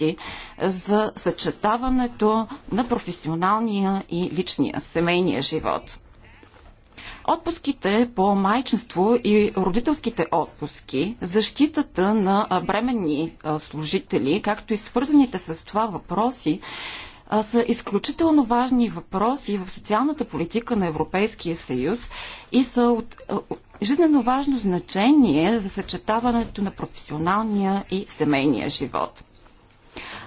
възможности за съчетаването на професионалния и личния, семейния живот. Отпуските по майчинство и родителските отпуски, защитата на бременни служители, както и свързаните с това въпроси, са изключително важни въпроси в социалната политика на Европейския съюз и са от, от жизненно важно значение за съчетаването на професионалния и семейния живот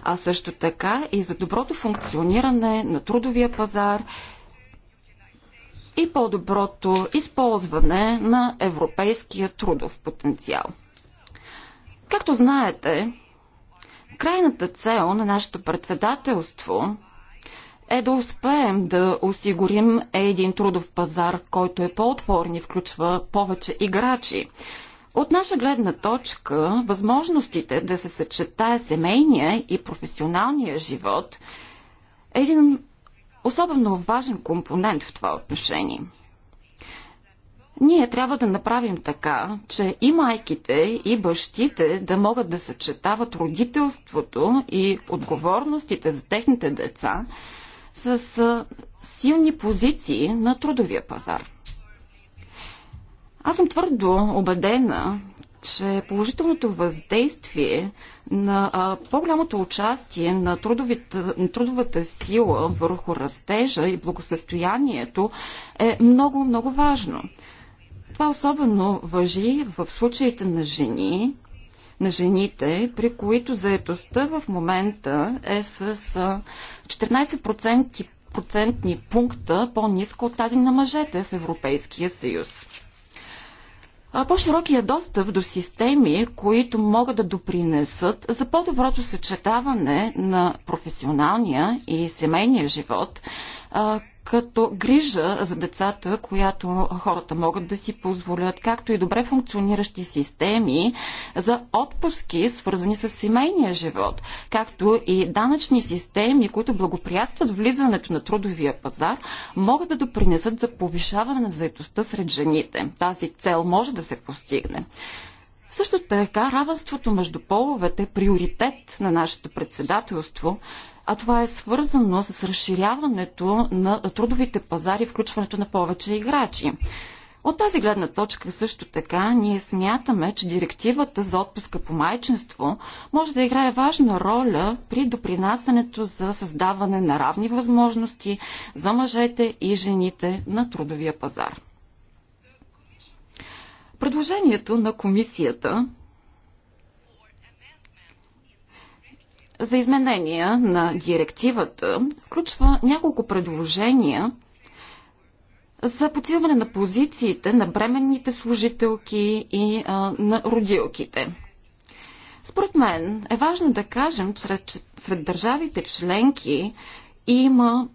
а също така и за доброто функциониране на трудовия пазар и по-доброто използване на европейския трудов потенциал. Както знаете, крайната цел на нашето председателство е да успеем да осигурим един трудов пазар, който е по-отворен и включва повече играчи. От наша гледна точка, възможностите да се съчетае семейния и професионалния живот е един особено важен компонент в това отношение. Ние трябва да направим така, че и майките, и бащите да могат да съчетават родителството и отговорностите за техните деца с силни позиции на трудовия пазар. Аз съм твърдо убедена, че положителното въздействие на по-голямото участие на, трудовите, на трудовата сила върху растежа и благосъстоянието е много, много важно. Това особено въжи в случаите на жени, на жените, при които заетостта в момента е с 14% процентни пункта по-ниска от тази на мъжете в Европейския съюз по-широкия достъп до системи, които могат да допринесат за по-доброто съчетаване на професионалния и семейния живот като грижа за децата, която хората могат да си позволят, както и добре функциониращи системи за отпуски, свързани с семейния живот, както и данъчни системи, които благоприятстват влизането на трудовия пазар, могат да допринесат за повишаване на заетостта сред жените. Тази цел може да се постигне. Също така, равенството между половете е приоритет на нашето председателство, а това е свързано с разширяването на трудовите пазари и включването на повече играчи. От тази гледна точка също така ние смятаме, че директивата за отпуска по майчинство може да играе важна роля при допринасянето за създаване на равни възможности за мъжете и жените на трудовия пазар. Предложението на комисията за изменения на директивата включва няколко предложения за подсилване на позициите на бременните служителки и а, на родилките. Според мен е важно да кажем, че сред, сред държавите членки има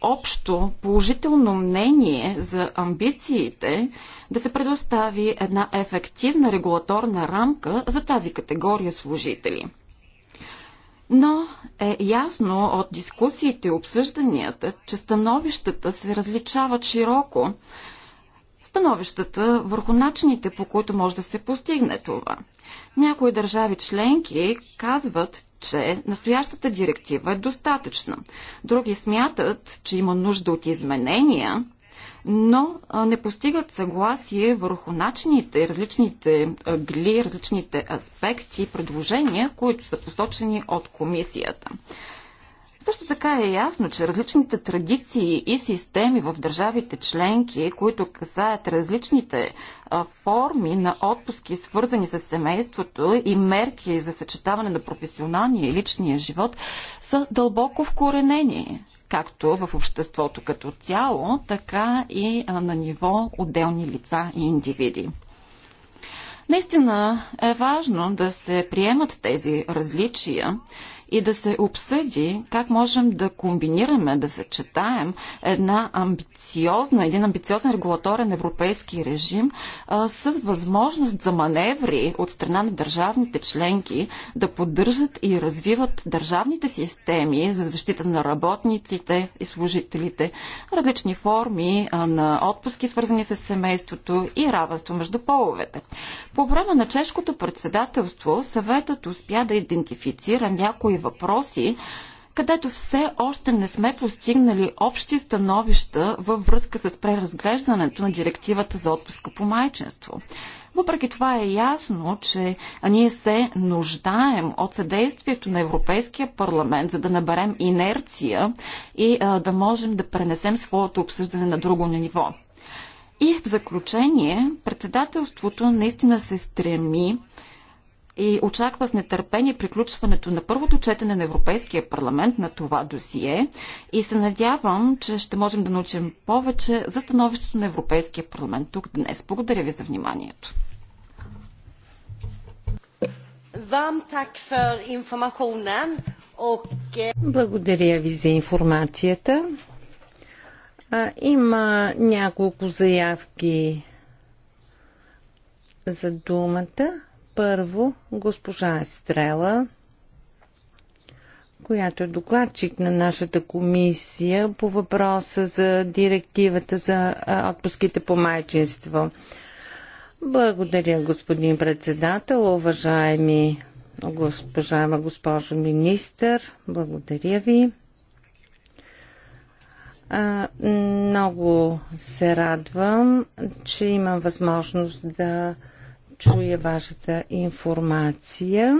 общо положително мнение за амбициите да се предостави една ефективна регулаторна рамка за тази категория служители – но е ясно от дискусиите и обсъжданията, че становищата се различават широко. Становищата върху начините, по които може да се постигне това. Някои държави членки казват, че настоящата директива е достатъчна. Други смятат, че има нужда от изменения – но не постигат съгласие върху начините, различните гли, различните аспекти и предложения, които са посочени от комисията. Също така е ясно, че различните традиции и системи в държавите членки, които касаят различните форми на отпуски, свързани с семейството и мерки за съчетаване на професионалния и личния живот, са дълбоко вкоренени както в обществото като цяло, така и на ниво отделни лица и индивиди. Наистина е важно да се приемат тези различия и да се обсъди как можем да комбинираме, да съчетаем една амбициозна, един амбициозен регулаторен европейски режим а, с възможност за маневри от страна на държавните членки да поддържат и развиват държавните системи за защита на работниците и служителите, различни форми а, на отпуски, свързани с семейството и равенство между половете. По време на чешкото председателство съветът успя да идентифицира някои въпроси, където все още не сме постигнали общи становища във връзка с преразглеждането на директивата за отпуска по майчинство. Въпреки това е ясно, че ние се нуждаем от съдействието на Европейския парламент, за да наберем инерция и а, да можем да пренесем своето обсъждане на друго ниво. И в заключение, председателството наистина се стреми и очаква с нетърпение приключването на първото четене на Европейския парламент на това досие и се надявам, че ще можем да научим повече за становището на Европейския парламент тук днес. Благодаря ви за вниманието. Благодаря ви за информацията. Има няколко заявки за думата. Първо, госпожа Естрела, която е докладчик на нашата комисия по въпроса за директивата за отпуските по майчинство. Благодаря, господин председател, уважаеми госпожама госпожо министър, благодаря ви. А, много се радвам, че имам възможност да чуя вашата информация.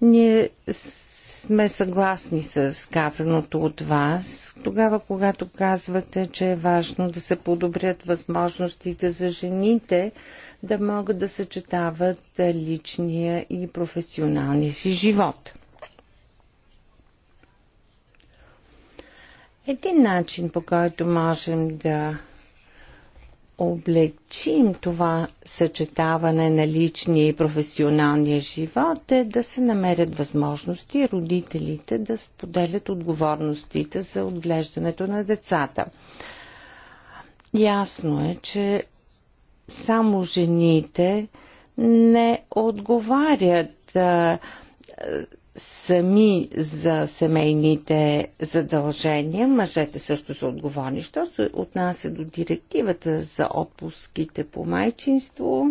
Ние сме съгласни с казаното от вас, тогава когато казвате, че е важно да се подобрят възможностите за жените да могат да съчетават личния и професионалния си живот. Един начин, по който можем да облегчим това съчетаване на личния и професионалния живот е да се намерят възможности родителите да споделят отговорностите за отглеждането на децата. Ясно е, че само жените не отговарят сами за семейните задължения. Мъжете също са отговорни. Що се отнася до директивата за отпуските по майчинство,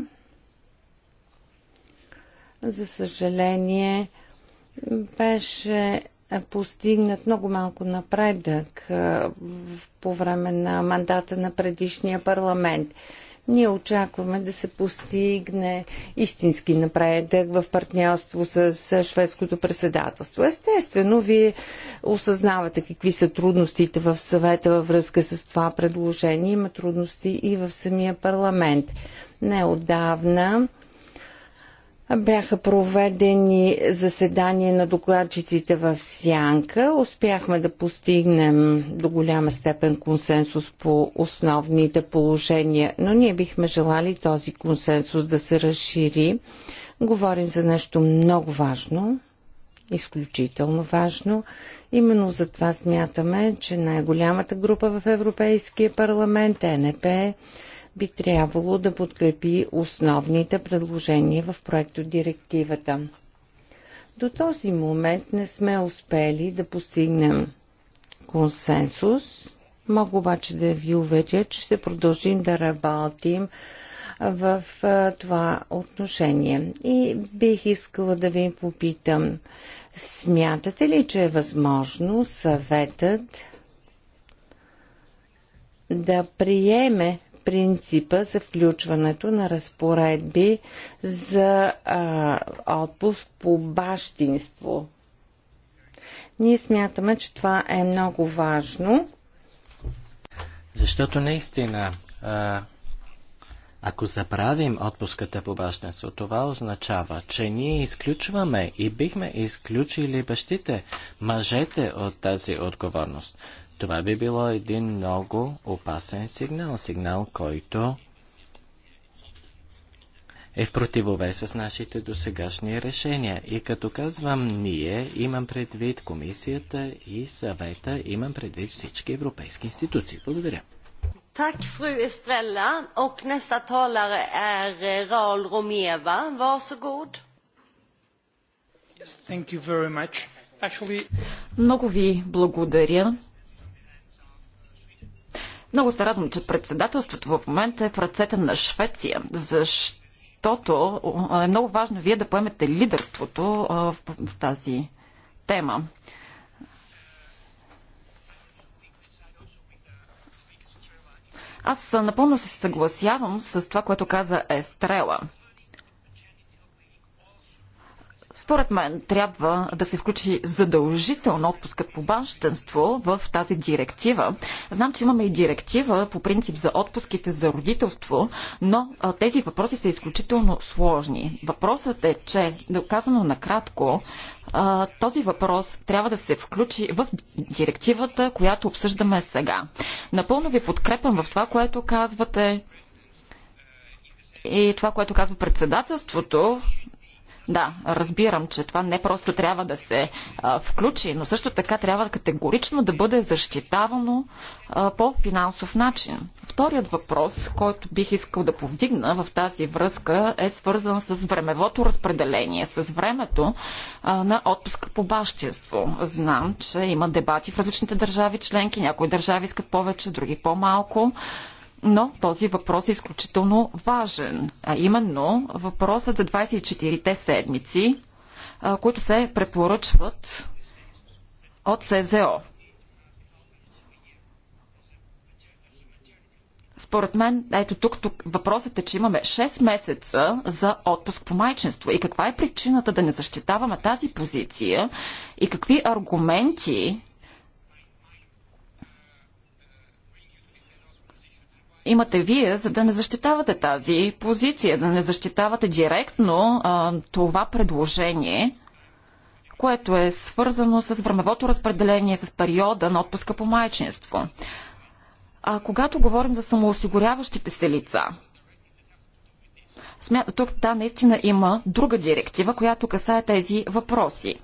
за съжаление, беше постигнат много малко напредък по време на мандата на предишния парламент. Ние очакваме да се постигне истински напредък в партньорство с шведското председателство. Естествено, вие осъзнавате какви са трудностите в съвета във връзка с това предложение. Има трудности и в самия парламент. Неодавна бяха проведени заседания на докладчиците в Сянка. Успяхме да постигнем до голяма степен консенсус по основните положения, но ние бихме желали този консенсус да се разшири. Говорим за нещо много важно, изключително важно. Именно за това смятаме, че най-голямата група в Европейския парламент, ЕНП, би трябвало да подкрепи основните предложения в проекто директивата. До този момент не сме успели да постигнем консенсус. Мога обаче да ви уверя, че ще продължим да работим в това отношение. И бих искала да ви попитам, смятате ли, че е възможно съветът да приеме принципа за включването на разпоредби за а, отпуск по бащинство. Ние смятаме, че това е много важно. Защото наистина, а, ако забравим отпуската по бащинство, това означава, че ние изключваме и бихме изключили бащите, мъжете от тази отговорност. Това би било един много опасен сигнал, сигнал, който е в противовес с нашите досегашни решения. И като казвам ние, имам предвид комисията и съвета, имам предвид всички европейски институции. Благодаря. Tack fru Estrella och nästa talare är eh, Raul Romeva. Varsågod. Yes, thank you very much. Actually... Много ви благодаря. Много се радвам, че председателството в момента е в ръцете на Швеция, защото е много важно вие да поемете лидерството в тази тема. Аз напълно се съгласявам с това, което каза Естрела. Според мен трябва да се включи задължително отпускът по банщенство в тази директива. Знам, че имаме и директива по принцип за отпуските за родителство, но а, тези въпроси са изключително сложни. Въпросът е, че, доказано накратко, а, този въпрос трябва да се включи в директивата, която обсъждаме сега. Напълно ви подкрепям в това, което казвате и това, което казва председателството, да, разбирам, че това не просто трябва да се а, включи, но също така трябва категорично да бъде защитавано а, по финансов начин. Вторият въпрос, който бих искал да повдигна в тази връзка, е свързан с времевото разпределение, с времето а, на отпуска по бащинство. Знам, че има дебати в различните държави членки, някои държави искат повече, други по-малко. Но този въпрос е изключително важен, а именно въпросът за 24-те седмици, които се препоръчват от СЗО. Според мен, ето тук, тук въпросът е, че имаме 6 месеца за отпуск по майчинство. И каква е причината да не защитаваме тази позиция и какви аргументи имате вие, за да не защитавате тази позиция, да не защитавате директно а, това предложение, което е свързано с времевото разпределение, с периода на отпуска по майчинство. А когато говорим за самоосигуряващите се лица, смя... тук да, наистина има друга директива, която касае тези въпроси.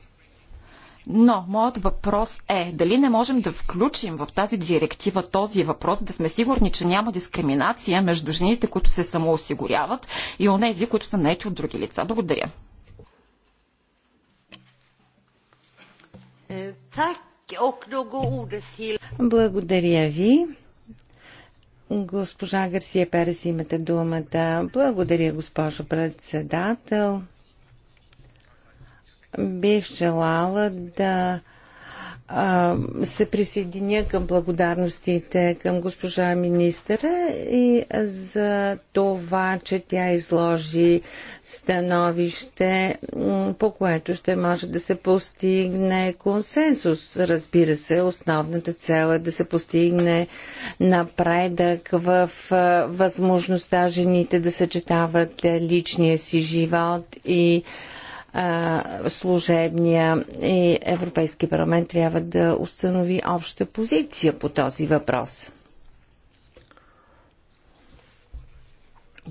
Но моят въпрос е дали не можем да включим в тази директива този въпрос, да сме сигурни, че няма дискриминация между жените, които се самоосигуряват и онези, които са наети от други лица. Благодаря. Е, Благодаря ви. Госпожа Гарсия Перес, имате думата. Благодаря, госпожо председател бих желала да се присъединя към благодарностите към госпожа министъра и за това, че тя изложи становище, по което ще може да се постигне консенсус. Разбира се, основната цел е да се постигне напредък в възможността жените да съчетават личния си живот и служебния и Европейски парламент трябва да установи обща позиция по този въпрос.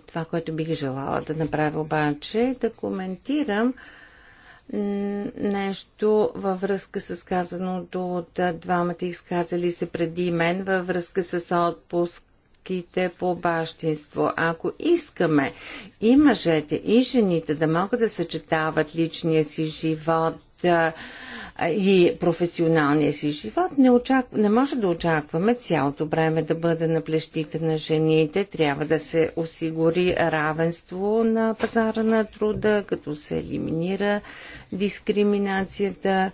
Това, което бих желала да направя обаче е да коментирам нещо във връзка с казаното от двамата изказали се преди мен във връзка с отпуск отпуските по бащинство. Ако искаме и мъжете, и жените да могат да съчетават личния си живот, и професионалния си живот, не, очаква, не може да очакваме цялото време да бъде на плещите на жените. Трябва да се осигури равенство на пазара на труда, като се елиминира дискриминацията,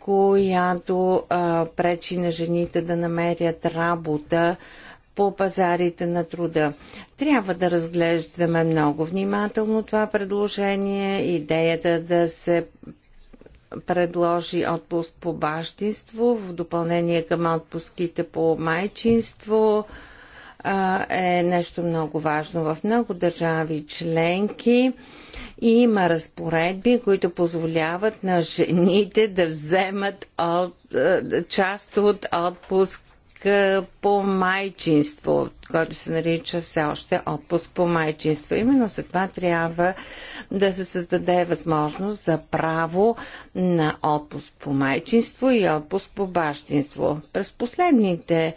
която а, пречи на жените да намерят работа по пазарите на труда. Трябва да разглеждаме много внимателно това предложение, идеята да се предложи отпуск по бащинство в допълнение към отпуските по майчинство е нещо много важно. В много държави членки има разпоредби, които позволяват на жените да вземат от, е, част от отпуск по майчинство, който се нарича все още отпуск по майчинство. Именно за това трябва да се създаде възможност за право на отпуск по майчинство и отпуск по бащинство. През последните,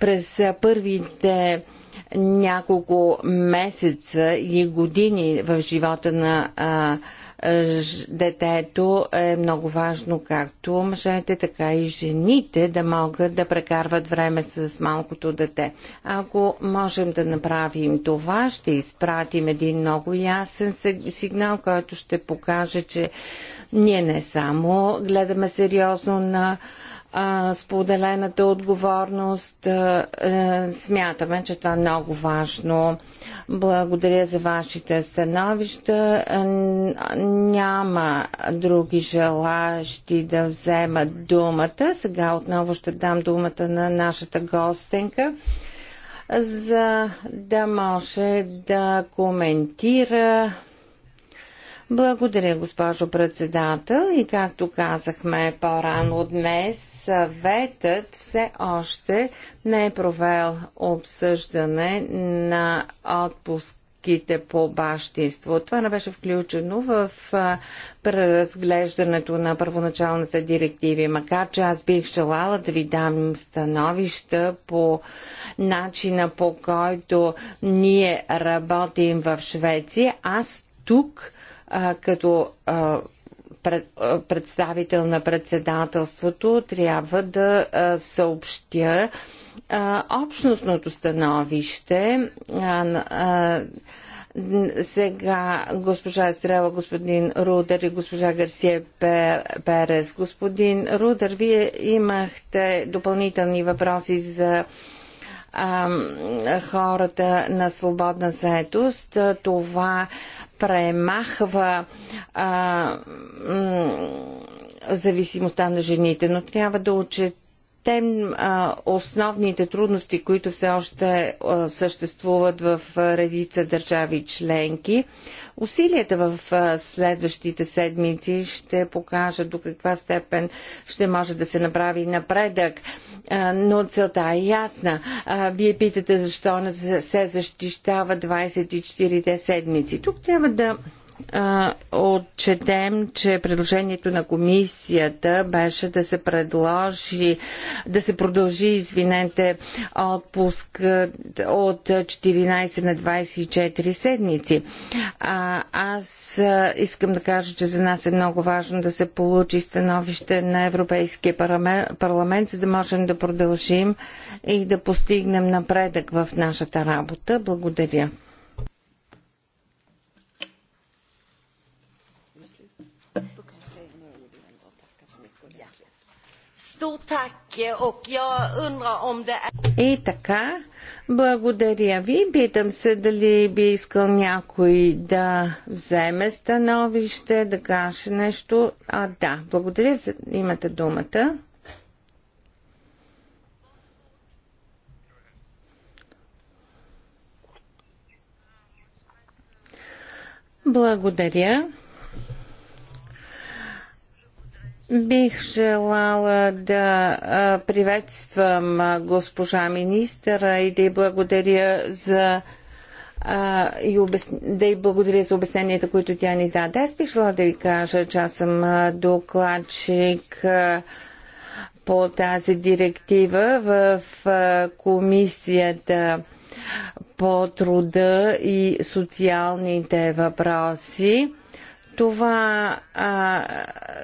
през първите няколко месеца и години в живота на е, детето е много важно както мъжете, така и жените да могат да прекарват време с малкото дете. Ако можем да направим това, ще изпратим един много ясен сигнал, който ще покаже, че ние не само гледаме сериозно на а, споделената отговорност. А, а, е, смятаме, че това е много важно. Благодаря за вашите становища. А, е, няма други желащи да вземат думата. Сега отново ще дам думата на нашата гостенка за да може да коментира благодаря, госпожо председател. И както казахме по-рано днес, съветът все още не е провел обсъждане на отпуск по бащинство. Това не беше включено в преразглеждането на първоначалната директива, макар че аз бих желала да ви дам становища по начина по който ние работим в Швеция. Аз тук а, като а, пред, а, представител на председателството трябва да а, съобщя а, общностното становище. А, а, сега госпожа Стрела, господин Рудер и госпожа Гарсия Перес. Господин Рудер, вие имахте допълнителни въпроси за хората на свободна заетост. Това премахва а, зависимостта на жените, но трябва да учетем а, основните трудности, които все още съществуват в редица държави членки. Усилията в следващите седмици ще покажат до каква степен ще може да се направи напредък, но целта е ясна. Вие питате защо не се защищава 24 седмици. Тук трябва да отчетем, че предложението на комисията беше да се предложи, да се продължи, извинете, отпуск от 14 на 24 седмици. А, аз искам да кажа, че за нас е много важно да се получи становище на Европейския парламент, парламент за да можем да продължим и да постигнем напредък в нашата работа. Благодаря. И така, благодаря ви. Питам се дали би искал някой да вземе становище, да каже нещо. А, да, благодаря, за... имате думата. Благодаря. Бих желала да приветствам госпожа министъра и да й благодаря за и обяс... да й благодаря за обясненията, които тя ни даде. Аз бих желала да ви кажа, че аз съм докладчик по тази директива в комисията по труда и социалните въпроси. Това а,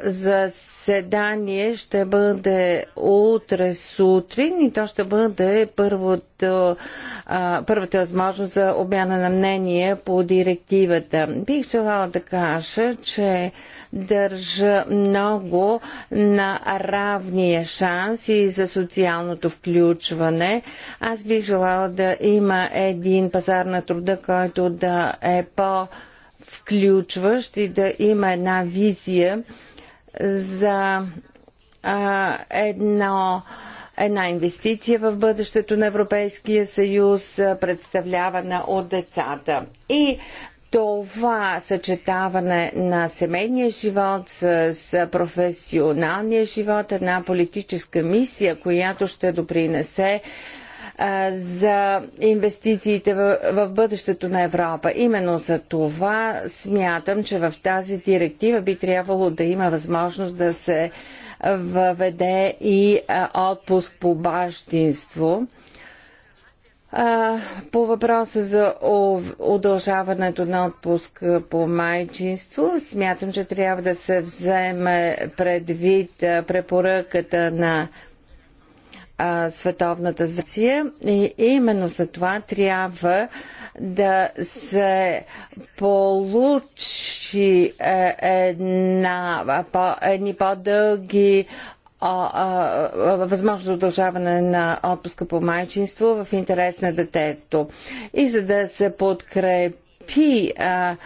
заседание ще бъде утре сутрин и то ще бъде първото, а, първата възможност за обмяна на мнение по директивата. Бих желала да кажа, че държа много на равния шанс и за социалното включване. Аз бих желала да има един пазар на труда, който да е по- включващ и да има една визия за а, едно една инвестиция в бъдещето на Европейския съюз, представлявана от децата. И това съчетаване на семейния живот с, с професионалния живот, една политическа мисия, която ще допринесе за инвестициите в, в бъдещето на Европа. Именно за това смятам, че в тази директива би трябвало да има възможност да се въведе и отпуск по бащинство. По въпроса за удължаването на отпуск по майчинство, смятам, че трябва да се вземе предвид препоръката на а, Световната здравия и именно за това трябва да се получи е, една, по, едни по-дълги възможност за удължаване на отпуска по майчинство в интерес на детето. И за да се подкрепи подкрепи а,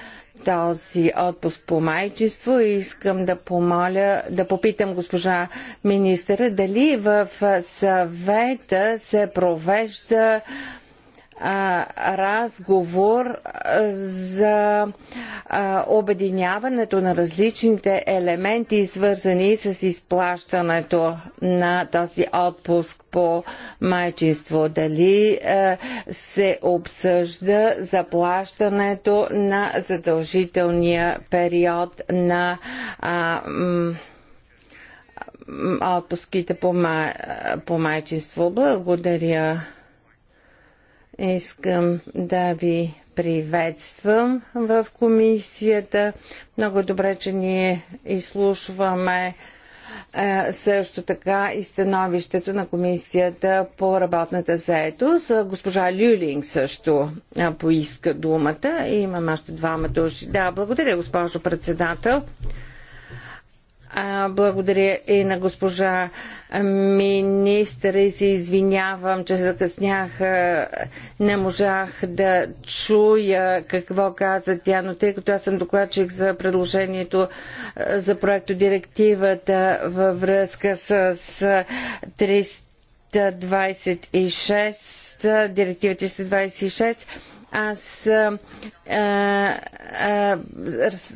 този отпуск по майчество и искам да помоля, да попитам госпожа министъра дали в съвета се провежда разговор за обединяването на различните елементи, свързани с изплащането на този отпуск по майчинство. Дали се обсъжда заплащането на задължителния период на отпуските по, майчинство. Благодаря. Искам да ви приветствам в комисията. Много добре, че ние изслушваме е, също така и становището на комисията по работната заетост. Госпожа Люлинг също е, поиска думата и имам още двама души. Да, благодаря, госпожо председател. Благодаря и на госпожа министъра и се извинявам, че закъснях. Не можах да чуя какво каза тя, но тъй като аз съм докладчик за предложението за проекто директивата във връзка с 326, директива 326, аз а, а,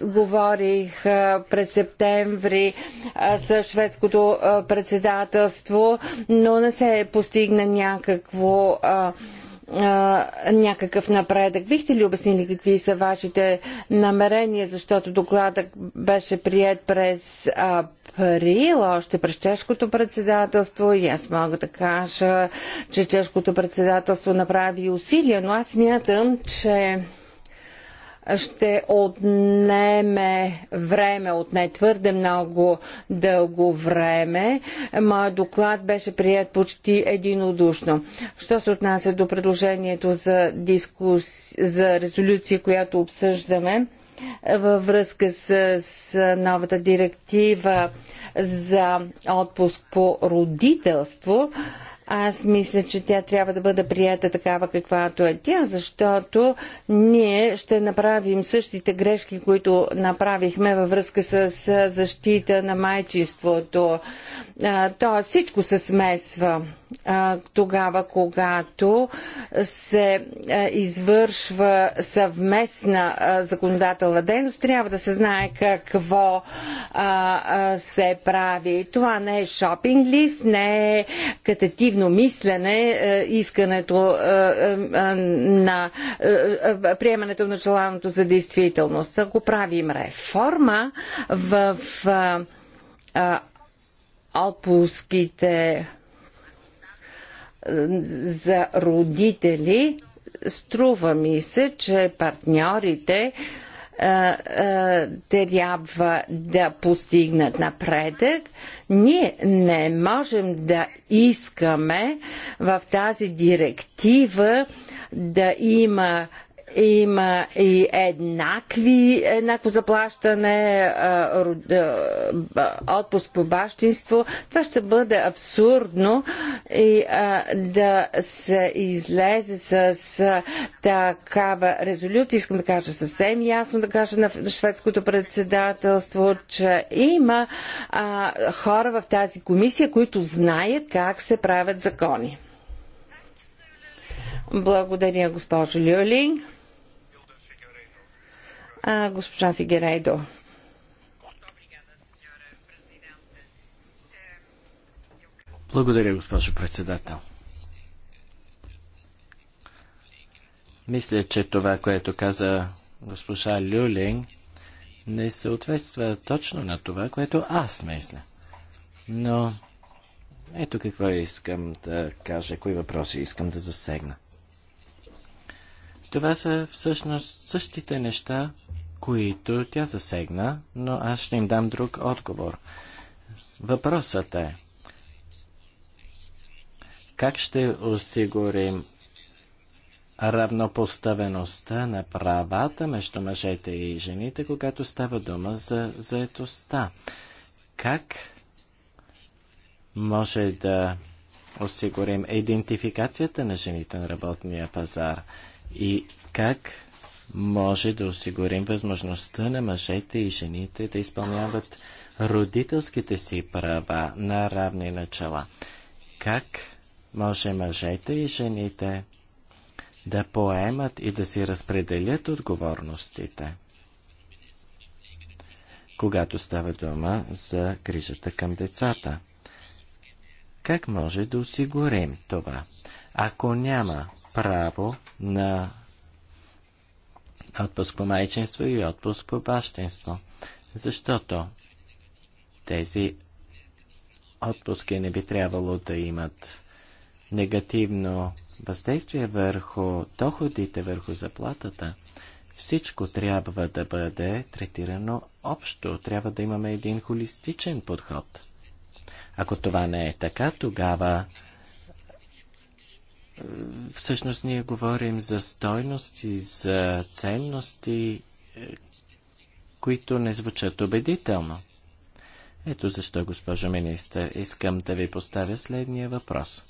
говорих а, през септември а, с шведското а, председателство, но не се постигна някакво. А, а, някакъв напредък. Бихте ли обяснили какви са вашите намерения, защото докладът беше прият през април, още през чешкото председателство и аз мога да кажа, че чешкото председателство направи усилия, но аз смятам, че ще отнеме време, отне твърде много дълго време. Моят доклад беше прият почти единодушно. Що се отнася до предложението за, дискус... за резолюция, която обсъждаме, във връзка с, с новата директива за отпуск по родителство, аз мисля, че тя трябва да бъде прията такава каквато е тя, защото ние ще направим същите грешки, които направихме във връзка с защита на майчинството. То всичко се смесва тогава, когато се извършва съвместна законодателна дейност, трябва да се знае какво се прави. Това не е шопинг лист, не е катетивно мислене, е, искането е, е, на приемането на желаното за действителност. Ако правим реформа в отпуските, за родители, струва ми се, че партньорите трябва да постигнат напредък. Ние не можем да искаме в тази директива да има има и еднакви, еднакво заплащане, отпуск по бащинство. Това ще бъде абсурдно и да се излезе с такава резолюция. Искам да кажа съвсем ясно, да кажа на шведското председателство, че има хора в тази комисия, които знаят как се правят закони. Благодаря, госпожо Люлин. А, госпожа Фигерейдо. Благодаря, госпожо председател. Мисля, че това, което каза госпожа Люлин, не съответства точно на това, което аз мисля. Но ето какво искам да кажа, кои въпроси искам да засегна. Това са всъщност същите неща, които тя засегна, но аз ще им дам друг отговор. Въпросът е, как ще осигурим равнопоставеността на правата между мъжете и жените, когато става дума за заетостта? Как може да осигурим идентификацията на жените на работния пазар и как може да осигурим възможността на мъжете и жените да изпълняват родителските си права на равни начала. Как може мъжете и жените да поемат и да си разпределят отговорностите, когато става дума за грижата към децата? Как може да осигурим това, ако няма право на отпуск по майчинство и отпуск по бащинство. Защото тези отпуски не би трябвало да имат негативно въздействие върху доходите, върху заплатата. Всичко трябва да бъде третирано общо. Трябва да имаме един холистичен подход. Ако това не е така, тогава всъщност ние говорим за стойности, за ценности, е, които не звучат убедително. Ето защо, госпожо министър, искам да ви поставя следния въпрос.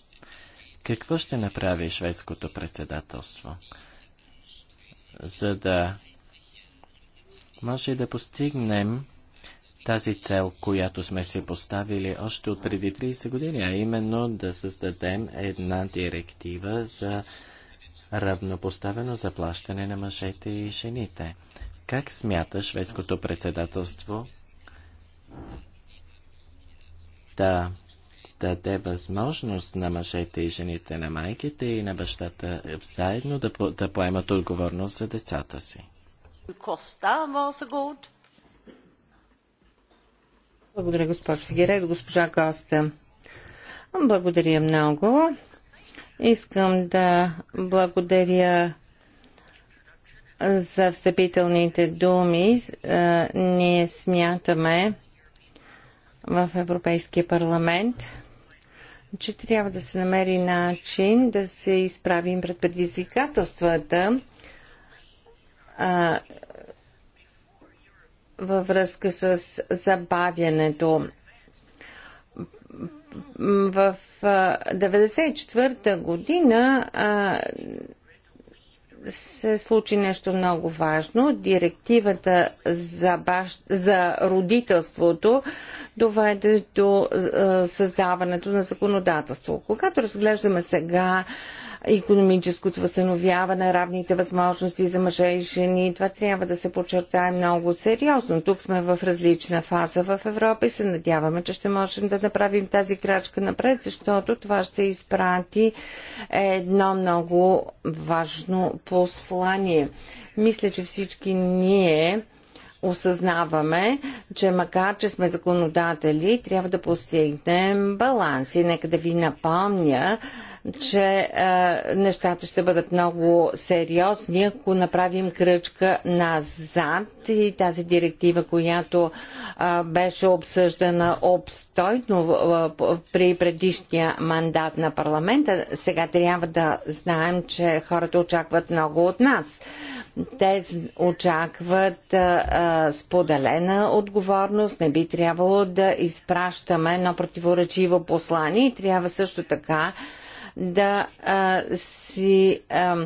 Какво ще направи шведското председателство, за да може да постигнем тази цел, която сме си поставили още от преди 30 години, а именно да създадем една директива за равнопоставено заплащане на мъжете и жените. Как смята шведското председателство да даде възможност на мъжете и жените, на майките и на бащата заедно да, да поемат отговорност за децата си? Коста, благодаря, госпожо Фигере. госпожа Коста. Благодаря много. Искам да благодаря за встъпителните думи. Е, ние смятаме в Европейския парламент, че трябва да се намери начин да се изправим пред предизвикателствата, е, във връзка с забавянето. В 1994 година се случи нещо много важно. Директивата за, баш... за родителството доведе до създаването на законодателство. Когато разглеждаме сега економическото възстановяване, равните възможности за мъже и жени. Това трябва да се подчертае много сериозно. Тук сме в различна фаза в Европа и се надяваме, че ще можем да направим тази крачка напред, защото това ще изпрати едно много важно послание. Мисля, че всички ние осъзнаваме, че макар, че сме законодатели, трябва да постигнем баланс. И нека да ви напомня, че а, е, нещата ще бъдат много сериозни, ако направим кръчка назад и тази директива, която а, е, беше обсъждана обстойно а, е, при предишния мандат на парламента, сега трябва да знаем, че хората очакват много от нас. Те очакват а, а, споделена отговорност, не би трябвало да изпращаме едно противоречиво послание и трябва също така да а, си. А,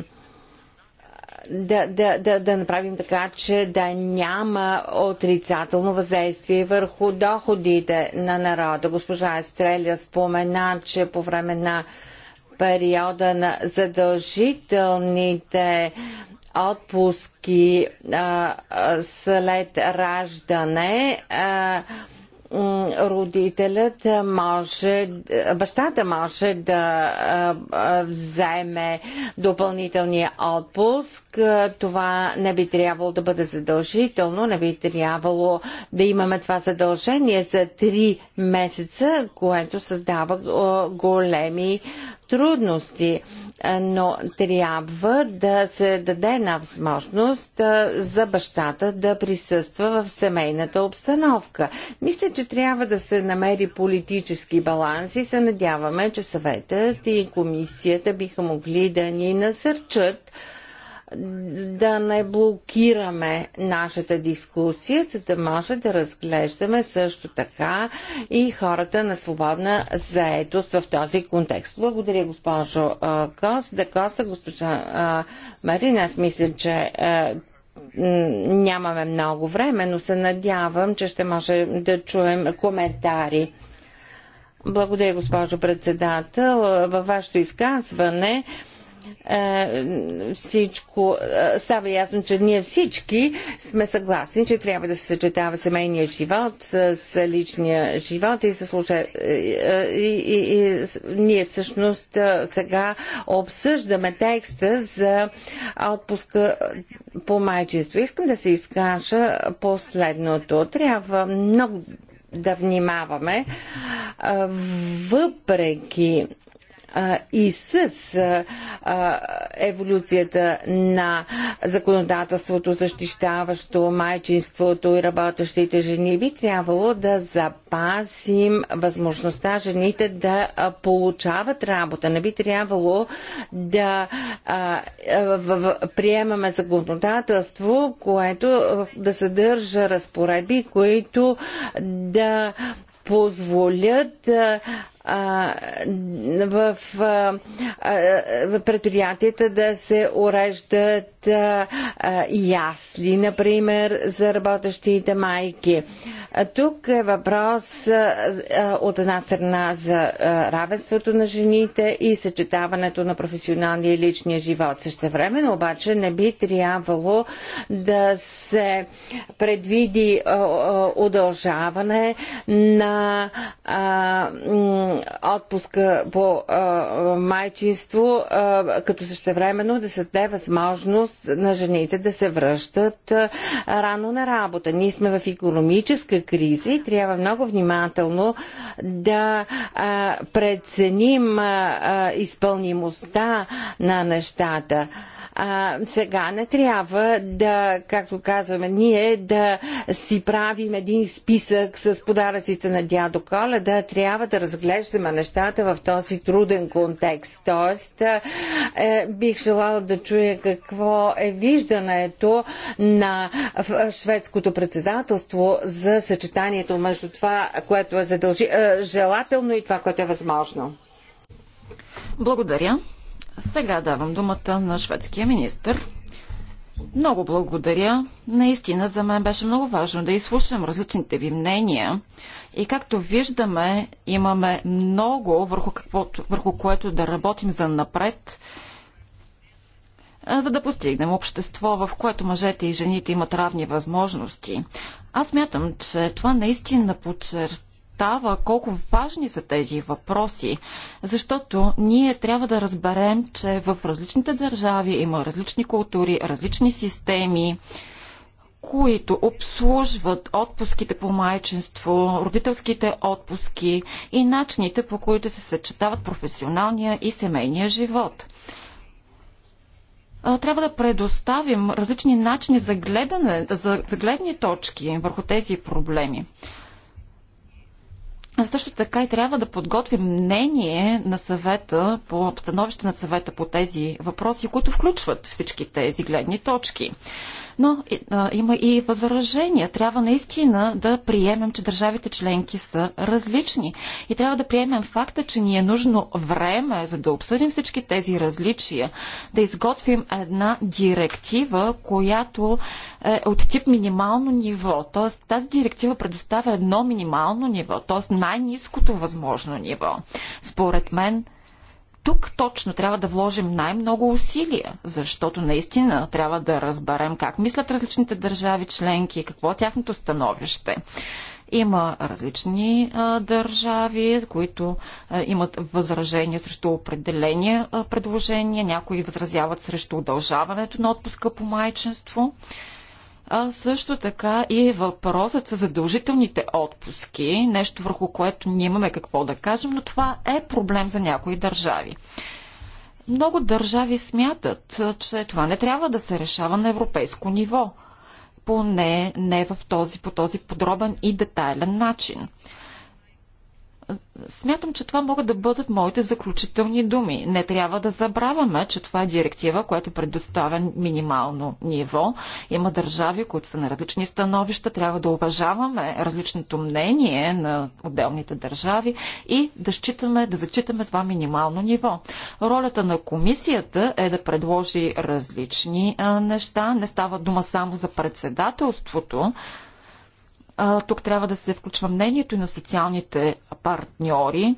да, да, да, да направим така, че да няма отрицателно въздействие върху доходите на народа. Госпожа Естреля спомена, че по време на периода на задължителните отпуски а, след раждане а, родителят може, бащата може да вземе допълнителния отпуск. Това не би трябвало да бъде задължително, не би трябвало да имаме това задължение за 3 месеца, което създава големи трудности но трябва да се даде една възможност за бащата да присъства в семейната обстановка. Мисля, че трябва да се намери политически баланс и се надяваме, че съветът и комисията биха могли да ни насърчат да не блокираме нашата дискусия, за да може да разглеждаме също така и хората на свободна заетост в този контекст. Благодаря, госпожо Кост. Да Коста, госпожа Марина, аз мисля, че нямаме много време, но се надявам, че ще може да чуем коментари. Благодаря, госпожо председател. Във вашето изказване е, всичко е, става ясно, че ние всички сме съгласни, че трябва да се съчетава семейния живот с личния живот и, с случай... Е, и, и, и ние всъщност сега обсъждаме текста за отпуска по майчинство. Искам да се изкажа последното. Трябва много да внимаваме, въпреки а, и с а, еволюцията на законодателството, защищаващо майчинството и работещите жени, би трябвало да запасим възможността жените да получават работа. Не би трябвало да а, в, приемаме законодателство, което да съдържа разпоредби, които да позволят в предприятията да се уреждат ясли, например, за работещите майки. Тук е въпрос от една страна за равенството на жените и съчетаването на професионалния и личния живот. Също време, обаче не би трябвало да се предвиди удължаване на отпуска по майчинство, като същевременно да се даде възможност на жените да се връщат рано на работа. Ние сме в економическа криза и трябва много внимателно да преценим изпълнимостта на нещата. А, сега не трябва да, както казваме ние, да си правим един списък с подаръците на дядо Коледа, трябва да разглеждаме разглеждаме нещата в този труден контекст. Тоест, е, е, бих желала да чуя какво е виждането на е, шведското председателство за съчетанието между това, което е задължи, е, желателно и това, което е възможно. Благодаря. Сега давам думата на шведския министр. Много благодаря. Наистина за мен беше много важно да изслушам различните ви мнения. И както виждаме, имаме много върху, каквото, върху което да работим за напред, за да постигнем общество, в което мъжете и жените имат равни възможности. Аз мятам, че това наистина подчертава колко важни са тези въпроси, защото ние трябва да разберем, че в различните държави има различни култури, различни системи, които обслужват отпуските по майчинство, родителските отпуски и начините по които се съчетават професионалния и семейния живот. Трябва да предоставим различни начини за, гледане, за, за гледни точки върху тези проблеми. А също така и трябва да подготвим мнение на съвета по становище на съвета по тези въпроси, които включват всички тези гледни точки но а, има и възражения. Трябва наистина да приемем, че държавите членки са различни. И трябва да приемем факта, че ни е нужно време, за да обсъдим всички тези различия, да изготвим една директива, която е от тип минимално ниво. Тоест тази директива предоставя едно минимално ниво, т.е. най-низкото възможно ниво. Според мен тук точно трябва да вложим най-много усилия, защото наистина трябва да разберем как мислят различните държави членки, какво е тяхното становище. Има различни а, държави, които а, имат възражения срещу определени а, предложения, някои възразяват срещу удължаването на отпуска по майчинство а също така и въпросът с задължителните отпуски, нещо върху което ние имаме какво да кажем, но това е проблем за някои държави. Много държави смятат, че това не трябва да се решава на европейско ниво, поне не в този, по този подробен и детайлен начин. Смятам, че това могат да бъдат моите заключителни думи. Не трябва да забравяме, че това е директива, която предоставя минимално ниво. Има държави, които са на различни становища. Трябва да уважаваме различното мнение на отделните държави и да считаме, да зачитаме това минимално ниво. Ролята на комисията е да предложи различни неща. Не става дума само за председателството, тук трябва да се включва мнението и на социалните партньори,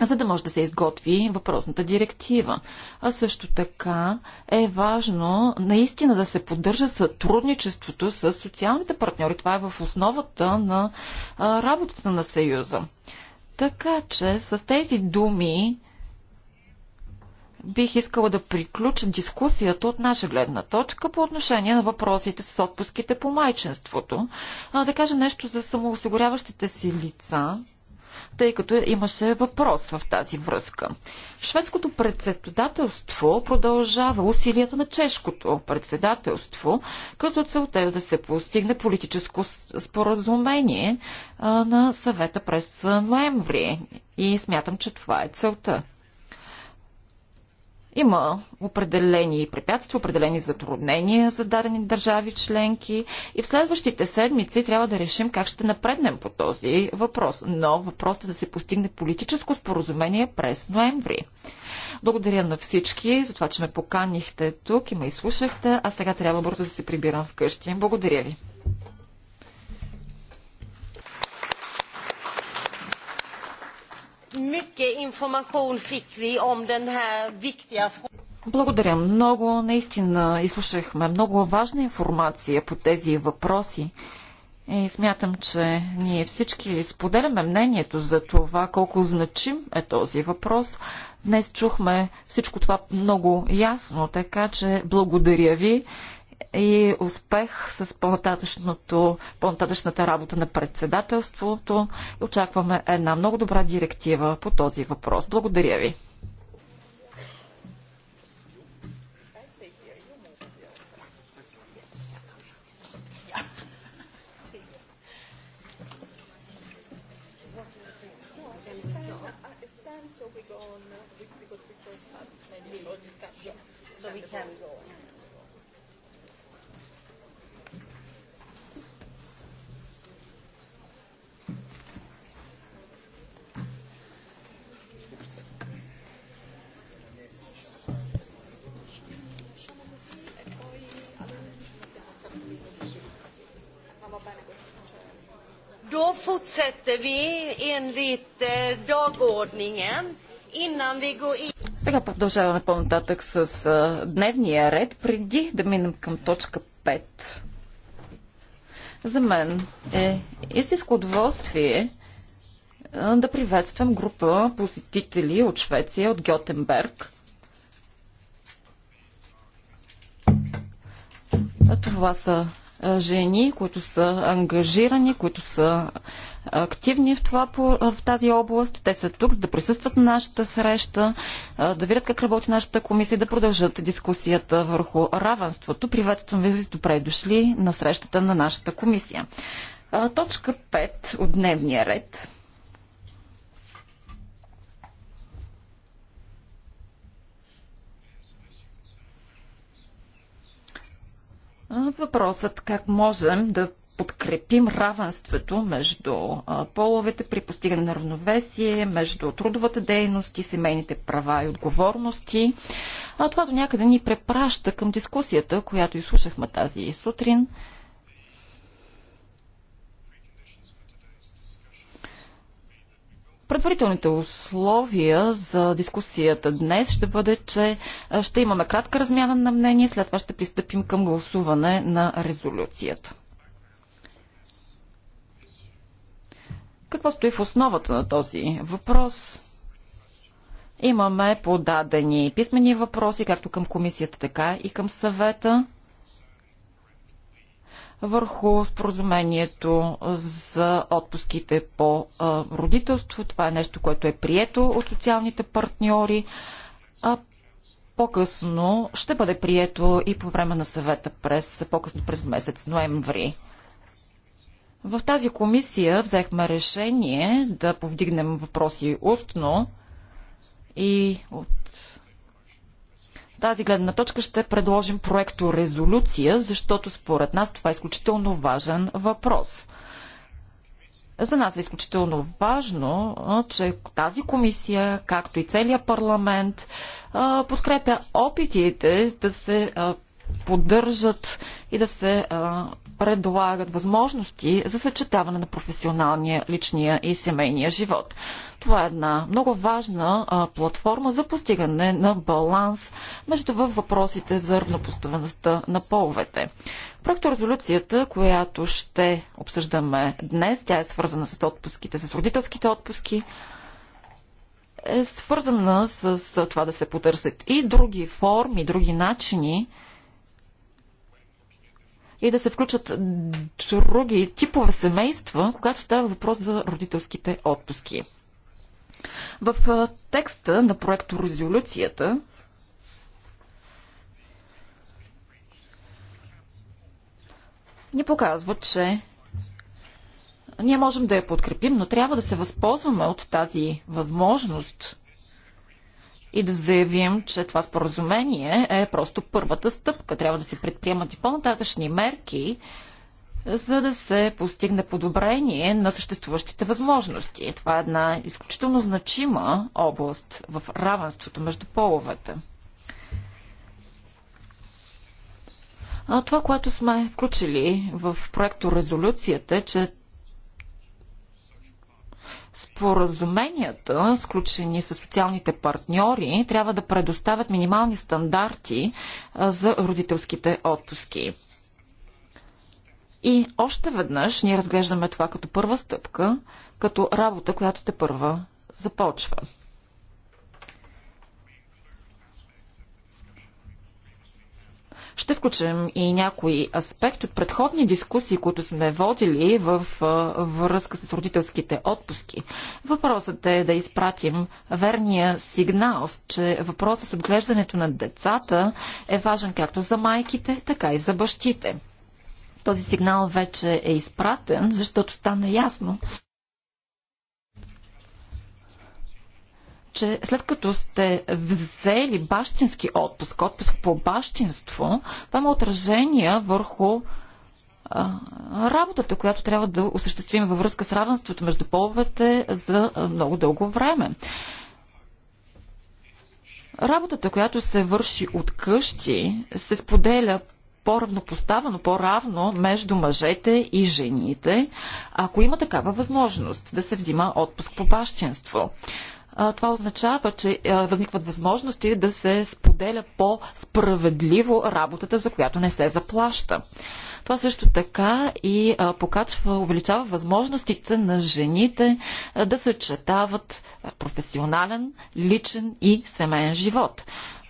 за да може да се изготви въпросната директива. А също така е важно наистина да се поддържа сътрудничеството с социалните партньори. Това е в основата на работата на Съюза. Така че с тези думи бих искала да приключа дискусията от наша гледна точка по отношение на въпросите с отпуските по майчинството. А, да кажа нещо за самоосигуряващите си лица, тъй като имаше въпрос в тази връзка. Шведското председателство продължава усилията на чешкото председателство, като целта е да се постигне политическо споразумение на съвета през ноември. И смятам, че това е целта. Има определени препятствия, определени затруднения за дадени държави членки и в следващите седмици трябва да решим как ще напреднем по този въпрос. Но въпросът е да се постигне политическо споразумение през ноември. Благодаря на всички за това, че ме поканихте тук и ме изслушахте, а сега трябва бързо да се прибирам вкъщи. Благодаря ви. Mycket information fick vi om den här viktiga frågan. Благодаря много. Наистина изслушахме много важна информация по тези въпроси. И смятам, че ние всички споделяме мнението за това колко значим е този въпрос. Днес чухме всичко това много ясно, така че благодаря ви и успех с по-нататъчната работа на председателството. Очакваме една много добра директива по този въпрос. Благодаря ви. Då fortsätter vi enligt eh, dagordningen. Сега продължаваме по-нататък с дневния ред, преди да минем към точка 5. За мен е истинско удоволствие да приветствам група посетители от Швеция, от Гьотенберг. това са жени, които са ангажирани, които са активни в, това, в тази област. Те са тук, за да присъстват на нашата среща, да видят как работи нашата комисия, да продължат дискусията върху равенството. Приветствам ви с добре дошли на срещата на нашата комисия. Точка 5 от дневния ред – Въпросът как можем да подкрепим равенството между половете при постигане на равновесие, между трудовата дейност и семейните права и отговорности. А това до някъде ни препраща към дискусията, която изслушахме тази сутрин – Предварителните условия за дискусията днес ще бъде, че ще имаме кратка размяна на мнение, след това ще пристъпим към гласуване на резолюцията. Какво стои в основата на този въпрос? Имаме подадени писмени въпроси, както към комисията, така и към съвета върху споразумението за отпуските по родителство. Това е нещо, което е прието от социалните партньори, а по-късно ще бъде прието и по време на съвета през, по-късно през месец ноември. В тази комисия взехме решение да повдигнем въпроси устно и от тази гледна точка ще предложим проекто резолюция, защото според нас това е изключително важен въпрос. За нас е изключително важно, че тази комисия, както и целият парламент, подкрепя опитите да се поддържат и да се предлагат възможности за съчетаване на професионалния, личния и семейния живот. Това е една много важна а, платформа за постигане на баланс между във въпросите за равнопоставеността на половете. Проекторезолюцията, която ще обсъждаме днес, тя е свързана с отпуските, с родителските отпуски, е свързана с това да се потърсят и други форми, други начини – и да се включат други типове семейства, когато става въпрос за родителските отпуски. В текста на проекто резолюцията ни показва, че ние можем да я подкрепим, но трябва да се възползваме от тази възможност и да заявим, че това споразумение е просто първата стъпка. Трябва да се предприемат и по-нататъчни мерки, за да се постигне подобрение на съществуващите възможности. Това е една изключително значима област в равенството между половете. А това, което сме включили в проекто резолюцията, е, че Споразуменията, сключени с социалните партньори, трябва да предоставят минимални стандарти за родителските отпуски. И още веднъж ние разглеждаме това като първа стъпка, като работа, която те първа започва. Ще включим и някои аспекти от предходни дискусии, които сме водили в връзка с родителските отпуски. Въпросът е да изпратим верния сигнал, че въпросът с отглеждането на децата е важен както за майките, така и за бащите. Този сигнал вече е изпратен, защото стана ясно, че след като сте взели бащински отпуск, отпуск по бащинство, това има отражение върху а, работата, която трябва да осъществим във връзка с равенството между половете за много дълго време. Работата, която се върши от къщи, се споделя по-равнопоставено, по-равно между мъжете и жените, ако има такава възможност да се взима отпуск по бащинство това означава, че възникват възможности да се споделя по-справедливо работата, за която не се заплаща. Това също така и покачва, увеличава възможностите на жените да съчетават професионален, личен и семейен живот.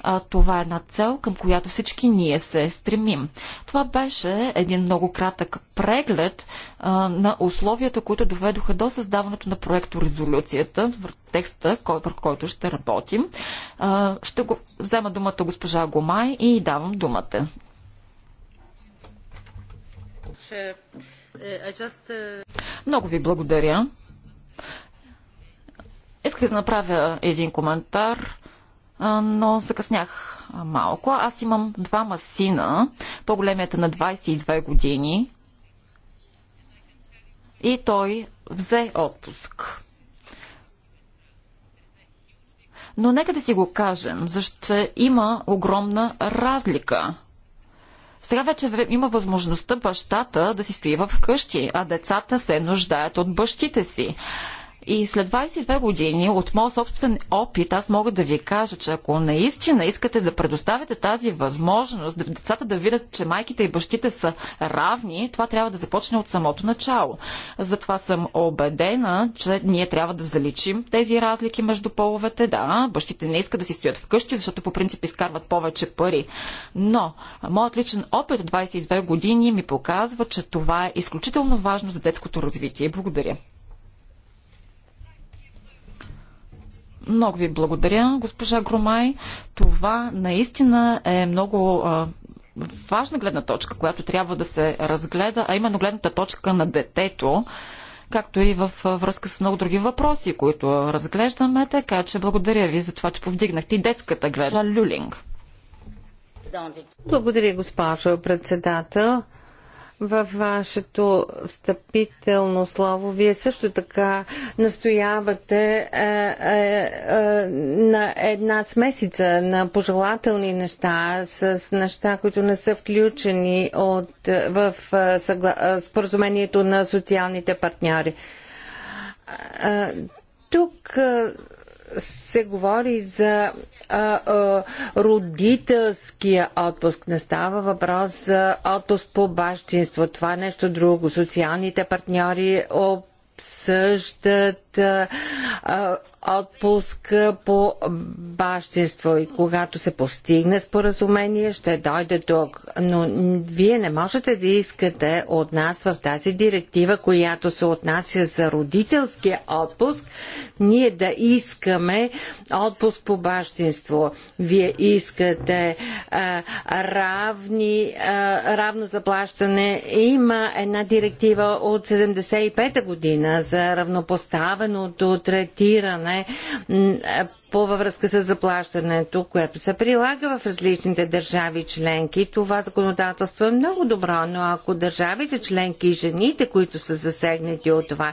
А, това е една цел, към която всички ние се стремим. Това беше един много кратък преглед а, на условията, които доведоха до създаването на проекто резолюцията, текста, кой, върху който ще работим. А, ще го, взема думата госпожа Гомай и давам думата. Много ви благодаря. Исках да направя един коментар но закъснях малко. Аз имам двама сина. По-големият е на 22 години. И той взе отпуск. Но нека да си го кажем, защото има огромна разлика. Сега вече има възможността бащата да си стои в къщи, а децата се нуждаят от бащите си. И след 22 години от моят собствен опит аз мога да ви кажа, че ако наистина искате да предоставите тази възможност, децата да видят, че майките и бащите са равни, това трябва да започне от самото начало. Затова съм убедена, че ние трябва да заличим тези разлики между половете. Да, бащите не искат да си стоят вкъщи, защото по принцип изкарват повече пари. Но моят личен опит от 22 години ми показва, че това е изключително важно за детското развитие. Благодаря. Много ви благодаря, госпожа Громай. Това наистина е много важна гледна точка, която трябва да се разгледа, а именно гледната точка на детето, както и в връзка с много други въпроси, които разглеждаме. Така че благодаря ви за това, че повдигнахте и детската гледна. Люлинг. Благодаря, госпожо председател. Във вашето встъпително слово вие също така настоявате е, е, е, на една смесица на пожелателни неща с неща, които не са включени от, в е, съгла... Е, споразумението на социалните партньори. Е, тук се говори за а, а, родителския отпуск. Не става въпрос за отпуск по бащинство. Това е нещо друго. Социалните партньори обсъждат а, отпуск по бащинство и когато се постигне споразумение, ще дойде тук. Но вие не можете да искате от нас в тази директива, която се отнася за родителския отпуск, ние да искаме отпуск по бащинство. Вие искате а, равни, а, равно заплащане. Има една директива от 75-та година за равнопоставеното третиране е по във връзка с заплащането, което се прилага в различните държави членки. Това законодателство е много добро, но ако държавите членки и жените, които са засегнати от това,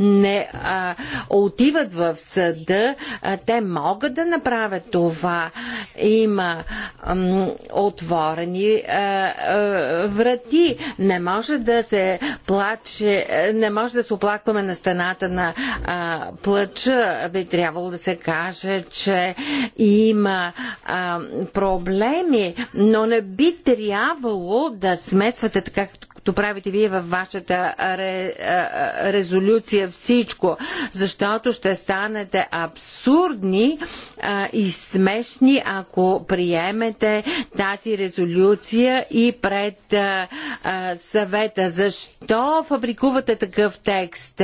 не а, отиват в съда, а, те могат да направят това. Има ам, отворени а, а, врати. Не може да се плаче, не може да се оплакваме на стената на а, плача. Би трябвало да се каже, каже, че има а, проблеми, но не би трябвало да смесвате така, както правите вие във вашата ре, а, резолюция всичко, защото ще станете абсурдни а, и смешни, ако приемете тази резолюция и пред а, а, съвета. Защо фабрикувате такъв текст?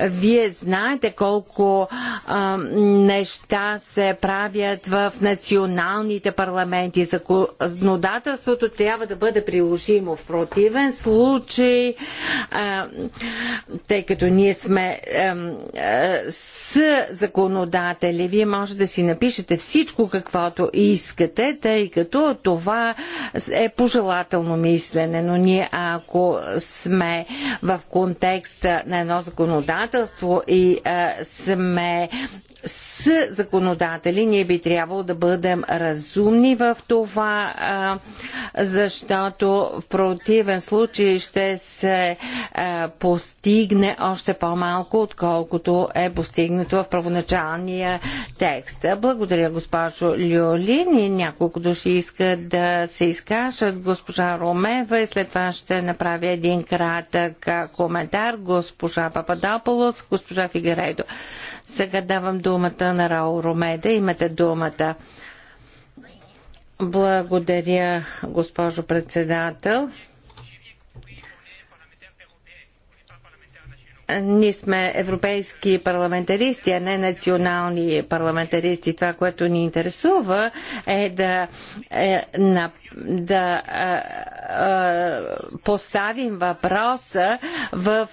Вие знаете колко а, неща неща се правят в националните парламенти. Законодателството трябва да бъде приложимо. В противен случай, тъй като ние сме с законодатели, вие може да си напишете всичко каквото искате, тъй като това е пожелателно мислене. Но ние ако сме в контекста на едно законодателство и сме с законодателство, законодатели, ние би трябвало да бъдем разумни в това, защото в противен случай ще се постигне още по-малко, отколкото е постигнато в правоначалния текст. Благодаря, госпожо Люли. Ние няколко души искат да се изкажат. Госпожа Ромева и след това ще направя един кратък коментар. Госпожа Пападополос, госпожа Фигаредо. Сега давам думата на Рао Ромеда. Имате думата. Благодаря, госпожо председател. ние сме европейски парламентаристи, а не национални парламентаристи. Това, което ни интересува е да е, на да а, а, поставим въпроса в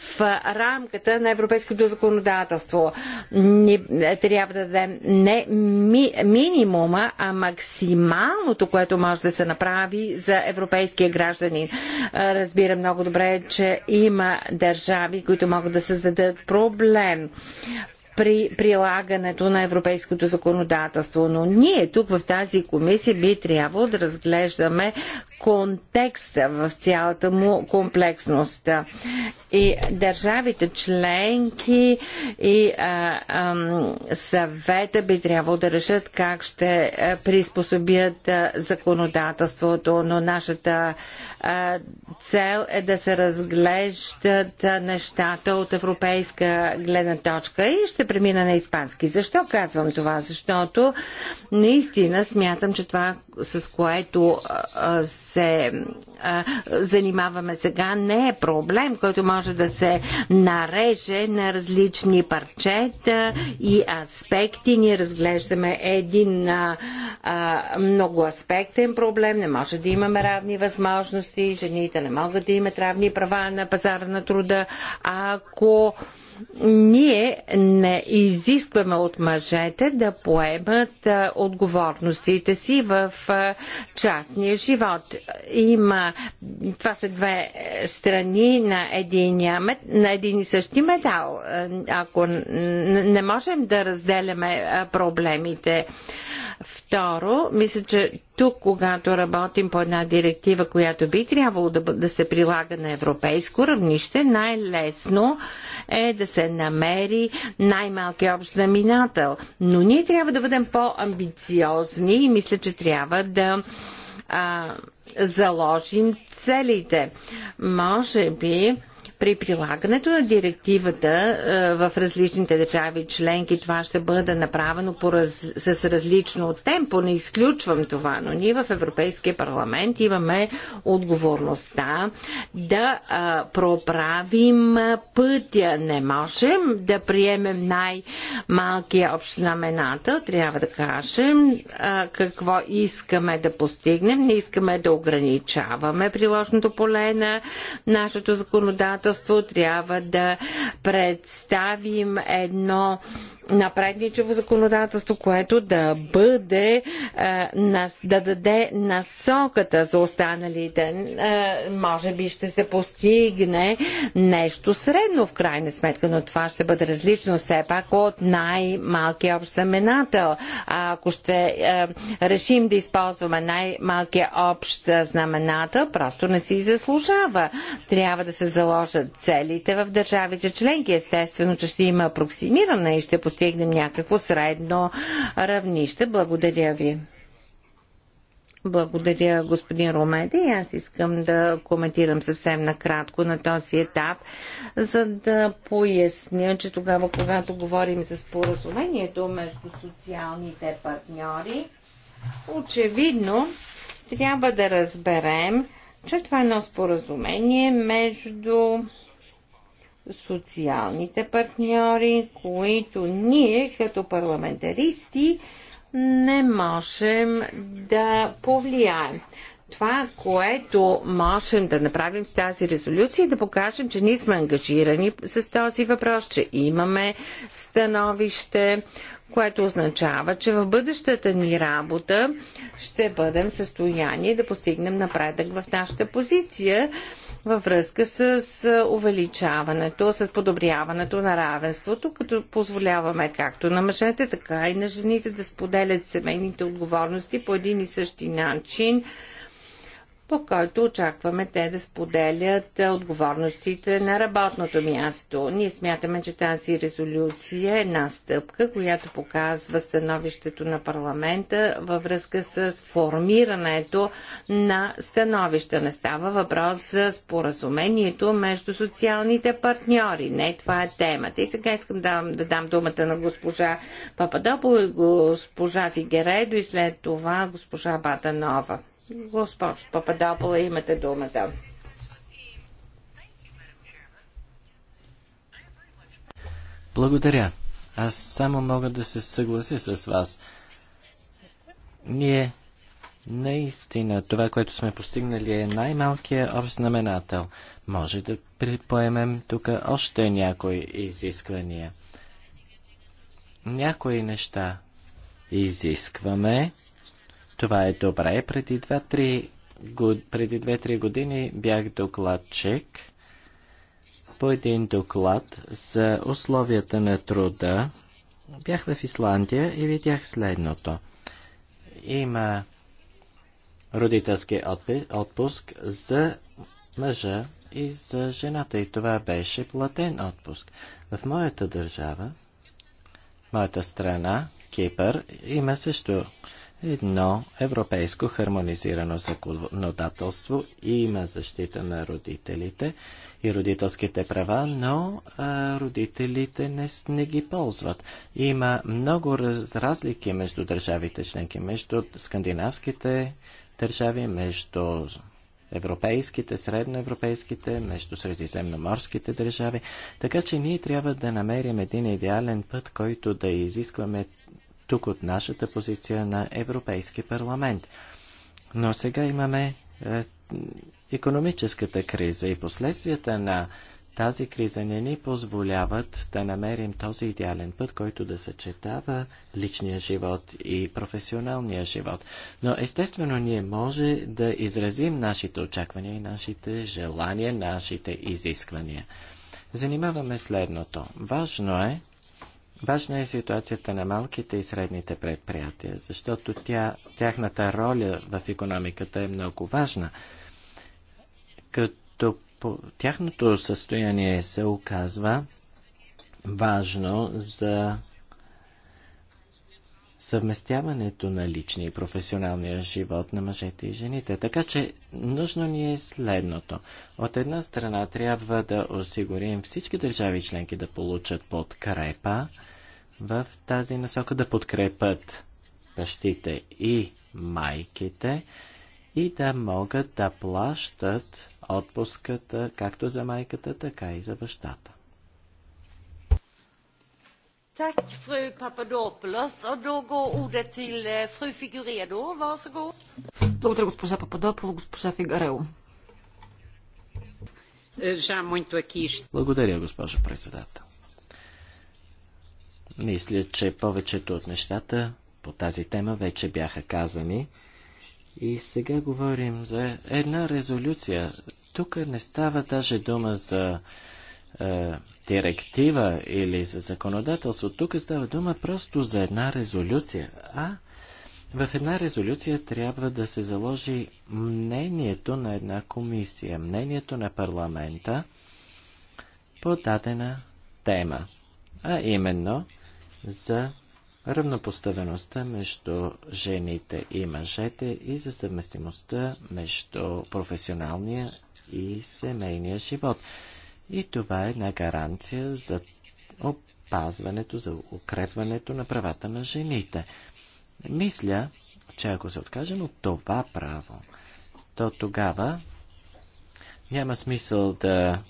рамката на европейското законодателство. Не, е, трябва да дадем не ми, минимума, а максималното, което може да се направи за европейския гражданин. Разбира много добре, че има държави, които могат да създадат проблем при прилагането на европейското законодателство. Но ние тук в тази комисия би трябвало да разглеждаме контекста в цялата му комплексност. И държавите членки и а, а, съвета би трябвало да решат как ще приспособят законодателството, но нашата а, цел е да се разглеждат нещата от европейска гледна точка и ще премина на испански. Защо казвам това? Защото наистина смятам, че това, с което се занимаваме сега, не е проблем, който може да се нареже на различни парчета и аспекти. Ние разглеждаме един много аспектен проблем. Не може да имаме равни възможности, жените не могат да имат равни права на пазара на труда, ако ние не изискваме от мъжете да поемат отговорностите си в частния живот. Има, това са две е, страни на един, на един и същи метал. Ако не можем да разделяме проблемите, Второ, мисля, че тук, когато работим по една директива, която би трябвало да, да се прилага на европейско равнище, най-лесно е да се намери най-малки общ знаменател. Но ние трябва да бъдем по-амбициозни и мисля, че трябва да а, заложим целите. Може би при прилагането на директивата е, в различните държави членки това ще бъде направено раз... с различно темпо. Не изключвам това, но ние в Европейския парламент имаме отговорността да е, проправим пътя. Не можем да приемем най-малкия общ знаменател. Трябва да кажем е, какво искаме да постигнем. Не искаме да ограничаваме приложното поле на нашето законодателство правителство трябва да представим едно напредничево законодателство, което да бъде, да даде насоката за останалите. Може би ще се постигне нещо средно в крайна сметка, но това ще бъде различно все пак от най-малкия общ знаменател. Ако ще решим да използваме най-малкия общ знаменател, просто не си заслужава. Трябва да се заложат целите в държавите членки. Естествено, че ще има апроксимиране и ще постигнем постигнем някакво средно равнище. Благодаря ви. Благодаря, господин Ромеде. И аз искам да коментирам съвсем накратко на този етап, за да поясня, че тогава, когато говорим за споразумението между социалните партньори, очевидно трябва да разберем, че това е едно споразумение между социалните партньори, които ние като парламентаристи не можем да повлияем. Това, което можем да направим с тази резолюция, е да покажем, че ние сме ангажирани с този въпрос, че имаме становище, което означава, че в бъдещата ни работа ще бъдем в състояние да постигнем напредък в нашата позиция във връзка с увеличаването, с подобряването на равенството, като позволяваме както на мъжете, така и на жените да споделят семейните отговорности по един и същи начин по който очакваме те да споделят отговорностите на работното място. Ние смятаме, че тази резолюция е една стъпка, която показва становището на парламента във връзка с формирането на становища. Не става въпрос за споразумението между социалните партньори. Не, това е темата. И сега искам да, да дам думата на госпожа Пападопол и госпожа Фигередо и след това госпожа Батанова. Госпожо Пападопола, имате думата. Благодаря. Аз само мога да се съглася с вас. Ние наистина това, което сме постигнали е най-малкият общ знаменател. Може да припоемем тук още някои изисквания. Някои неща изискваме, това е добре. Преди 2-3 преди 2-3 години бях докладчик по един доклад за условията на труда. Бях в Исландия и видях следното. Има родителски отпуск за мъжа и за жената. И това беше платен отпуск. В моята държава, моята страна, Кипър, има също едно европейско хармонизирано законодателство и има защита на родителите и родителските права, но а, родителите не, не ги ползват. Има много раз, разлики между държавите членки, между скандинавските държави, между европейските, средноевропейските, между средиземноморските държави. Така че ние трябва да намерим един идеален път, който да изискваме тук от нашата позиция на Европейски парламент. Но сега имаме е, економическата криза и последствията на тази криза не ни позволяват да намерим този идеален път, който да съчетава личния живот и професионалния живот. Но естествено ние може да изразим нашите очаквания и нашите желания, нашите изисквания. Занимаваме следното. Важно е Важна е ситуацията на малките и средните предприятия, защото тя, тяхната роля в економиката е много важна. Като по, тяхното състояние се оказва важно за съвместяването на личния и професионалния живот на мъжете и жените. Така че нужно ни е следното. От една страна трябва да осигурим всички държави членки да получат подкрепа в тази насока, да подкрепят бащите и майките и да могат да плащат отпуската както за майката, така и за бащата. Tack fru Papadopoulos. Och då går ordet till eh, fru Figuredo. Varsågod. Благодаря госпожа Пападополо, госпожа Фигарел. Благодаря, госпожо председател. Мисля, че повечето от нещата по тази тема вече бяха казани. И сега говорим за една резолюция. Тук не става даже дума за е, директива или за законодателство. Тук става дума просто за една резолюция. А в една резолюция трябва да се заложи мнението на една комисия, мнението на парламента по дадена тема, а именно за равнопоставеността между жените и мъжете и за съвместимостта между професионалния и семейния живот. И това е една гаранция за опазването, за укрепването на правата на жените. Мисля, че ако се откажем от това право, то тогава няма смисъл да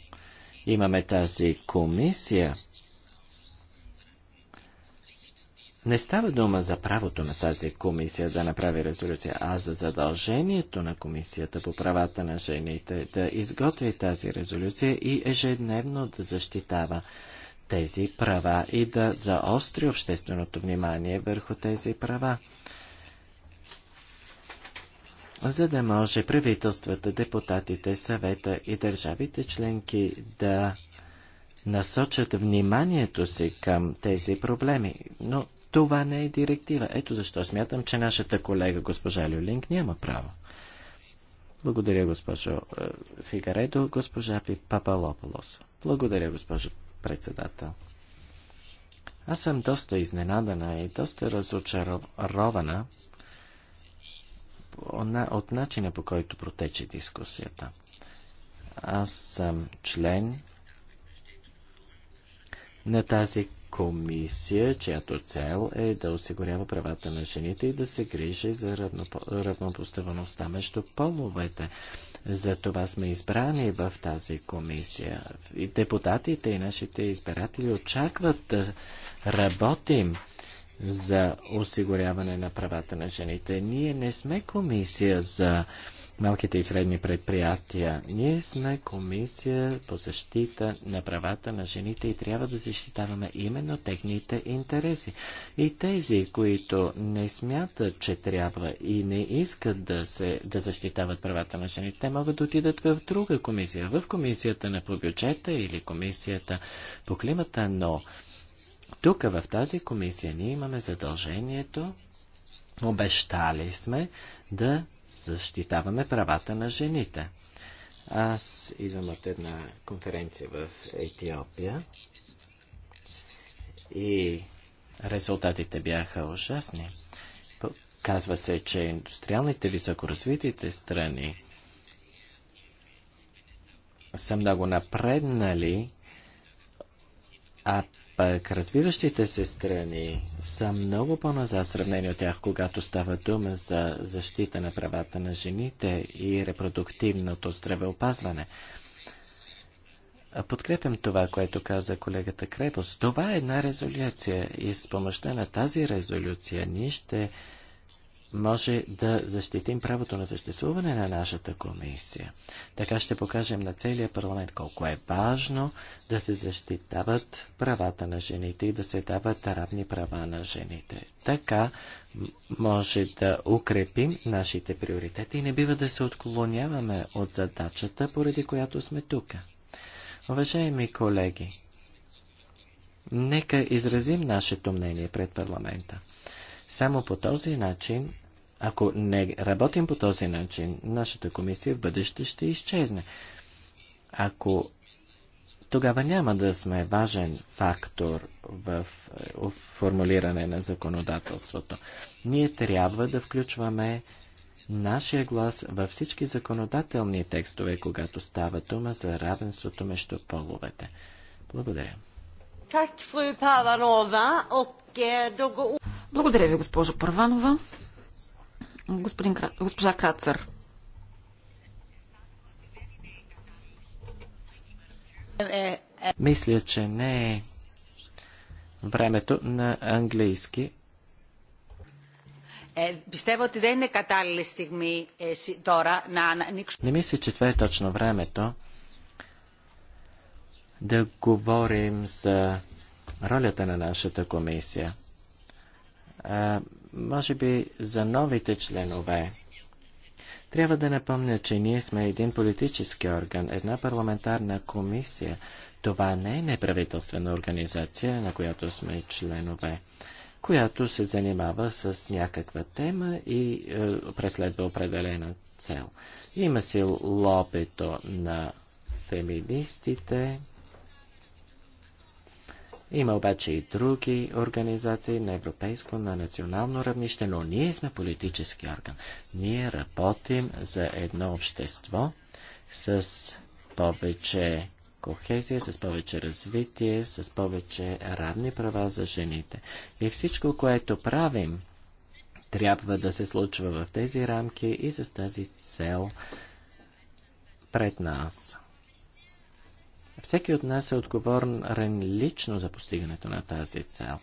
имаме тази комисия, Не става дума за правото на тази комисия да направи резолюция, а за задължението на комисията по правата на жените да изготви тази резолюция и ежедневно да защитава тези права и да заостри общественото внимание върху тези права за да може правителствата, депутатите, съвета и държавите членки да насочат вниманието си към тези проблеми. Но това не е директива. Ето защо смятам, че нашата колега госпожа Люлинг няма право. Благодаря, госпожо е, Фигаредо, госпожа Папалополос. Благодаря, госпожо председател. Аз съм доста изненадана и доста разочарована от начина по който протече дискусията. Аз съм член на тази комисия, чиято цел е да осигурява правата на жените и да се грижи за равнопоставеността между половете. За това сме избрани в тази комисия. И депутатите и нашите избиратели очакват да работим за осигуряване на правата на жените. Ние не сме комисия за малките и средни предприятия. Ние сме комисия по защита на правата на жените и трябва да защитаваме именно техните интереси. И тези, които не смятат, че трябва и не искат да, се, да защитават правата на жените, те могат да отидат в друга комисия, в комисията на по бюджета или комисията по климата, но тук в тази комисия ние имаме задължението, обещали сме да защитаваме правата на жените. Аз идвам от една конференция в Етиопия и резултатите бяха ужасни. Казва се, че индустриалните високоразвитите страни са много напреднали, а пък развиващите се страни са много по-назад в сравнение от тях, когато става дума за защита на правата на жените и репродуктивното здравеопазване. Подкрепям това, което каза колегата Крепос. Това е една резолюция и с помощта на тази резолюция ние ще може да защитим правото на съществуване на нашата комисия. Така ще покажем на целия парламент колко е важно да се защитават правата на жените и да се дават равни права на жените. Така може да укрепим нашите приоритети и не бива да се отклоняваме от задачата, поради която сме тук. Уважаеми колеги, нека изразим нашето мнение пред парламента. Само по този начин, ако не работим по този начин, нашата комисия в бъдеще ще изчезне. Ако тогава няма да сме важен фактор в е, формулиране на законодателството. Ние трябва да включваме нашия глас във всички законодателни текстове, когато става дума за равенството между половете. Благодаря. Благодаря ви, госпожо Първанова. Господин, госпожа Крацър. Мисля, че не е времето на английски. Е, не мисля, че това е точно времето да говорим за ролята на нашата комисия. А, може би за новите членове. Трябва да напомня, че ние сме един политически орган, една парламентарна комисия. Това не е неправителствена организация, на която сме членове, която се занимава с някаква тема и е, преследва определена цел. Има си лобито на феминистите, има обаче и други организации на европейско, на национално равнище, но ние сме политически орган. Ние работим за едно общество с повече кохезия, с повече развитие, с повече равни права за жените. И всичко, което правим, трябва да се случва в тези рамки и с тази цел пред нас. Всеки от нас е отговорен лично за постигането на тази цел.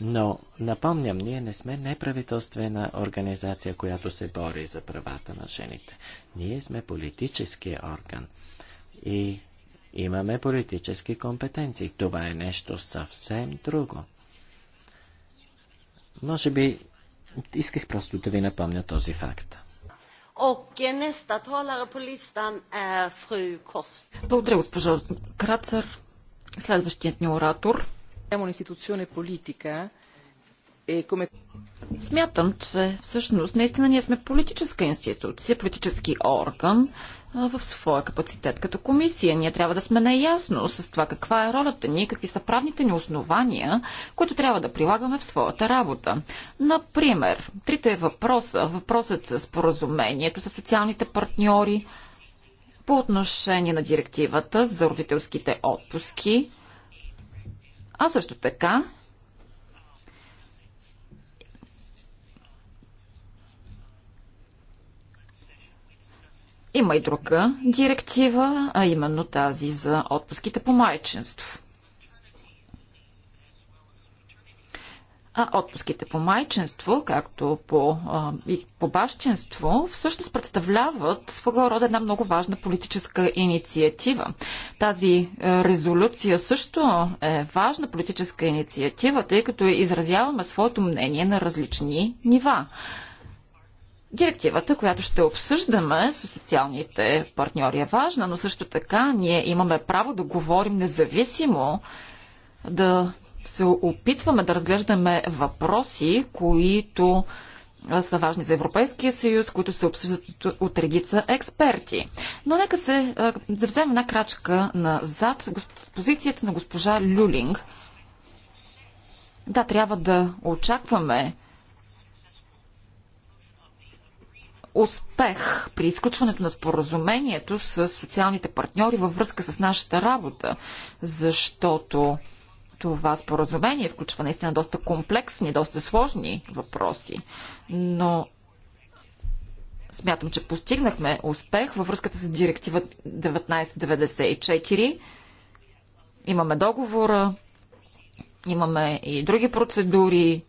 Но, напомням, ние не сме неправителствена организация, която се бори за правата на жените. Ние сме политически орган и имаме политически компетенции. Това е нещо съвсем друго. Може би исках просто да ви напомня този факт. Eh, Благодаря, госпожо Крацър. Следващият ни оратор. Е Смятам, че всъщност наистина ние сме политическа институция, политически орган, в своя капацитет като комисия. Ние трябва да сме наясно с това каква е ролята ни, какви са правните ни основания, които трябва да прилагаме в своята работа. Например, трите въпроса, въпросът с поразумението, с социалните партньори, по отношение на директивата за родителските отпуски, а също така Има и друга директива, а именно тази за отпуските по майчинство. А отпуските по майчинство, както по, а, и по бащинство, всъщност представляват своего рода една много важна политическа инициатива. Тази е, резолюция също е важна политическа инициатива, тъй като изразяваме своето мнение на различни нива. Директивата, която ще обсъждаме с социалните партньори е важна, но също така ние имаме право да говорим независимо, да се опитваме да разглеждаме въпроси, които са важни за Европейския съюз, които се обсъждат от редица експерти. Но нека се да вземем една крачка назад. Позицията на госпожа Люлинг. Да, трябва да очакваме успех при изключването на споразумението с социалните партньори във връзка с нашата работа, защото това споразумение включва наистина доста комплексни, доста сложни въпроси, но смятам, че постигнахме успех във връзката с директива 1994. Имаме договора, имаме и други процедури,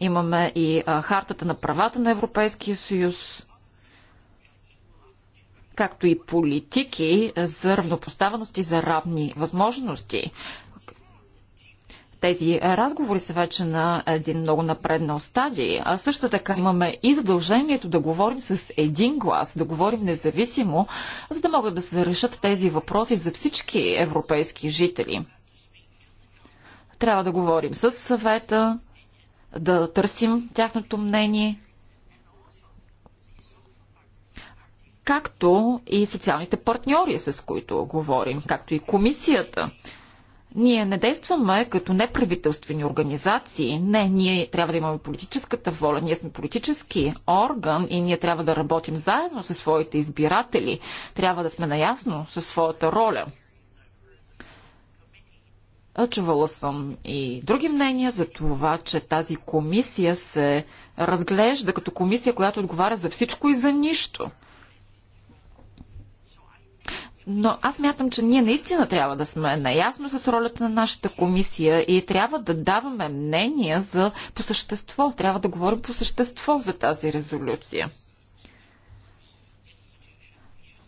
Имаме и а, хартата на правата на Европейския съюз, както и политики за равнопоставеност и за равни възможности. Тези разговори са вече на един много напреднал стадий, а също така имаме и задължението да говорим с един глас, да говорим независимо, за да могат да се решат тези въпроси за всички европейски жители. Трябва да говорим с съвета, да търсим тяхното мнение, както и социалните партньори, с които говорим, както и комисията. Ние не действаме като неправителствени организации. Не, ние трябва да имаме политическата воля. Ние сме политически орган и ние трябва да работим заедно със своите избиратели. Трябва да сме наясно със своята роля – Чувала съм и други мнения за това, че тази комисия се разглежда като комисия, която отговаря за всичко и за нищо. Но аз мятам, че ние наистина трябва да сме наясно с ролята на нашата комисия и трябва да даваме мнение за по същество. Трябва да говорим по същество за тази резолюция.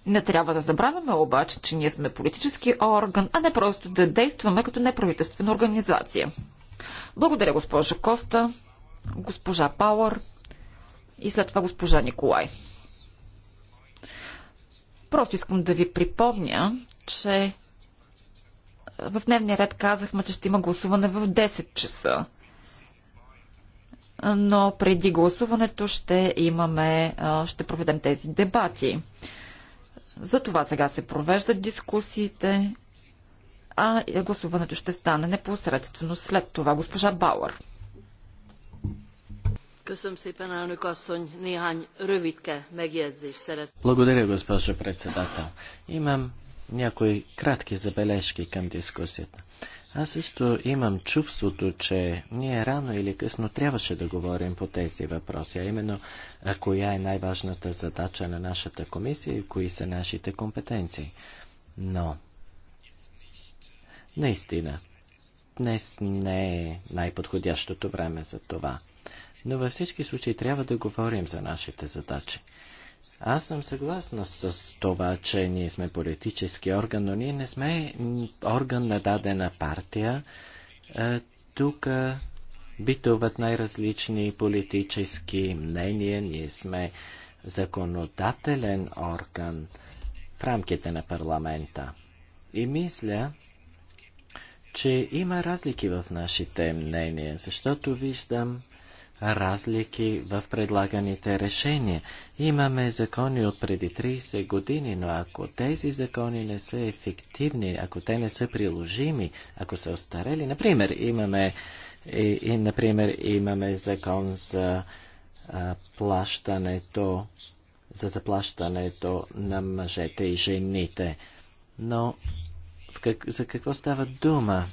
Не трябва да забравяме обаче, че ние сме политически орган, а не просто да действаме като неправителствена организация. Благодаря, госпожа Коста, госпожа Пауър и след това госпожа Николай. Просто искам да ви припомня, че в дневния ред казахме, че ще има гласуване в 10 часа. Но преди гласуването ще имаме, ще проведем тези дебати. За това сега се провеждат дискусиите, а гласуването ще стане непосредствено след това. Госпожа Бауър. Благодаря, госпожо председател. Имам някои кратки забележки към дискусията. Аз също имам чувството, че ние рано или късно трябваше да говорим по тези въпроси, а именно коя е най-важната задача на нашата комисия и кои са нашите компетенции. Но, наистина, днес не е най-подходящото време за това. Но във всички случаи трябва да говорим за нашите задачи. Аз съм съгласна с това, че ние сме политически орган, но ние не сме орган на дадена партия. Е, тук е, битуват най-различни политически мнения. Ние сме законодателен орган в рамките на парламента. И мисля, че има разлики в нашите мнения, защото виждам разлики в предлаганите решения. Имаме закони от преди 30 години, но ако тези закони не са ефективни, ако те не са приложими, ако са остарели, например, имаме, и, и, например, имаме закон за а, плащането, за заплащането на мъжете и жените. Но в как, за какво става дума?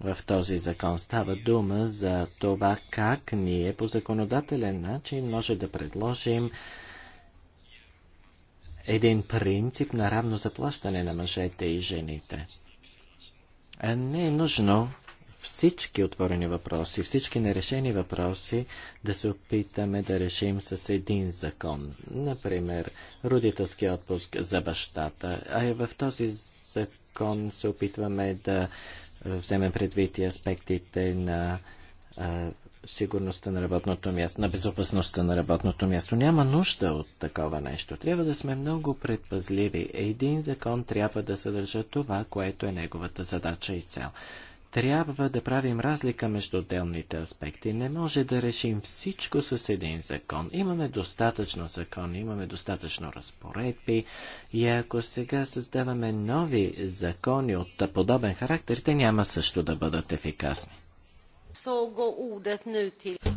в този закон. Става дума за това как ние по законодателен начин може да предложим един принцип на равно заплащане на мъжете и жените. Не е нужно всички отворени въпроси, всички нерешени въпроси да се опитаме да решим с един закон. Например, родителски отпуск за бащата. А в този закон се опитваме да вземем предвид и аспектите на а, сигурността на работното място, на безопасността на работното място. Няма нужда от такова нещо. Трябва да сме много предпазливи. Един закон трябва да съдържа това, което е неговата задача и цел трябва да правим разлика между отделните аспекти. Не може да решим всичко с един закон. Имаме достатъчно закон, имаме достатъчно разпоредби и ако сега създаваме нови закони от подобен характер, те няма също да бъдат ефикасни.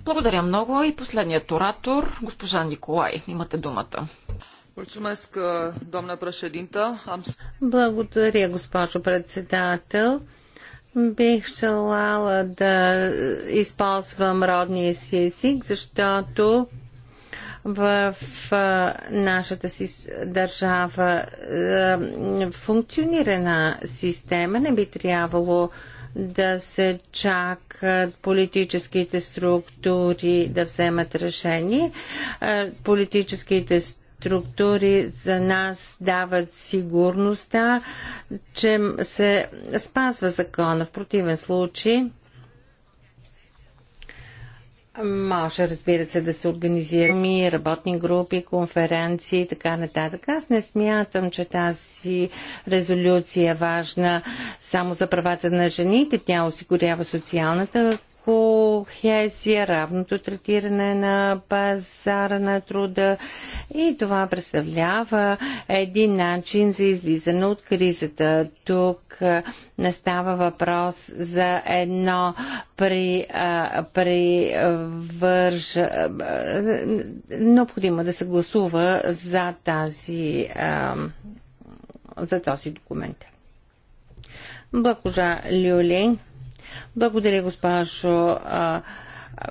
Благодаря много и последният оратор, госпожа Николай. Имате думата. Благодаря, госпожо председател. Бих желала да използвам родния си език, защото в нашата си държава функционирана система. Не би трябвало да се чакат политическите структури да вземат решение. Политическите структури структури за нас дават сигурността, че се спазва закона. В противен случай може, разбира се, да се организираме работни групи, конференции и така нататък. Аз не смятам, че тази резолюция е важна само за правата на жените. Тя осигурява социалната кохезия, равното третиране на пазара на труда и това представлява един начин за излизане от кризата. Тук не става въпрос за едно при, а, при върж... Необходимо да се гласува за тази а, за този документ. Благодаря, Люлин. Благодаря, госпожо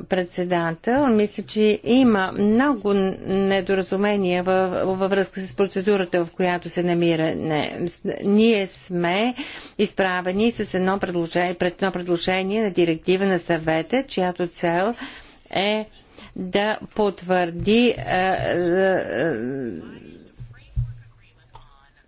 председател. Мисля, че има много недоразумения във, във връзка с процедурата, в която се намира. Не, ние сме изправени с едно предложение, пред едно предложение на директива на съвета, чиято цел е да потвърди е, е,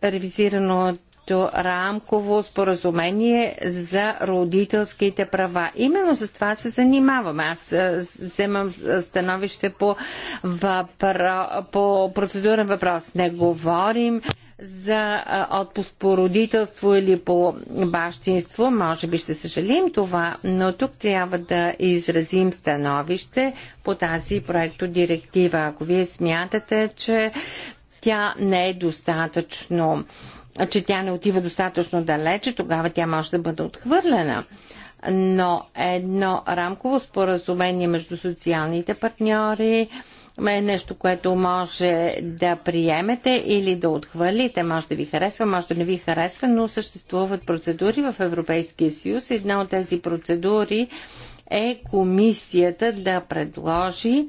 е ревизираното като рамково споразумение за родителските права. Именно с това се занимавам. Аз вземам становище по, въпро... по процедурен въпрос. Не говорим за отпуск по родителство или по бащинство. Може би ще съжалим това, но тук трябва да изразим становище по тази директива. Ако вие смятате, че тя не е достатъчно че тя не отива достатъчно далече, тогава тя може да бъде отхвърлена. Но едно рамково споразумение между социалните партньори е нещо, което може да приемете или да отхвърлите. Може да ви харесва, може да не ви харесва, но съществуват процедури в Европейския съюз. Една от тези процедури е комисията да предложи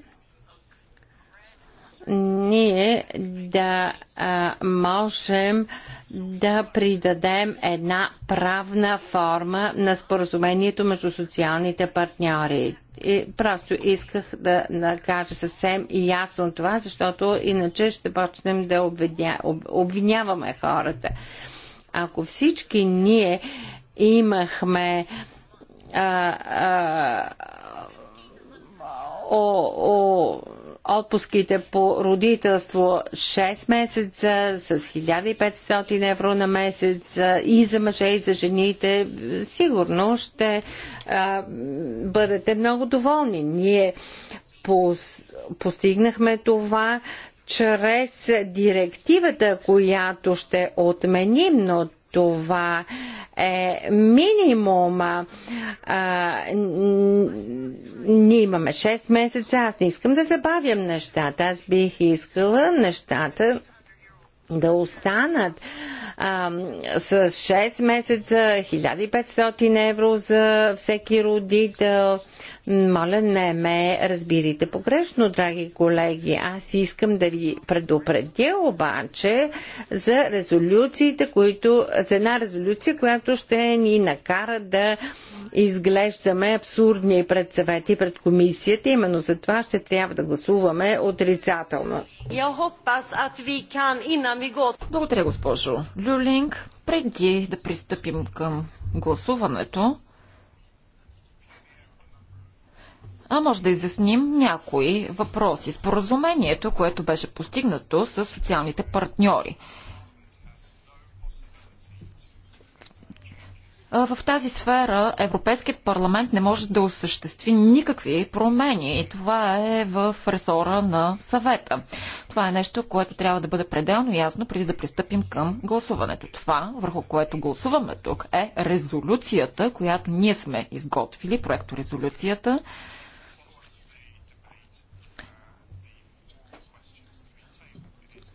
ние да а, можем да придадем една правна форма на споразумението между социалните партньори. И просто исках да, накажа кажа съвсем ясно това, защото иначе ще почнем да обвиня, об, обвиняваме хората. Ако всички ние имахме а, а, о, о, отпуските по родителство 6 месеца с 1500 евро на месец и за мъже и за жените, сигурно ще а, бъдете много доволни. Ние пос, постигнахме това чрез директивата, която ще отменим, но това е минимума. А, ние имаме 6 месеца. Аз не искам да забавям нещата. Аз бих искала нещата да останат а, с 6 месеца, 1500 евро за всеки родител. Моля, не ме разбирайте погрешно, драги колеги. Аз искам да ви предупредя обаче за резолюциите, които, за една резолюция, която ще ни накара да изглеждаме абсурдни пред съвети, пред комисията. Именно за това ще трябва да гласуваме отрицателно. Благодаря, госпожо Люлинг. Преди да пристъпим към гласуването, а може да изясним някои въпроси. Споразумението, което беше постигнато с социалните партньори. в тази сфера Европейският парламент не може да осъществи никакви промени и това е в ресора на съвета. Това е нещо, което трябва да бъде пределно ясно преди да пристъпим към гласуването. Това, върху което гласуваме тук, е резолюцията, която ние сме изготвили, проекто резолюцията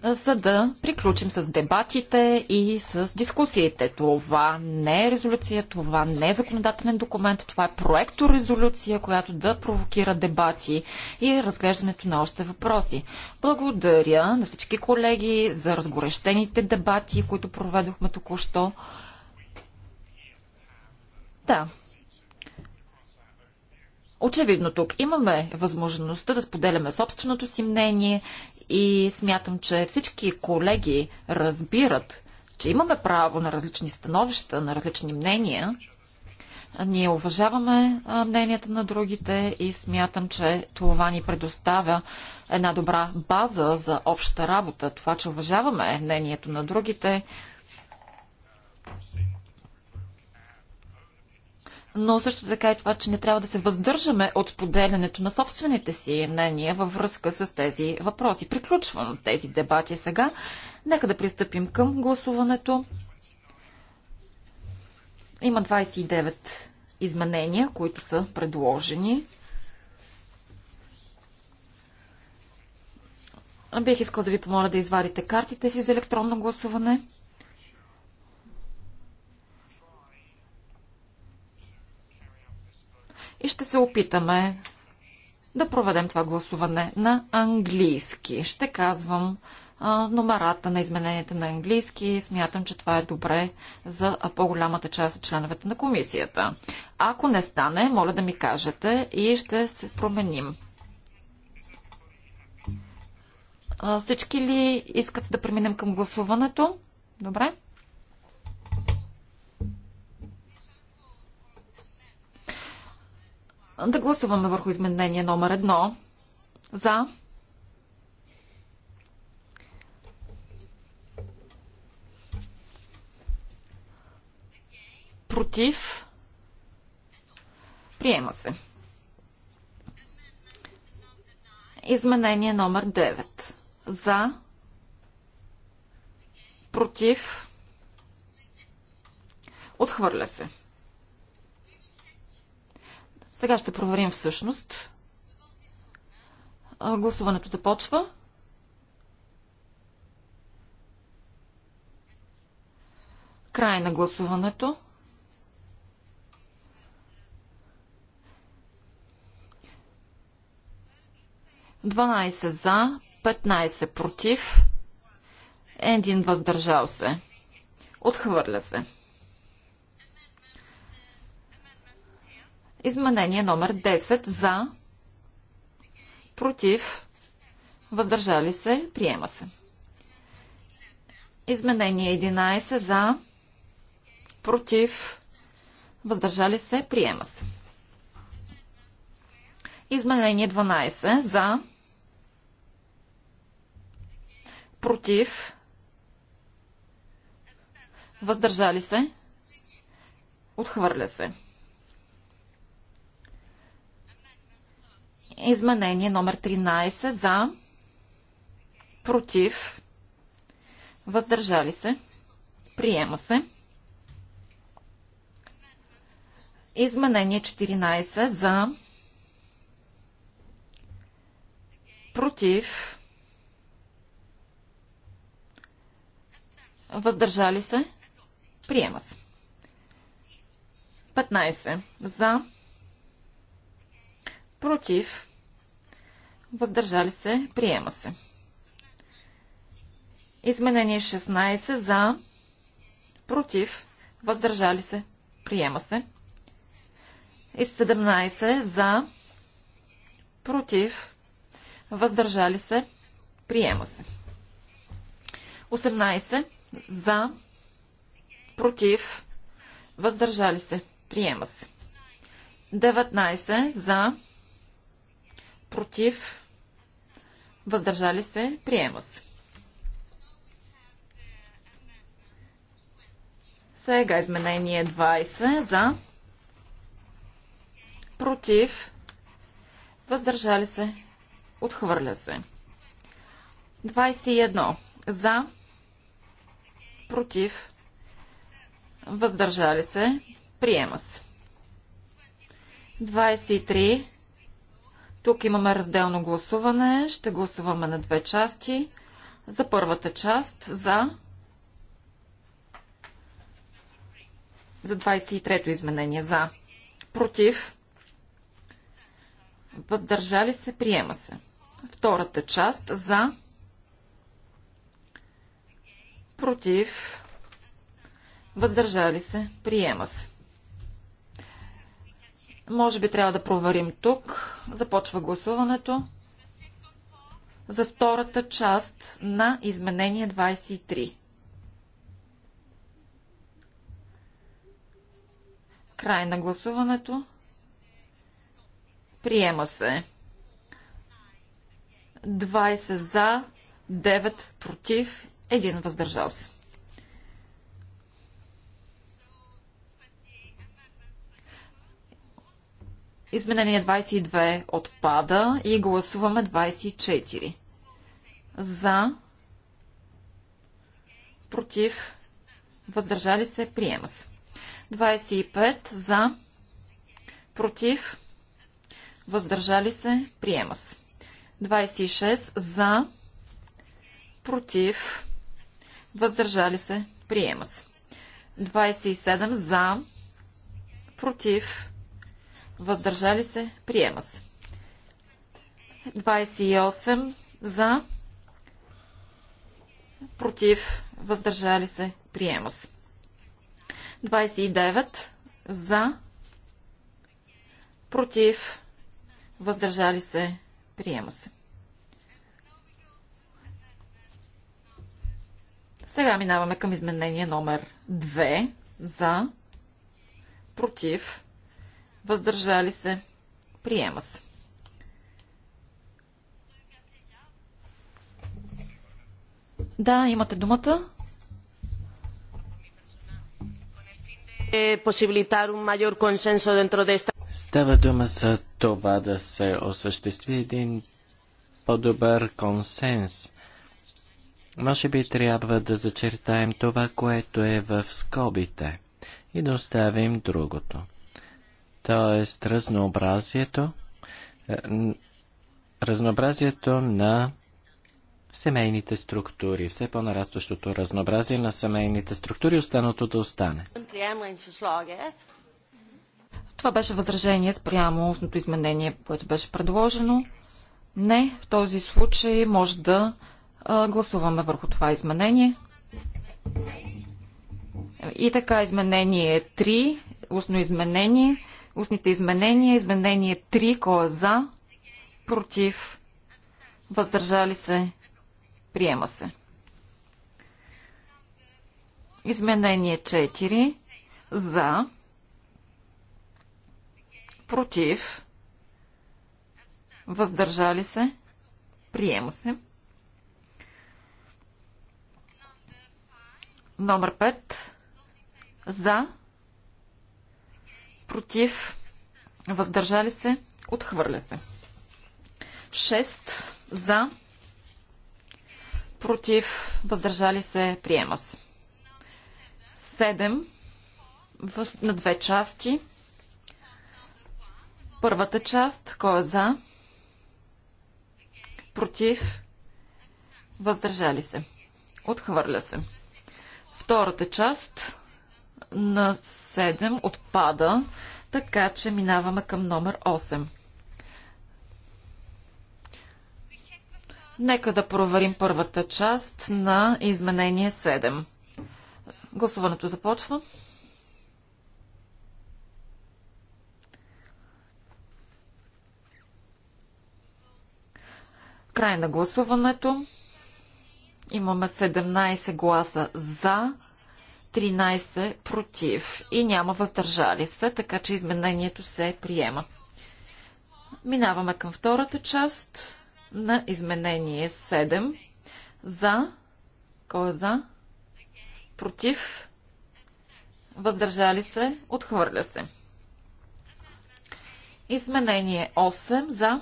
за да приключим с дебатите и с дискусиите. Това не е резолюция, това не е законодателен документ, това е проекторезолюция, която да провокира дебати и разглеждането на още въпроси. Благодаря на всички колеги за разгорещените дебати, които проведохме току-що. Да, Очевидно тук имаме възможността да споделяме собственото си мнение и смятам, че всички колеги разбират, че имаме право на различни становища, на различни мнения. Ние уважаваме мненията на другите и смятам, че това ни предоставя една добра база за обща работа. Това, че уважаваме мнението на другите, но също така и това, че не трябва да се въздържаме от поделянето на собствените си мнения във връзка с тези въпроси. Приключвам тези дебати сега. Нека да пристъпим към гласуването. Има 29 изменения, които са предложени. Бих искал да ви помоля да извадите картите си за електронно гласуване. и ще се опитаме да проведем това гласуване на английски. Ще казвам а, номерата на измененията на английски. Смятам, че това е добре за по-голямата част от членовете на комисията. Ако не стане, моля да ми кажете и ще се променим. А, всички ли искат да преминем към гласуването? Добре. Да гласуваме върху изменение номер едно. За. Против. Приема се. Изменение номер 9. За. Против. Отхвърля се. Сега ще проверим всъщност. Гласуването започва. Край на гласуването. Дванайсет за, 15 против, един въздържал се. Отхвърля се. Изменение номер 10 за, против, въздържали се, приема се. Изменение 11 за, против, въздържали се, приема се. Изменение 12 за, против, въздържали се, отхвърля се. Изменение номер 13 за, против, въздържали се, приема се. Изменение 14 за, против, въздържали се, приема се. 15 за, Против. Въздържали се. Приема се. Изменение 16 за. Против. Въздържали се. Приема се. И 17 за. Против. Въздържали се. Приема се. 18 за. Против. Въздържали се. Приема се. 19 за против, въздържали се, приема се. Сега изменение 20 за против, въздържали се, отхвърля се. 21 за против, въздържали се, приема се. 23 тук имаме разделно гласуване. Ще гласуваме на две части. За първата част, за. За 23-то изменение, за. Против. Въздържали се, приема се. Втората част, за. Против. Въздържали се, приема се. Може би трябва да проверим тук. Започва гласуването за втората част на изменение 23. Край на гласуването. Приема се. 20 за, 9 против, 1 въздържал се. Изменение 22 отпада и гласуваме 24. За, против, въздържали се, приема се. 25 за, против, въздържали се, приема се. 26 за, против, въздържали се, приема се. 27 за, против, въздържали се, приема се. 28 за, против, въздържали се, приема се. 29 за, против, въздържали се, приема се. Сега минаваме към изменение номер 2 за, против, въздържали се, приема се. Да, имате думата. Е, Става дума за това да се осъществи един по-добър консенс. Може би трябва да зачертаем това, което е в скобите и да оставим другото т.е. разнообразието, е, разнообразието на семейните структури, все по-нарастващото разнообразие на семейните структури, останалото да остане. Това беше възражение спрямо устното изменение, което беше предложено. Не, в този случай може да а, гласуваме върху това изменение. И така, изменение 3, устно изменение. Устните изменения. Изменение 3. Кой е за? Против? Въздържали се? Приема се. Изменение 4. За. Против. Въздържали се. Приема се. Номер 5. За против, въздържали се, отхвърля се. 6 за, против, въздържали се, приема се. 7 на две части. Първата част, кой е за, против, въздържали се, отхвърля се. Втората част, на 7 отпада, така че минаваме към номер 8. Нека да проверим първата част на изменение 7. Гласуването започва. Край на гласуването. Имаме 17 гласа за, 13 против и няма въздържали се, така че изменението се приема. Минаваме към втората част на изменение 7. За. Кой е за? Против. Въздържали се. Отхвърля се. Изменение 8. За.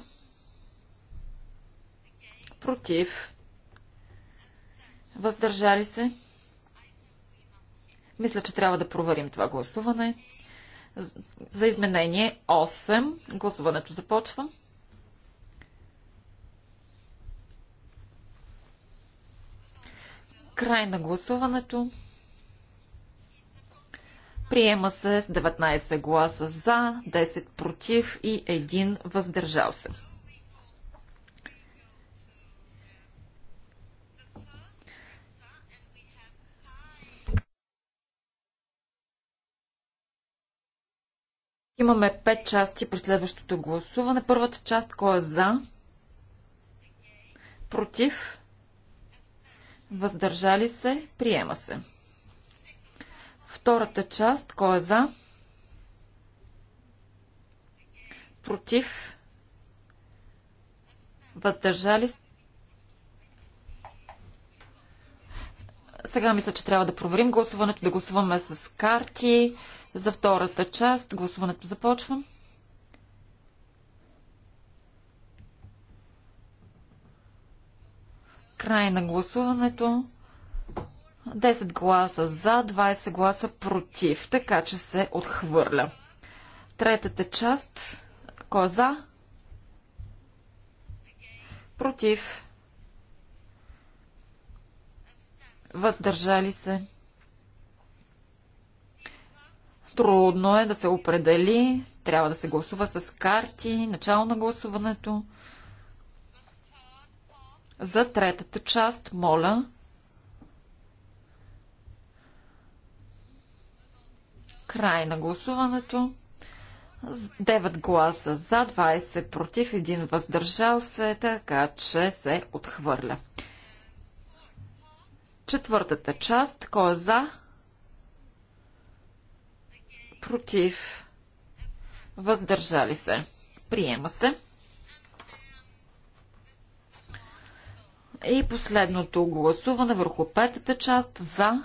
Против. Въздържали се. Мисля, че трябва да проверим това гласуване. За изменение 8 гласуването започва. Край на гласуването. Приема се с 19 гласа за, 10 против и 1 въздържал се. Имаме пет части при следващото гласуване. Първата част, кой е за? Против? Въздържали се? Приема се. Втората част, кой е за? Против? Въздържали се? Сега мисля, че трябва да проверим гласуването, да гласуваме с карти. За втората част гласуването започва. Край на гласуването. 10 гласа за, 20 гласа против, така че се отхвърля. Третата част. Кой е за? Против. Въздържали се. Трудно е да се определи. Трябва да се гласува с карти, начало на гласуването. За третата част, моля. Край на гласуването. 9 гласа за, 20 против, 1 въздържал се, така че се отхвърля. Четвъртата част, кой е за? против, въздържали се. Приема се. И последното гласуване върху петата част за,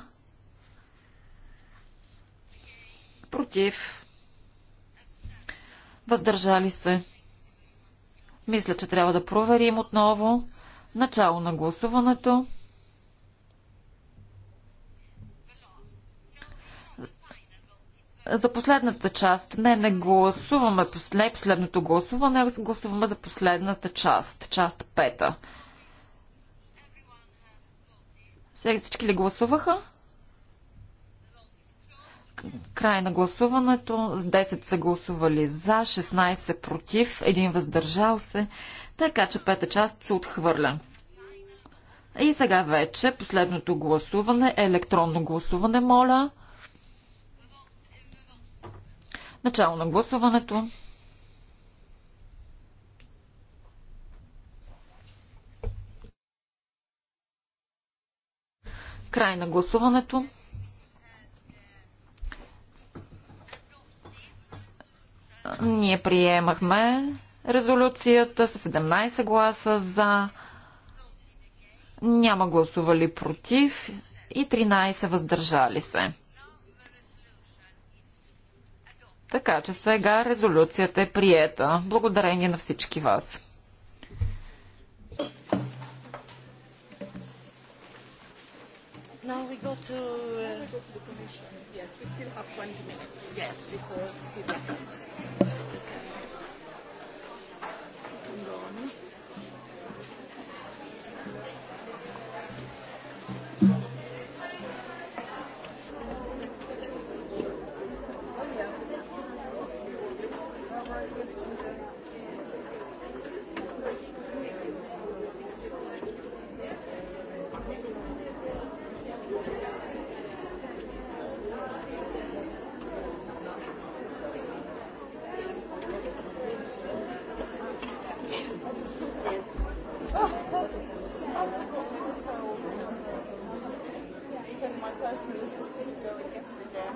против, въздържали се. Мисля, че трябва да проверим отново начало на гласуването. за последната част. Не, не гласуваме послед, последното гласуване, гласуваме за последната част, част пета. Сега всички ли гласуваха? Край на гласуването. С 10 са гласували за, 16 против, един въздържал се. Така че пета част се отхвърля. И сега вече последното гласуване, електронно гласуване, моля. Начало на гласуването. Край на гласуването. Ние приемахме резолюцията с 17 гласа за, няма гласували против и 13 въздържали се. Така че сега резолюцията е приета. Благодарение на всички вас. Now we go to, uh, now we go to the commission. Yes, we still have 20 minutes. Yes, before he comes. request from the sister to go like every day.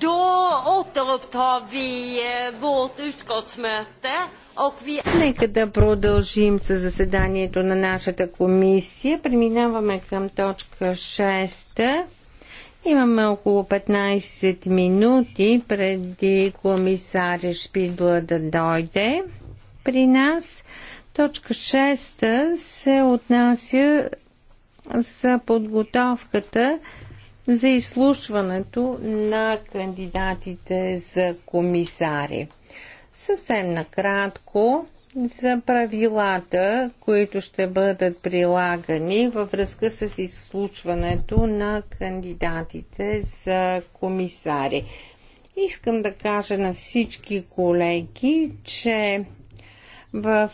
Då återupptar vi eh, vårt utskottsmöte. Vi... Нека да продължим с заседанието на нашата комисия. Преминаваме към точка 6. Имаме около 15 минути преди комисаря Шпидла да дойде при нас. Точка 6 се отнася за подготовката за изслушването на кандидатите за комисари. Съвсем накратко за правилата, които ще бъдат прилагани във връзка с изслушването на кандидатите за комисари. Искам да кажа на всички колеги, че в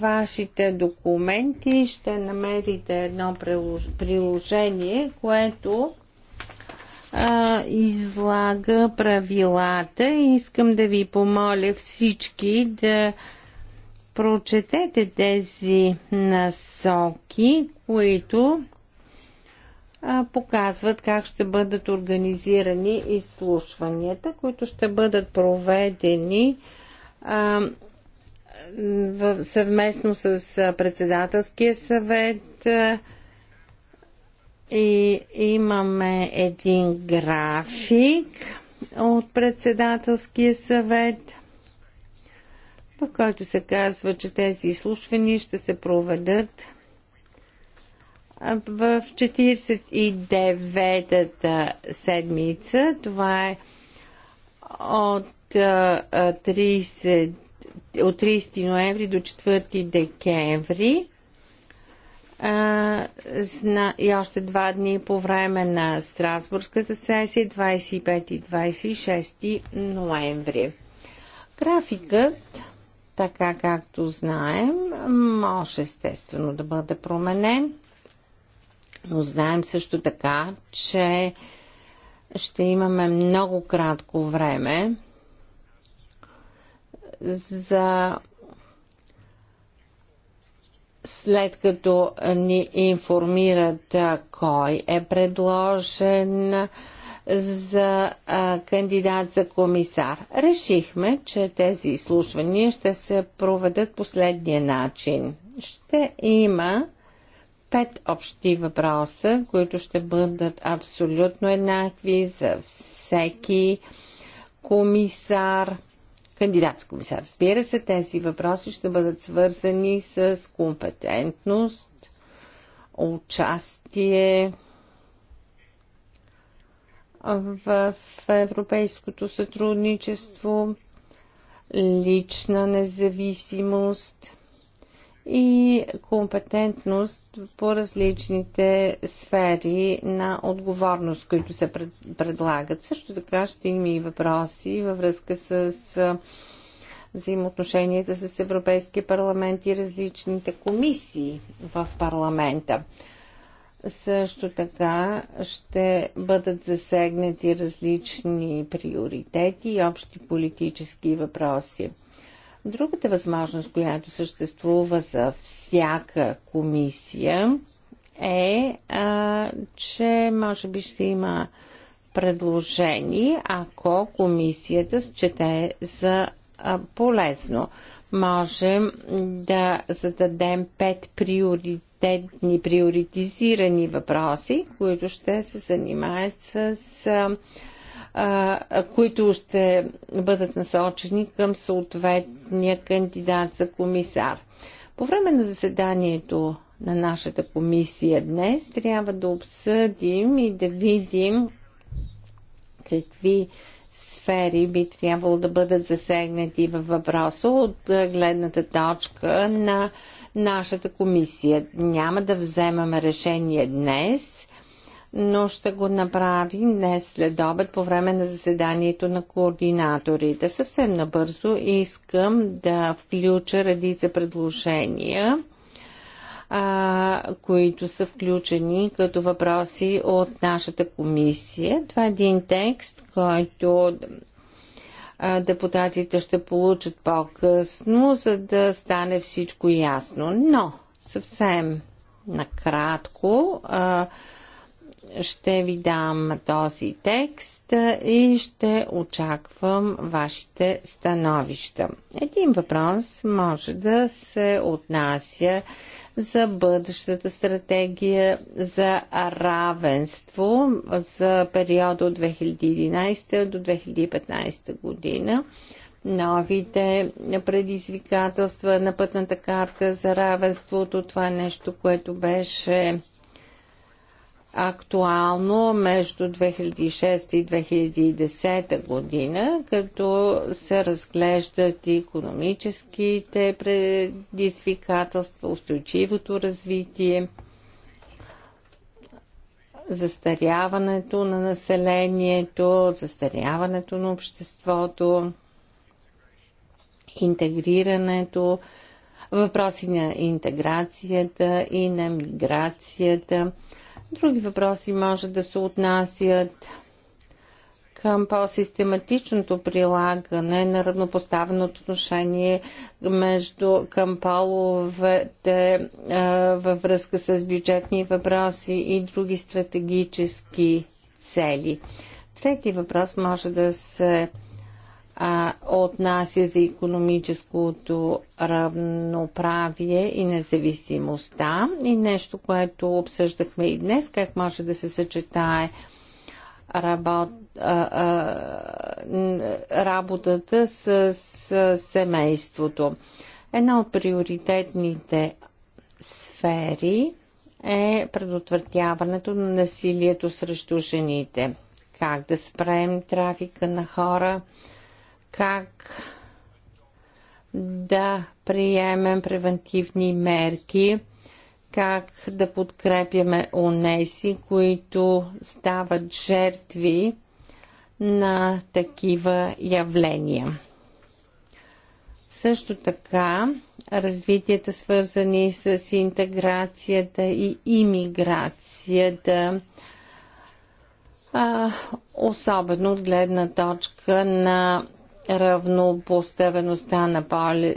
вашите документи ще намерите едно приложение, което а, излага правилата и искам да ви помоля всички да прочетете тези насоки, които а, показват как ще бъдат организирани изслушванията, които ще бъдат проведени а, в, съвместно с председателския съвет. А, и имаме един график от председателския съвет, в който се казва, че тези изслушвания ще се проведат в 49-та седмица. Това е от 30 от 30 ноември до 4 декември и още два дни по време на Страсбургската сесия 25 и 26 ноември. Графикът, така както знаем, може естествено да бъде променен, но знаем също така, че ще имаме много кратко време за след като ни информират кой е предложен за кандидат за комисар. Решихме, че тези изслушвания ще се проведат последния начин. Ще има пет общи въпроса, които ще бъдат абсолютно еднакви за всеки комисар – кандидат с комисар. Разбира се, тези въпроси ще бъдат свързани с компетентност, участие в европейското сътрудничество, лична независимост – и компетентност по различните сфери на отговорност, които се предлагат. Също така ще има и въпроси във връзка с взаимоотношенията с Европейския парламент и различните комисии в парламента. Също така ще бъдат засегнати различни приоритети и общи политически въпроси. Другата възможност, която съществува за всяка комисия е, а, че може би ще има предложение, ако комисията счете за а, полезно. Можем да зададем пет приоритетни, приоритизирани въпроси, които ще се занимаят с а, които ще бъдат насочени към съответния кандидат за комисар. По време на заседанието на нашата комисия днес трябва да обсъдим и да видим какви сфери би трябвало да бъдат засегнати във въпроса от гледната точка на нашата комисия. Няма да вземаме решение днес, но ще го направим днес след обед по време на заседанието на координаторите. Съвсем набързо искам да включа редица предложения а, които са включени като въпроси от нашата комисия. Това е един текст, който депутатите ще получат по-късно, за да стане всичко ясно. Но съвсем накратко. А, ще ви дам този текст и ще очаквам вашите становища. Един въпрос може да се отнася за бъдещата стратегия за равенство за периода от 2011 до 2015 година. Новите предизвикателства на пътната карта за равенството, това е нещо, което беше актуално между 2006 и 2010 година, като се разглеждат и економическите предизвикателства, устойчивото развитие, застаряването на населението, застаряването на обществото, интегрирането, въпроси на интеграцията и на миграцията – Други въпроси може да се отнасят към по-систематичното прилагане на равнопоставеното отношение между към половете във връзка с бюджетни въпроси и други стратегически цели. Трети въпрос може да се а, отнася за економическото равноправие и независимостта и нещо, което обсъждахме и днес, как може да се съчетае работ, а, а, работата с, с семейството. Една от приоритетните сфери е предотвратяването на насилието срещу жените. Как да спрем трафика на хора, как да приемем превентивни мерки, как да подкрепяме онези, които стават жертви на такива явления. Също така, развитията свързани с интеграцията и имиграцията, особено от гледна точка на равнопоставеността на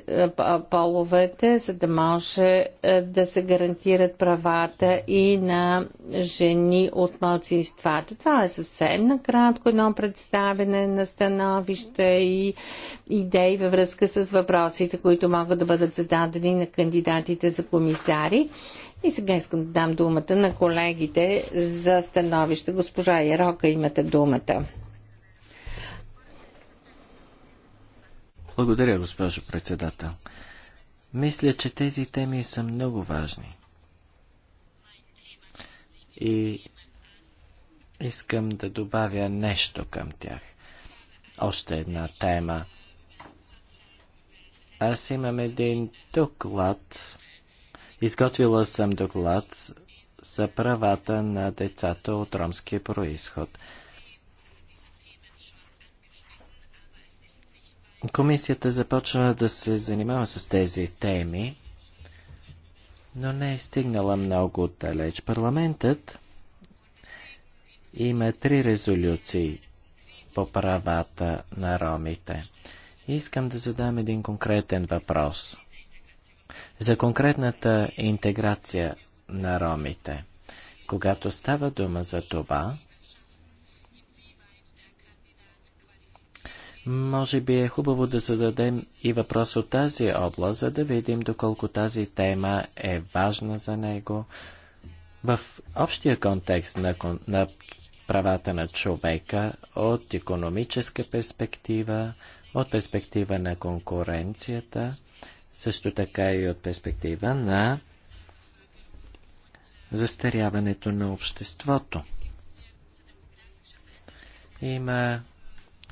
е, половете, за да може е, да се гарантират правата и на жени от малцинствата. Това е съвсем накратко едно представене на становище и идеи във връзка с въпросите, които могат да бъдат зададени на кандидатите за комисари. И сега искам да дам думата на колегите за становище. Госпожа Ярока, имате думата. Благодаря, госпожо председател. Мисля, че тези теми са много важни. И искам да добавя нещо към тях. Още една тема. Аз имам един доклад. Изготвила съм доклад за правата на децата от ромския происход. Комисията започва да се занимава с тези теми, но не е стигнала много далеч. Парламентът има три резолюции по правата на ромите. Искам да задам един конкретен въпрос за конкретната интеграция на ромите. Когато става дума за това, Може би е хубаво да зададем и въпрос от тази област, за да видим доколко тази тема е важна за него. В общия контекст на, на правата на човека, от економическа перспектива, от перспектива на конкуренцията, също така и от перспектива на застаряването на обществото. Има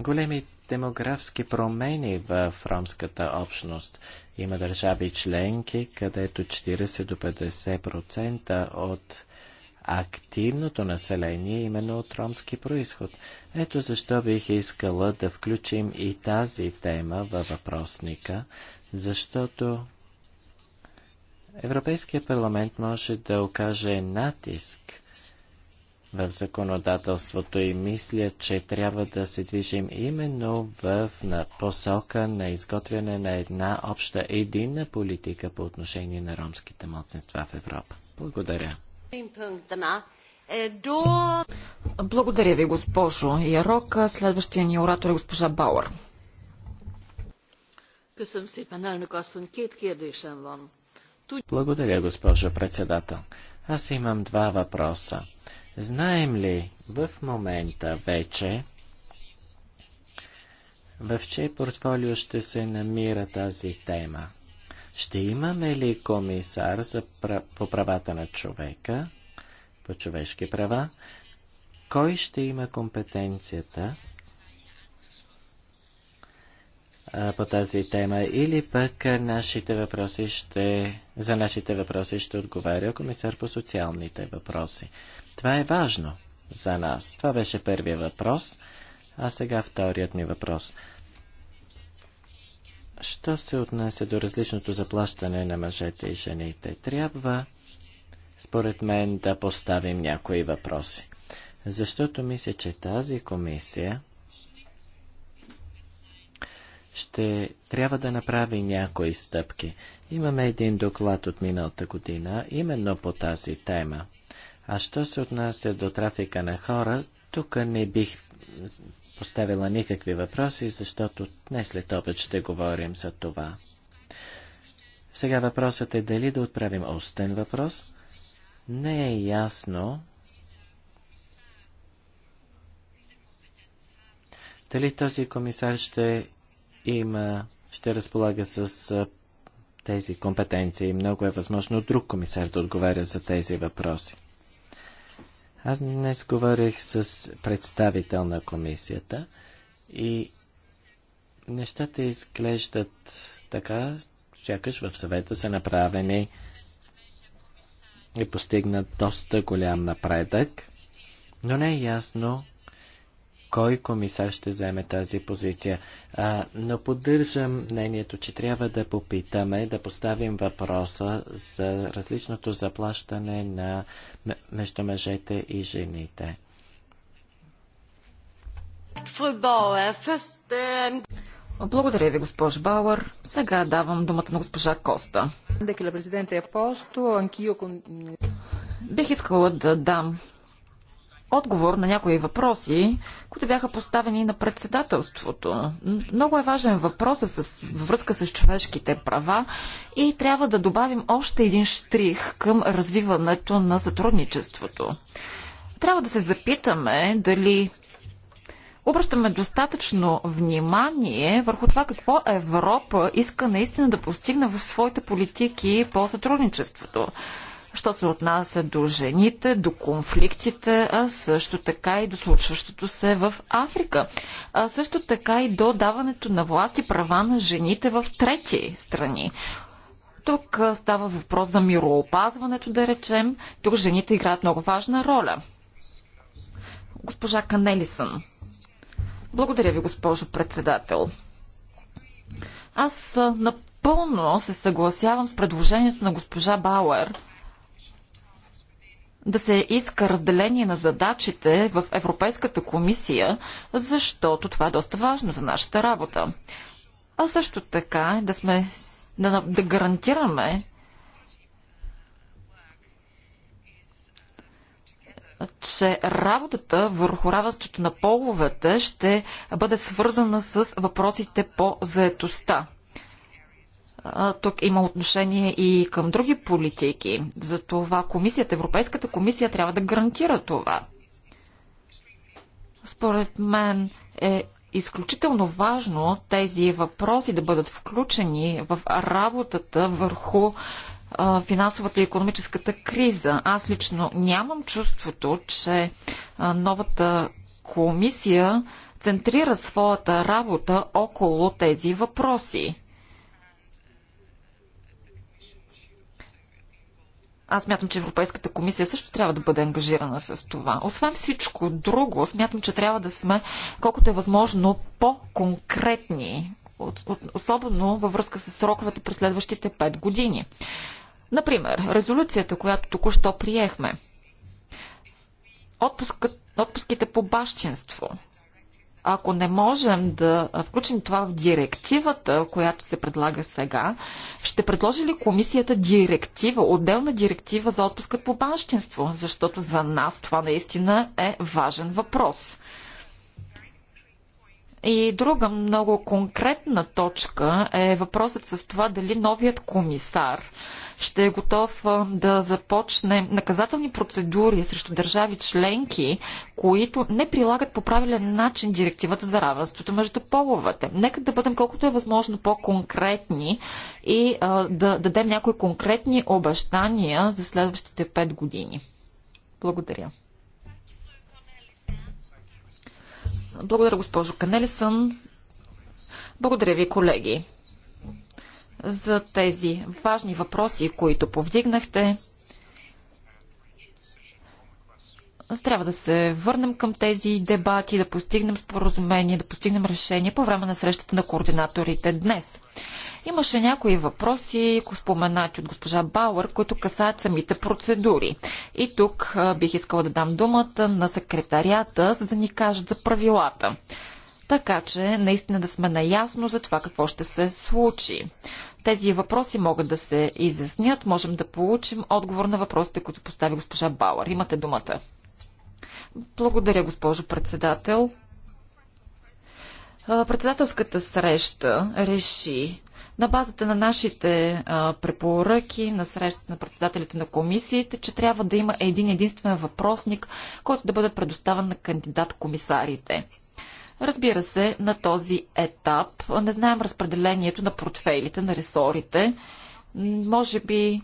големи демографски промени в ромската общност. Има държави членки, където 40 до 50% от активното население е именно от ромски происход. Ето защо бих искала да включим и тази тема във въпросника, защото Европейския парламент може да окаже натиск в законодателството и мисля, че трябва да се движим именно в на посока на изготвяне на една обща единна политика по отношение на ромските младсенства в Европа. Благодаря. Благодаря ви, госпожо Ярок. Следващия ни оратор е госпожа Бауър. Благодаря, госпожо председател. Аз имам два въпроса. Знаем ли в момента вече в чий портфолио ще се намира тази тема? Ще имаме ли комисар за пра... по правата на човека, по човешки права? Кой ще има компетенцията а, по тази тема или пък нашите въпроси ще, за нашите въпроси ще отговаря комисар по социалните въпроси. Това е важно за нас. Това беше първият въпрос, а сега вторият ми въпрос. Що се отнася до различното заплащане на мъжете и жените? Трябва, според мен, да поставим някои въпроси. Защото мисля, че тази комисия ще трябва да направи някои стъпки. Имаме един доклад от миналата година, именно по тази тема. А що се отнася до трафика на хора, тук не бих поставила никакви въпроси, защото днес след обед ще говорим за това. Сега въпросът е дали да отправим остен въпрос. Не е ясно дали този комисар ще има, ще разполага с тези компетенции и много е възможно друг комисар да отговаря за тези въпроси. Аз днес говорих с представител на комисията и нещата изглеждат така, сякаш в съвета са направени и постигнат доста голям напредък, но не е ясно кой комисар ще вземе тази позиция. А, но поддържам мнението, че трябва да попитаме, да поставим въпроса за различното заплащане на, между мъжете и жените. Благодаря ви, госпожо Бауър. Сега давам думата на госпожа Коста. Е Бих искала да дам отговор на някои въпроси, които бяха поставени на председателството. Много е важен въпрос с, връзка с човешките права и трябва да добавим още един штрих към развиването на сътрудничеството. Трябва да се запитаме дали обръщаме достатъчно внимание върху това какво Европа иска наистина да постигне в своите политики по сътрудничеството що се отнася до жените, до конфликтите, а също така и до случващото се в Африка. А също така и до даването на власт и права на жените в трети страни. Тук става въпрос за мироопазването, да речем. Тук жените играят много важна роля. Госпожа Канелисън. Благодаря ви, госпожо председател. Аз напълно се съгласявам с предложението на госпожа Бауер – да се иска разделение на задачите в Европейската комисия, защото това е доста важно за нашата работа. А също така е да сме да, да гарантираме че работата върху равенството на половете ще бъде свързана с въпросите по заетостта. Тук има отношение и към други политики. Затова комисията, Европейската комисия трябва да гарантира това. Според мен е изключително важно тези въпроси да бъдат включени в работата върху финансовата и економическата криза. Аз лично нямам чувството, че новата комисия центрира своята работа около тези въпроси. Аз мятам, че Европейската комисия също трябва да бъде ангажирана с това. Освен всичко друго, смятам, че трябва да сме колкото е възможно по-конкретни, особено във връзка с сроковете през следващите 5 години. Например, резолюцията, която току-що приехме. отпуск, отпуските по бащинство – ако не можем да включим това в директивата, която се предлага сега, ще предложи ли комисията директива, отделна директива за отпускът по банщинство? Защото за нас това наистина е важен въпрос. И друга много конкретна точка е въпросът с това дали новият комисар ще е готов да започне наказателни процедури срещу държави членки, които не прилагат по правилен начин директивата за равенството между половете. Нека да бъдем колкото е възможно по-конкретни и а, да дадем някои конкретни обещания за следващите пет години. Благодаря. Благодаря, госпожо Канелисън. Благодаря ви, колеги, за тези важни въпроси, които повдигнахте. Трябва да се върнем към тези дебати, да постигнем споразумение, да постигнем решение по време на срещата на координаторите днес. Имаше някои въпроси, споменати от госпожа Бауър, които касаят самите процедури. И тук бих искала да дам думата на секретарията, за да ни кажат за правилата така че наистина да сме наясно за това какво ще се случи. Тези въпроси могат да се изяснят. Можем да получим отговор на въпросите, които постави госпожа Бауър. Имате думата. Благодаря, госпожо председател. Председателската среща реши на базата на нашите а, препоръки, на срещата на председателите на комисиите, че трябва да има един единствен въпросник, който да бъде предоставен на кандидат-комисарите. Разбира се, на този етап не знаем разпределението на портфейлите, на ресорите. Може би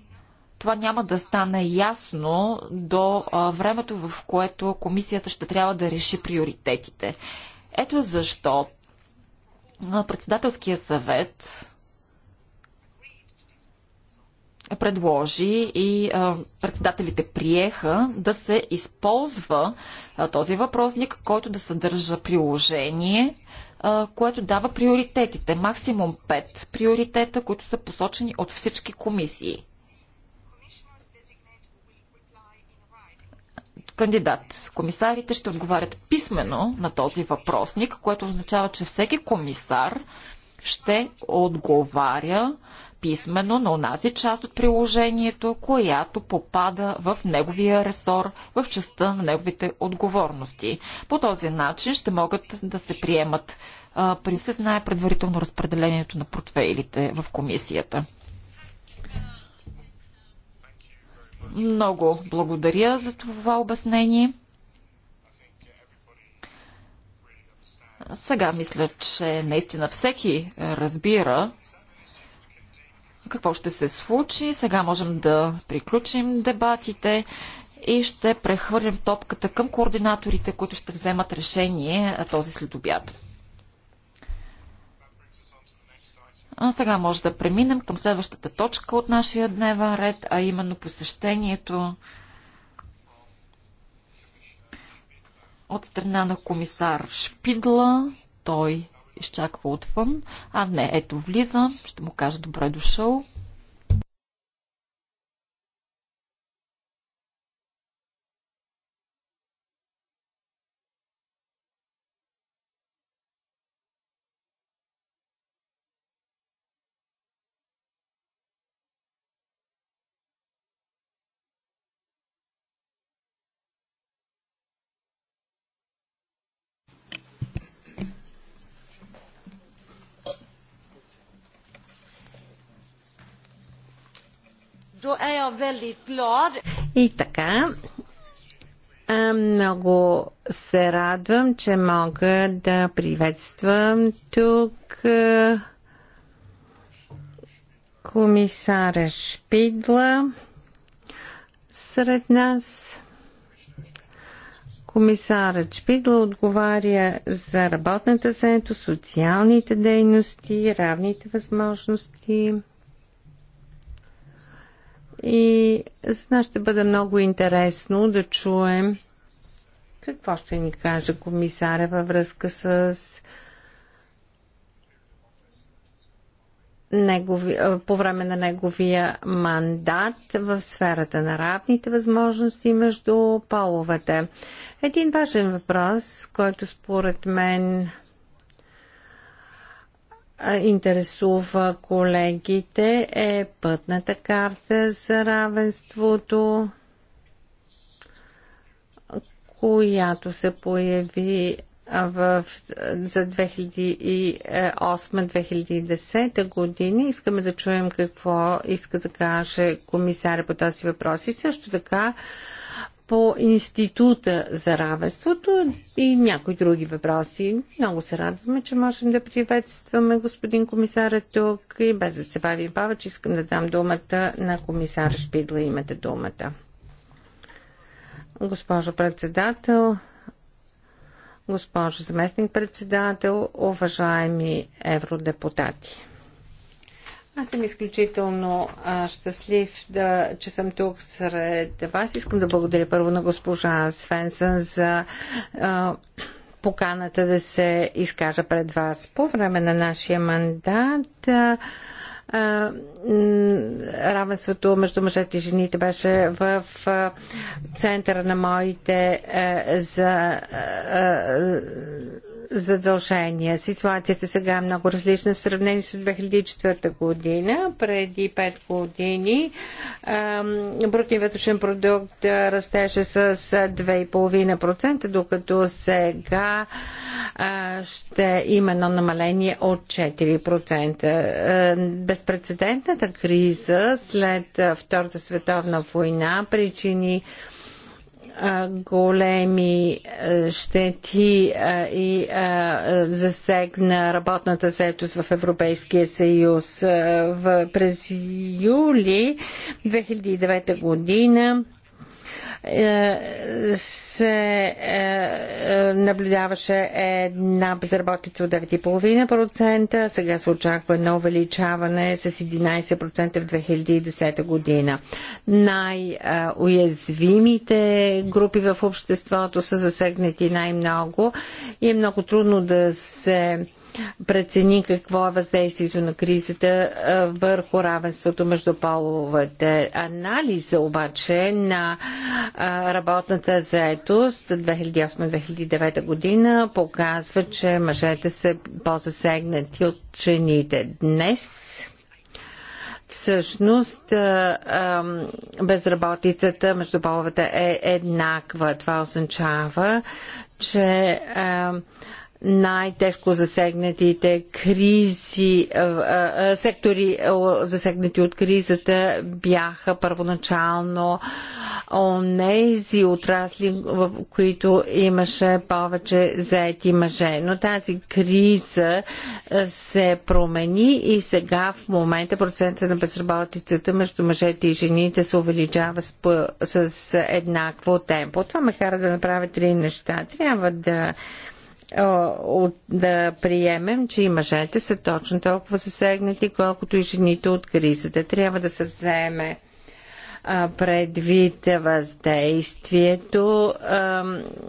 това няма да стане ясно до а, времето, в което комисията ще трябва да реши приоритетите. Ето защо председателския съвет предложи и председателите приеха да се използва този въпросник, който да съдържа приложение, което дава приоритетите. Максимум 5 приоритета, които са посочени от всички комисии. кандидат. Комисарите ще отговарят писменно на този въпросник, което означава, че всеки комисар ще отговаря писменно на онази част от приложението, която попада в неговия ресор, в частта на неговите отговорности. По този начин ще могат да се приемат при се знае предварително разпределението на портфейлите в комисията. Много благодаря за това обяснение. Сега мисля, че наистина всеки разбира какво ще се случи. Сега можем да приключим дебатите и ще прехвърлим топката към координаторите, които ще вземат решение този следобяд. А сега може да преминем към следващата точка от нашия дневен ред, а именно посещението от страна на комисар Шпидла. Той изчаква отвън. А не, ето влиза. Ще му кажа добре дошъл. И така, много се радвам, че мога да приветствам тук Комисара Шпидла сред нас. Комисарът Шпидла отговаря за работната заето, социалните дейности, равните възможности. И за нас ще бъде много интересно да чуем какво ще ни каже комисаря във връзка с негови, по време на неговия мандат в сферата на равните възможности между половете. Един важен въпрос, който според мен интересува колегите е пътната карта за равенството, която се появи в, за 2008-2010 години. Искаме да чуем какво иска да каже комисаря по този въпрос. И също така по Института за равенството и някои други въпроси. Много се радваме, че можем да приветстваме господин комисаря тук и без да се бавим повече, искам да дам думата на комисар Шпидла. Имате думата. Госпожо председател, госпожо заместник председател, уважаеми евродепутати. Аз съм изключително а, щастлив, да, че съм тук сред вас. Искам да благодаря първо на госпожа Свенсън за а, поканата да се изкажа пред вас. По време на нашия мандат. А, равенството между мъжете и жените беше в центъра на моите е, за задължения. Ситуацията сега е много различна в сравнение с 2004 година. Преди 5 години брутният вътрешен продукт растеше с 2,5%, докато сега а, ще има едно намаление от 4%. Безпредседентната криза след Втората световна война причини големи щети и засегна работната заетост в Европейския съюз. През юли 2009 година е, се е, е, наблюдаваше една безработица от 9,5%, сега се очаква едно увеличаване с 11% в 2010 година. Най-уязвимите групи в обществото са засегнати най-много и е много трудно да се прецени какво е въздействието на кризата върху равенството между половете. Анализа обаче на работната заетост 2008-2009 година показва, че мъжете са по-засегнати от жените. Днес всъщност безработицата между половете е еднаква. Това означава, че най-тежко засегнатите кризи, сектори засегнати от кризата бяха първоначално онези отрасли, в които имаше повече заети мъже. Но тази криза се промени и сега в момента процента на безработицата между мъжете и жените се увеличава с, с еднакво темпо. Това ме кара да направя три неща. Трябва да да приемем, че и мъжете са точно толкова засегнати, колкото и жените от кризата. Трябва да се вземе предвид въздействието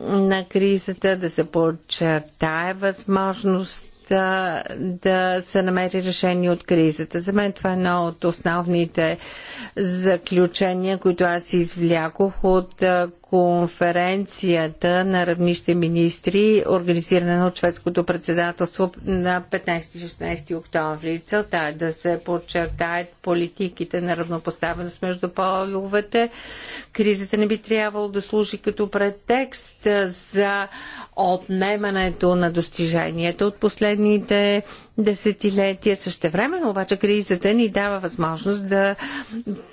на кризата, да се подчертае възможност да, да се намери решение от кризата. За мен това е едно от основните заключения, които аз извлякох от конференцията на равнище министри, организирана от шведското председателство на 15-16 октомври. Целта е да се подчертаят политиките на равнопоставеност между половете. Кризата не би трябвало да служи като претекст за отнемането на достиженията от последните десетилетия. Същевременно обаче кризата ни дава възможност да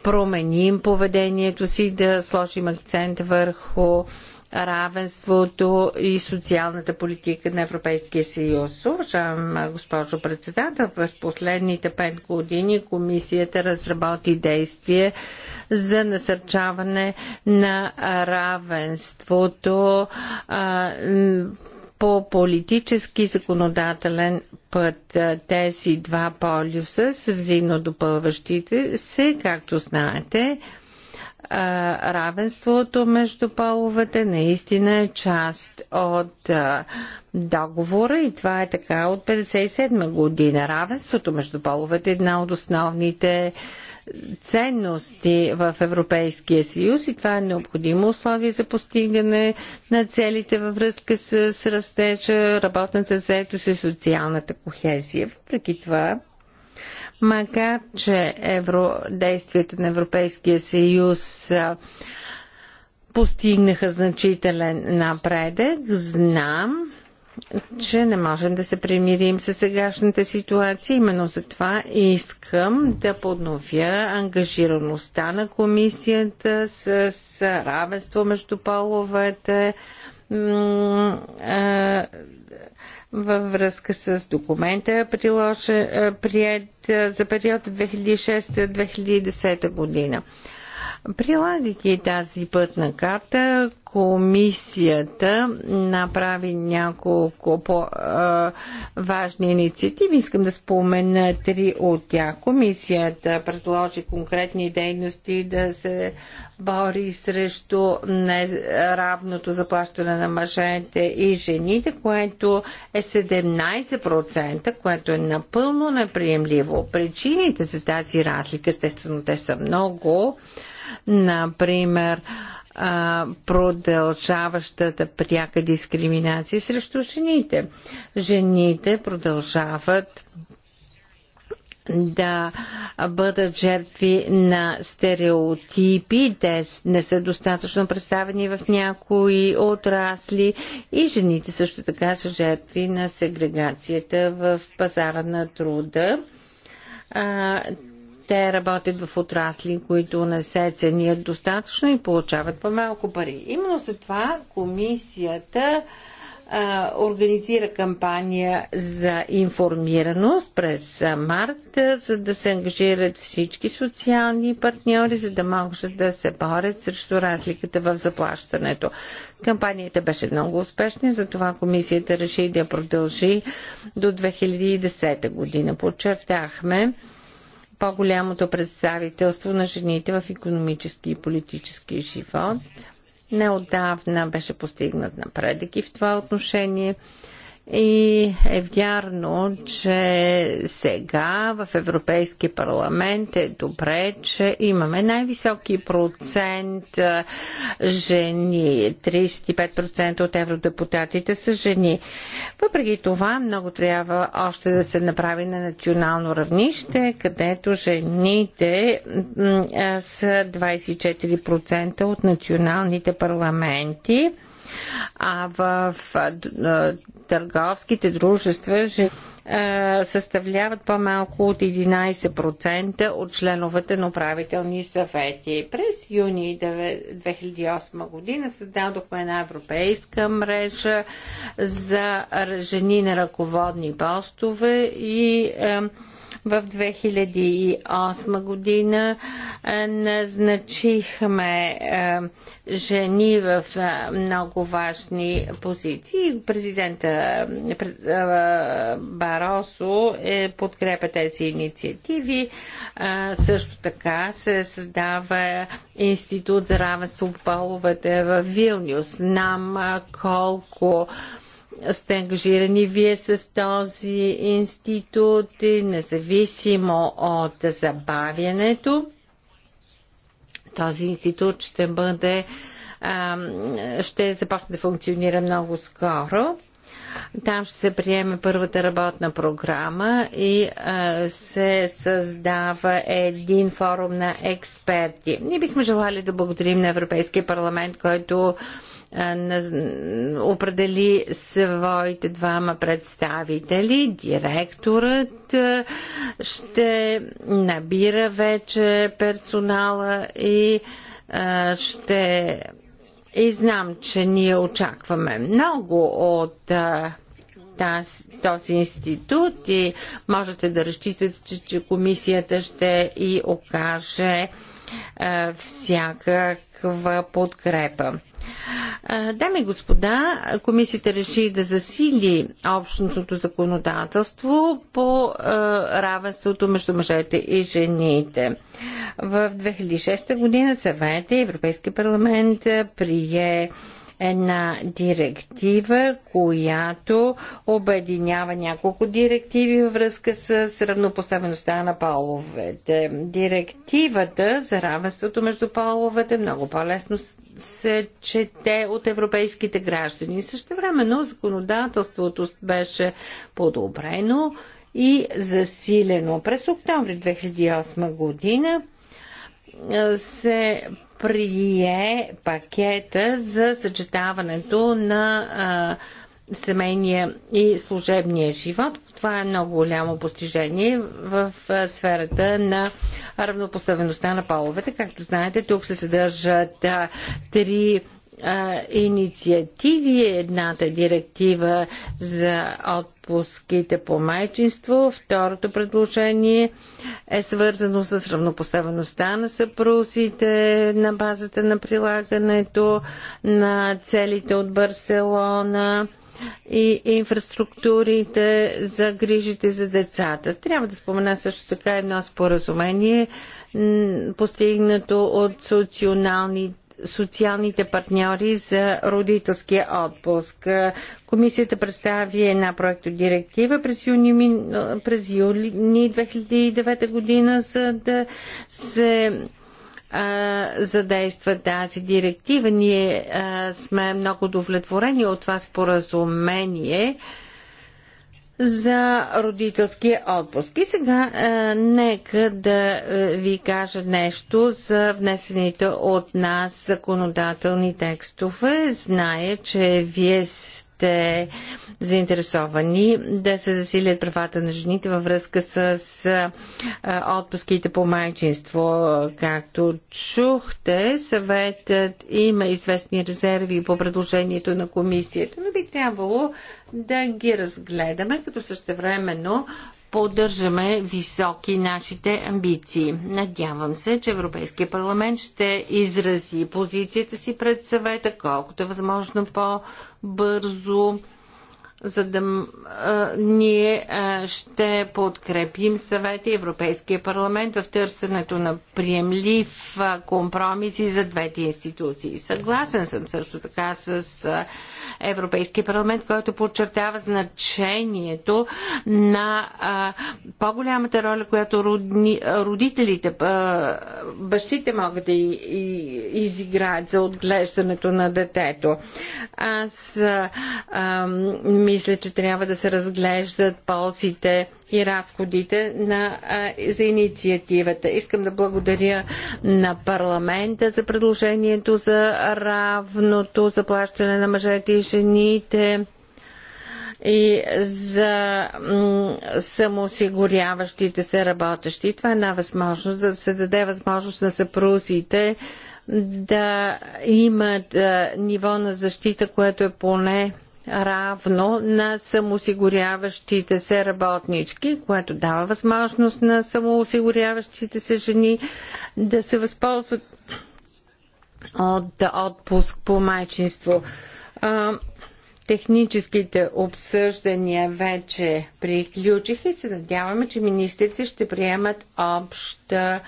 променим поведението си, да сложим акцент върху равенството и социалната политика на Европейския съюз. Уважаема госпожо председател, през последните пет години комисията разработи действие за насърчаване на равенството а, по политически законодателен път. Тези два полюса са взаимно допълващите се, както знаете. Равенството между половете наистина е част от договора и това е така от 1957 година. Равенството между половете е една от основните ценности в Европейския съюз и това е необходимо условие за постигане на целите във връзка с растежа, работната заетост и социалната кохезия. Въпреки това, макар че евро, действията на Европейския съюз постигнаха значителен напредък, знам, че не можем да се примирим с сегашната ситуация. Именно за това искам да подновя ангажираността на комисията с равенство между половете във връзка с документа, приложен, прият за период 2006-2010 година. Прилагайки тази пътна карта, комисията направи няколко по-важни инициативи. Искам да спомена три от тях. Комисията предложи конкретни дейности да се бори срещу неравното заплащане на мъжете и жените, което е 17%, което е напълно неприемливо. Причините за тази разлика, естествено, те са много. Например, продължаващата пряка дискриминация срещу жените. Жените продължават да бъдат жертви на стереотипи. Те не са достатъчно представени в някои отрасли и жените също така са жертви на сегрегацията в пазара на труда те работят в отрасли, които не се ценят достатъчно и получават по-малко пари. Именно за това комисията а, организира кампания за информираност през март, за да се ангажират всички социални партньори, за да могат да се борят срещу разликата в заплащането. Кампанията беше много успешна, затова комисията реши да продължи до 2010 година. Подчертахме, по-голямото представителство на жените в економически и политически живот. Неотдавна беше постигнат напредък и в това отношение. И е вярно, че сега в Европейския парламент е добре, че имаме най-високи процент жени. 35% от евродепутатите са жени. Въпреки това, много трябва още да се направи на национално равнище, където жените са 24% от националните парламенти. А в търговските дружества съставляват по-малко от 11% от членовете на управителни съвети. През юни 2008 година създадохме една европейска мрежа за жени на ръководни постове и в 2008 година назначихме жени в много важни позиции. Президента Баросо е подкрепя тези инициативи. Също така се създава Институт за равенство половете в Вилнюс. Нам колко сте ангажирани вие с този институт, независимо от забавянето. Този институт ще бъде ще започне да функционира много скоро. Там ще се приеме първата работна програма и се създава един форум на експерти. Ние бихме желали да благодарим на Европейския парламент, който определи своите двама представители. Директорът ще набира вече персонала и ще и знам, че ние очакваме много от тази, този институт и можете да разчитате, че, че комисията ще и окаже всякаква подкрепа. Дами и господа, комисията реши да засили общностното законодателство по равенството между мъжете и жените. В 2006 година съвета Европейски парламент прие една директива, която обединява няколко директиви във връзка с равнопоставеността на половете. Директивата за равенството между половете много по-лесно се чете от европейските граждани. Също времено законодателството беше подобрено и засилено. През октомври 2008 година се прие пакета за съчетаването на а, семейния и служебния живот. Това е много голямо постижение в сферата на равнопоставеността на половете. Както знаете, тук се съдържат три инициативи. Е едната директива за отпуските по майчинство, второто предложение е свързано с равнопоставеността на съпрусите на базата на прилагането на целите от Барселона и инфраструктурите за грижите за децата. Трябва да спомена също така едно споразумение, постигнато от соционалните социалните партньори за родителския отпуск. Комисията представи една проектодиректива през юни, през юни 2009 година, за да се задейства тази директива. Ние а, сме много удовлетворени от това споразумение. А, за родителския отпуск. И сега е, нека да е, ви кажа нещо за внесените от нас законодателни текстове. Зная, че вие сте заинтересовани да се засилят правата на жените във връзка с отпуските по майчинство. Както чухте, съветът има известни резерви по предложението на комисията, но би трябвало да ги разгледаме, като същевременно поддържаме високи нашите амбиции. Надявам се, че Европейския парламент ще изрази позицията си пред съвета, колкото е възможно по-бързо за да а, ние а, ще подкрепим съвета и Европейския парламент в търсенето на приемлив а, компромиси за двете институции. Съгласен съм също така с а, Европейския парламент, който подчертава значението на а, по-голямата роля, която родни, родителите, а, бащите могат да и, и, изиграят за отглеждането на детето. Аз а, а мисля, че трябва да се разглеждат ползите и разходите на, а, за инициативата. Искам да благодаря на парламента за предложението за равното заплащане на мъжете и жените и за самоосигуряващите се работещи. Това е една възможност да се даде възможност на съпрузите да имат а, ниво на защита, което е поне равно на самоосигуряващите се работнички, което дава възможност на самоосигуряващите се жени да се възползват от отпуск по майчинство. А, техническите обсъждания вече приключиха и се надяваме, че министрите ще приемат обща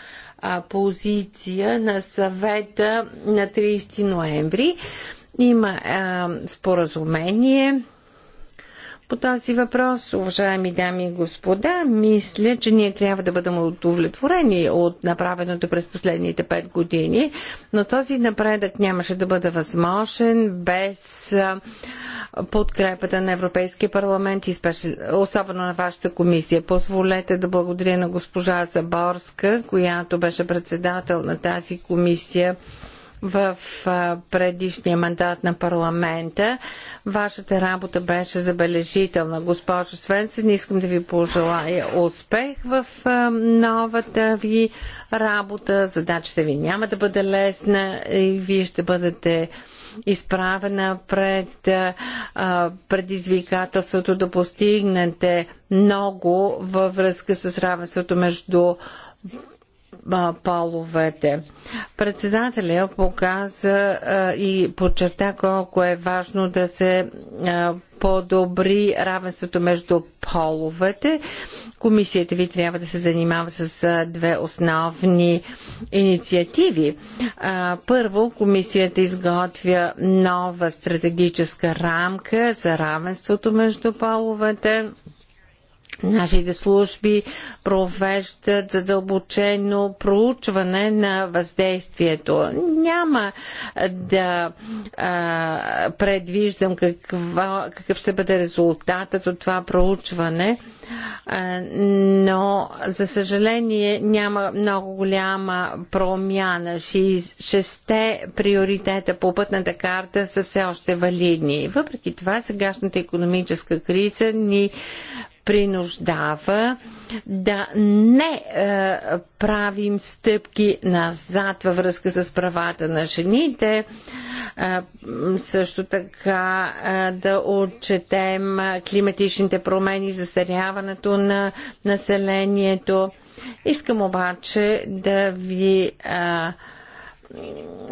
а, позиция на съвета на 30 ноември. Има а, споразумение по този въпрос, уважаеми дами и господа, мисля, че ние трябва да бъдем удовлетворени от направеното през последните пет години, но този напредък нямаше да бъде възможен без подкрепата на Европейския парламент и особено на вашата комисия. Позволете да благодаря на госпожа Заборска, която беше председател на тази комисия в предишния мандат на парламента. Вашата работа беше забележителна. Госпожо Свенсен, искам да ви пожелая успех в новата ви работа. Задачата ви няма да бъде лесна и вие ще бъдете изправена пред а, предизвикателството да постигнете много във връзка с равенството между половете. Председателя показа и подчерта колко е важно да се подобри равенството между половете. Комисията ви трябва да се занимава с две основни инициативи. Първо, комисията изготвя нова стратегическа рамка за равенството между половете Нашите служби провеждат задълбочено проучване на въздействието. Няма да а, предвиждам каква, какъв ще бъде резултатът от това проучване, а, но за съжаление няма много голяма промяна. Шесте приоритета по пътната карта са все още валидни. Въпреки това, сегашната економическа криза ни принуждава да не е, правим стъпки назад във връзка с правата на жените. Е, също така е, да отчетем климатичните промени, застаряването на населението. Искам обаче да ви е,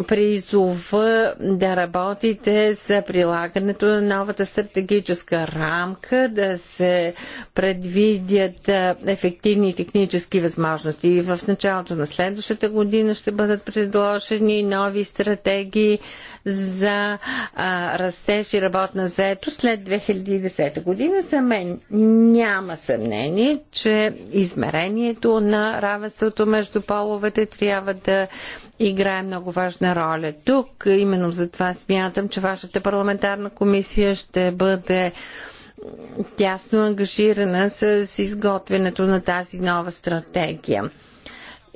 призова да работите за прилагането на новата стратегическа рамка, да се предвидят ефективни технически възможности. И в началото на следващата година ще бъдат предложени нови стратегии за а, растеж и работна заето след 2010 година. За мен няма съмнение, че измерението на равенството между половете трябва да играе много важна роля. Тук именно за това смятам, че вашата парламентарна комисия ще бъде тясно ангажирана с изготвянето на тази нова стратегия.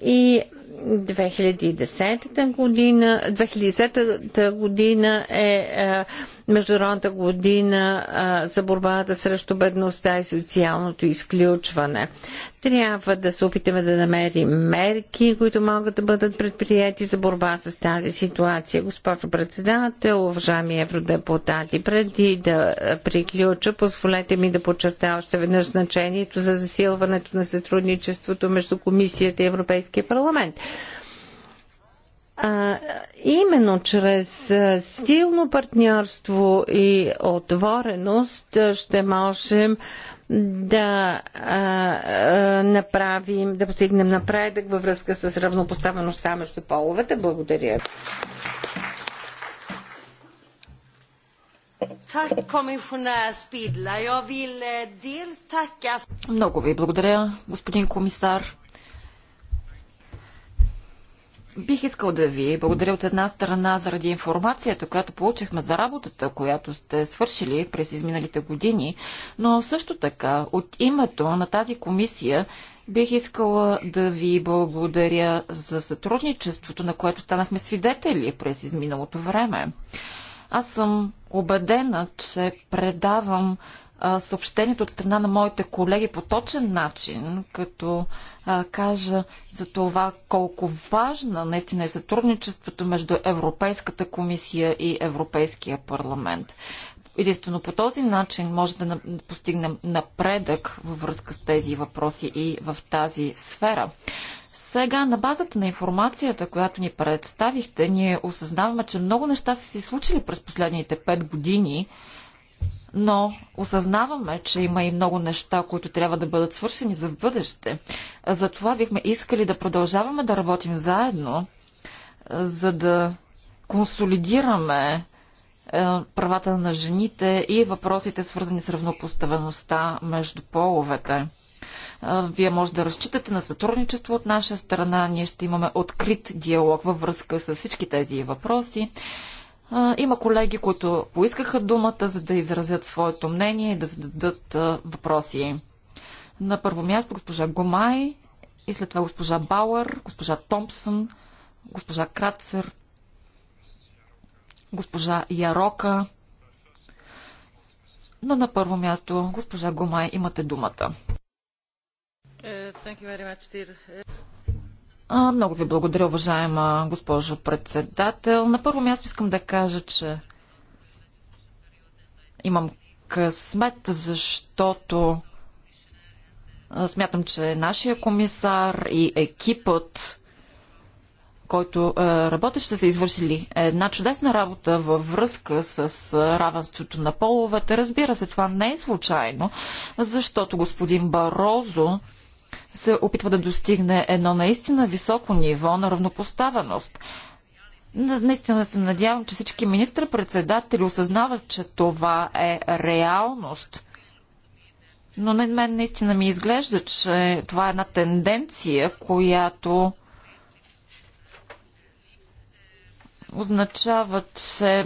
И 2010 година, 2010 година е, е Международната година за борбата срещу бедността и социалното изключване. Трябва да се опитаме да намерим мерки, които могат да бъдат предприяти за борба с тази ситуация. Госпожо председател, уважаеми евродепутати, преди да приключа, позволете ми да подчертая още веднъж значението за засилването на сътрудничеството между Комисията и Европейския парламент а, именно чрез силно партньорство и отвореност ще можем да а, а, направим, да постигнем напредък във връзка с равнопоставеността между половете. Благодаря. Eh, Много ви благодаря, господин комисар. Бих искал да ви благодаря от една страна заради информацията, която получихме за работата, която сте свършили през изминалите години, но също така от името на тази комисия бих искала да ви благодаря за сътрудничеството, на което станахме свидетели през изминалото време. Аз съм убедена, че предавам съобщението от страна на моите колеги по точен начин, като а, кажа за това колко важна наистина е сътрудничеството между Европейската комисия и Европейския парламент. Единствено по този начин може да постигнем напредък във връзка с тези въпроси и в тази сфера. Сега, на базата на информацията, която ни представихте, ние осъзнаваме, че много неща са се случили през последните пет години, но осъзнаваме, че има и много неща, които трябва да бъдат свършени за в бъдеще. Затова бихме искали да продължаваме да работим заедно, за да консолидираме е, правата на жените и въпросите, свързани с равнопоставеността между половете. Е, вие може да разчитате на сътрудничество от наша страна. Ние ще имаме открит диалог във връзка с всички тези въпроси. Има колеги, които поискаха думата, за да изразят своето мнение и да зададат въпроси. На първо място госпожа Гомай и след това госпожа Бауър, госпожа Томпсън, госпожа Крацер, госпожа Ярока. Но на първо място, госпожа Гомай, имате думата. Е, а, много ви благодаря, уважаема госпожо председател. На първо място искам да кажа, че имам късмет, защото смятам, че нашия комисар и екипът, който работи, ще са извършили една чудесна работа във връзка с равенството на половете. Разбира се, това не е случайно, защото господин Барозо се опитва да достигне едно наистина високо ниво на равнопоставеност. Наистина се надявам, че всички министр-председатели осъзнават, че това е реалност. Но на мен наистина ми изглежда, че това е една тенденция, която означава, че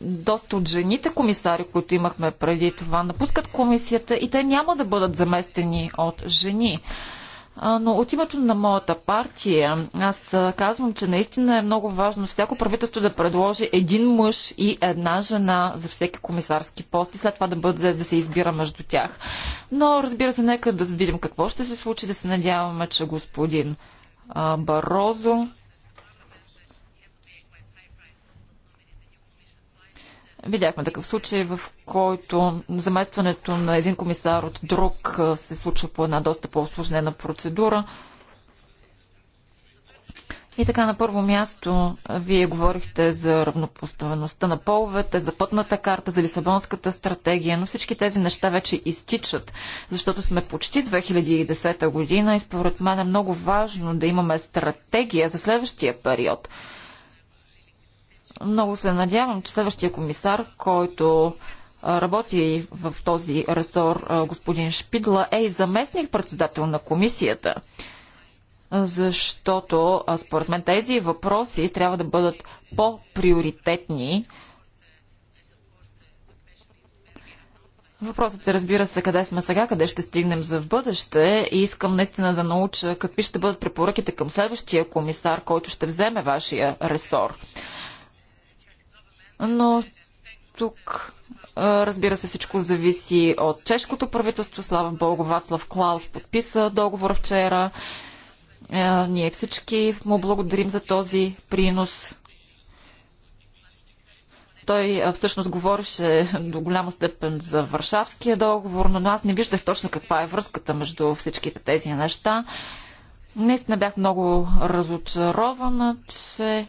доста от жените комисари, които имахме преди това, напускат комисията и те няма да бъдат заместени от жени. Но от името на моята партия аз казвам, че наистина е много важно всяко правителство да предложи един мъж и една жена за всеки комисарски пост и след това да бъде да се избира между тях. Но разбира се, нека да видим какво ще се случи, да се надяваме, че господин Барозо Видяхме такъв случай, в който заместването на един комисар от друг се случва по една доста по-осложнена процедура. И така, на първо място, вие говорихте за равнопоставеността на половете, за пътната карта, за Лисабонската стратегия, но всички тези неща вече изтичат, защото сме почти 2010 година и според мен е много важно да имаме стратегия за следващия период. Много се надявам, че следващия комисар, който работи в този ресор, господин Шпидла, е и заместник председател на комисията защото според мен тези въпроси трябва да бъдат по-приоритетни. Въпросът е, разбира се, къде сме сега, къде ще стигнем за в бъдеще и искам наистина да науча какви ще бъдат препоръките към следващия комисар, който ще вземе вашия ресор. Но тук, разбира се, всичко зависи от чешкото правителство. Слава Богу, Вацлав Клаус подписа договор вчера. Ние всички му благодарим за този принос. Той всъщност говореше до голяма степен за Варшавския договор, но аз не виждах точно каква е връзката между всичките тези неща. Наистина бях много разочарована, че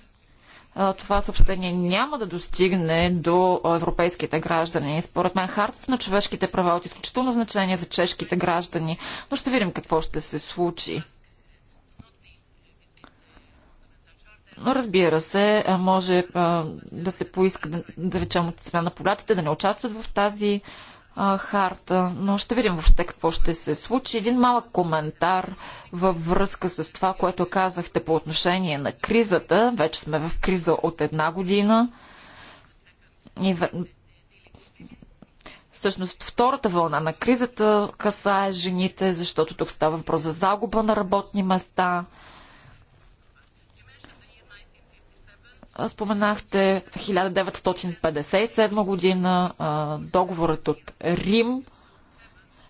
това съобщение няма да достигне до европейските граждани. Според мен хартата на човешките права е от изключително значение за чешките граждани, но ще видим какво ще се случи. Но разбира се, може да се поиска, да речем, от страна на поляците да не участват в тази а, харта, но ще видим въобще какво ще се случи. Един малък коментар във връзка с това, което казахте по отношение на кризата. Вече сме в криза от една година. И Всъщност втората вълна на кризата касае жените, защото тук става въпрос за загуба на работни места, Споменахте 1957 година договорът от Рим,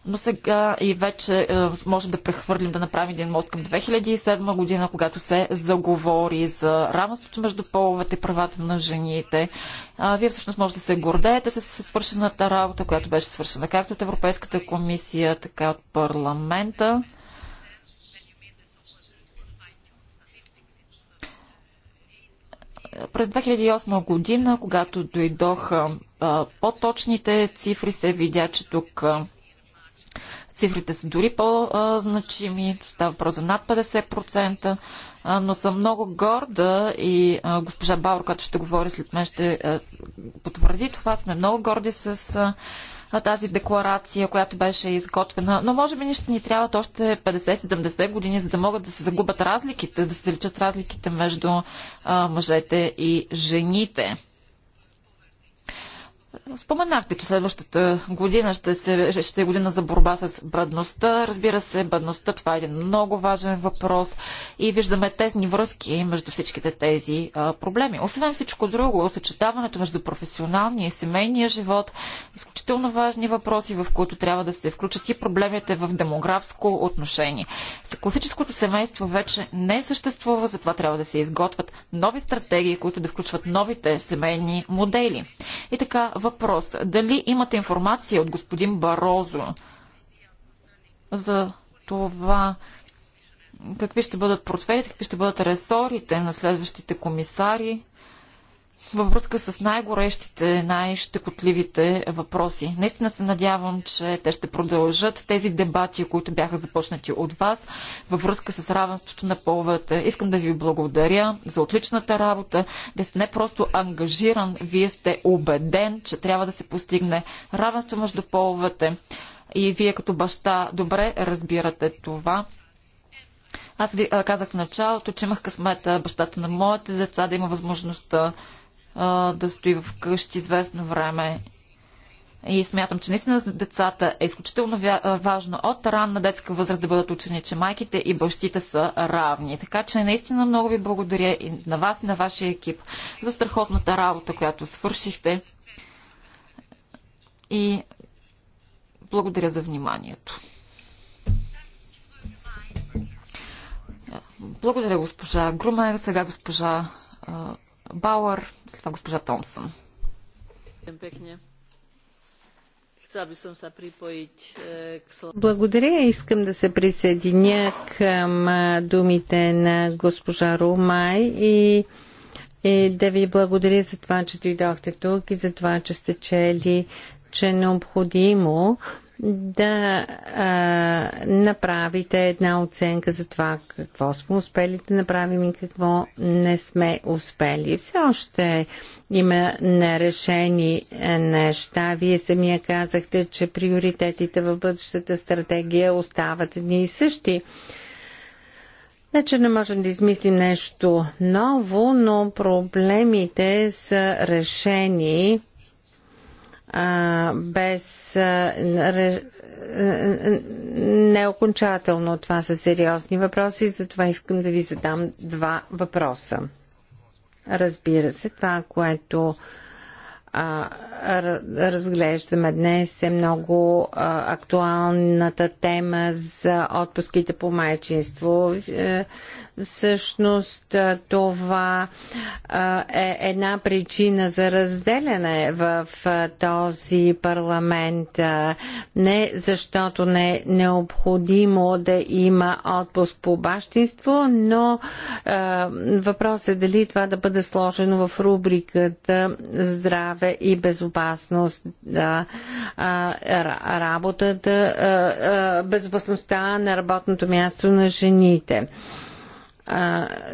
но сега и вече може да прехвърлим да направим един мост към 2007 година, когато се заговори за равенството между половете, и правата на жените. Вие всъщност можете да се гордеете с свършената работа, която беше свършена както от Европейската комисия, така от парламента. През 2008 година, когато дойдоха по-точните цифри, се видя, че тук цифрите са дори по-значими. Става въпрос за над 50%, но съм много горда и госпожа Баур, която ще говори след мен, ще потвърди това. Сме много горди с тази декларация, която беше изготвена. Но може би ни ще ни трябват още 50-70 години, за да могат да се загубят разликите, да се заличат разликите между мъжете и жените. Споменахте, че следващата година ще, се, ще е година за борба с бедността. Разбира се, бедността това е един много важен въпрос и виждаме тесни връзки между всичките тези а, проблеми. Освен всичко друго, съчетаването между професионалния и семейния живот, изключително важни въпроси, в които трябва да се включат и проблемите в демографско отношение. Класическото семейство вече не съществува, затова трябва да се изготвят нови стратегии, които да включват новите семейни модели. И така, въпрос. Дали имате информация от господин Барозо за това какви ще бъдат портфелите, какви ще бъдат ресорите на следващите комисари? във връзка с най-горещите, най-щекотливите въпроси. Наистина се надявам, че те ще продължат тези дебати, които бяха започнати от вас във връзка с равенството на половете. Искам да ви благодаря за отличната работа. Да сте не просто ангажиран, вие сте убеден, че трябва да се постигне равенство между половете. И вие като баща добре разбирате това. Аз ви казах в началото, че имах късмета бащата на моите деца да има възможността а, да стои в къщи известно време. И смятам, че наистина за децата е изключително важно от ранна детска възраст да бъдат учени, че майките и бащите са равни. Така че наистина много ви благодаря и на вас и на вашия екип за страхотната работа, която свършихте. И благодаря за вниманието. Благодаря, госпожа Грумер. Сега госпожа Бауър, след това госпожа Томсън. Благодаря. Е, Искам да се присъединя към е, думите на госпожа Румай и, и да ви благодаря за това, че дойдохте тук и за това, че сте чели, че е необходимо да а, направите една оценка за това какво сме успели да направим и какво не сме успели. Все още има нерешени неща. Вие самия казахте, че приоритетите в бъдещата стратегия остават едни и същи. Не, значи че не можем да измислим нещо ново, но проблемите са решени без неокончателно. Това са сериозни въпроси, затова искам да ви задам два въпроса. Разбира се, това, което а, разглеждаме днес е много а, актуалната тема за отпуските по майчинство. Е, Всъщност това е една причина за разделяне в този парламент. Не защото не е необходимо да има отпуск по бащинство, но въпросът е дали това да бъде сложено в рубриката здраве и безопасност. Работата, безопасността на работното място на жените.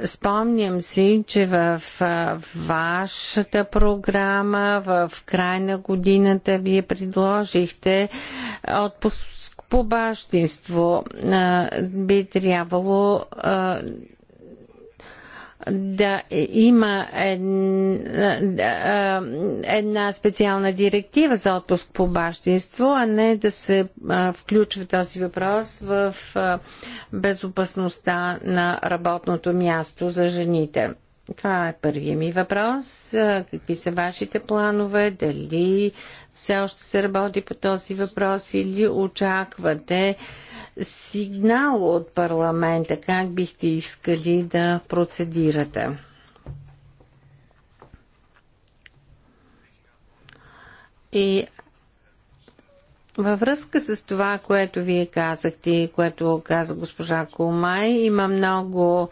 Спомням си, че в вашата програма в край на годината вие предложихте отпуск по бащинство. Би трябвало да има една, една специална директива за отпуск по бащинство, а не да се включва този въпрос в безопасността на работното място за жените. Това е първият ми въпрос. Какви са вашите планове? Дали все още се работи по този въпрос или очаквате? сигнал от парламента. Как бихте искали да процедирате? И във връзка с това, което вие казахте и което каза госпожа Комай, има много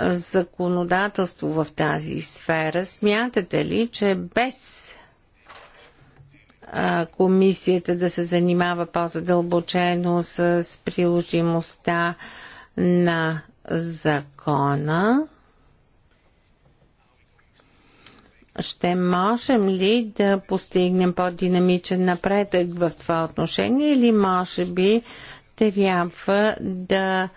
законодателство в тази сфера. Смятате ли, че без комисията да се занимава по-задълбочено с приложимостта на закона. Ще можем ли да постигнем по-динамичен напредък в това отношение или може би трябва да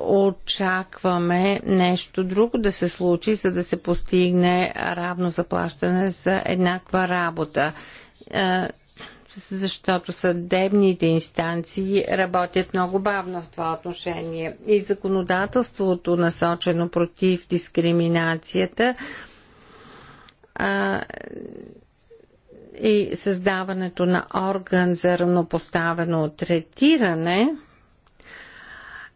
очакваме нещо друго да се случи, за да се постигне равно заплащане за еднаква работа. Защото съдебните инстанции работят много бавно в това отношение. И законодателството, насочено против дискриминацията, и създаването на орган за равнопоставено третиране –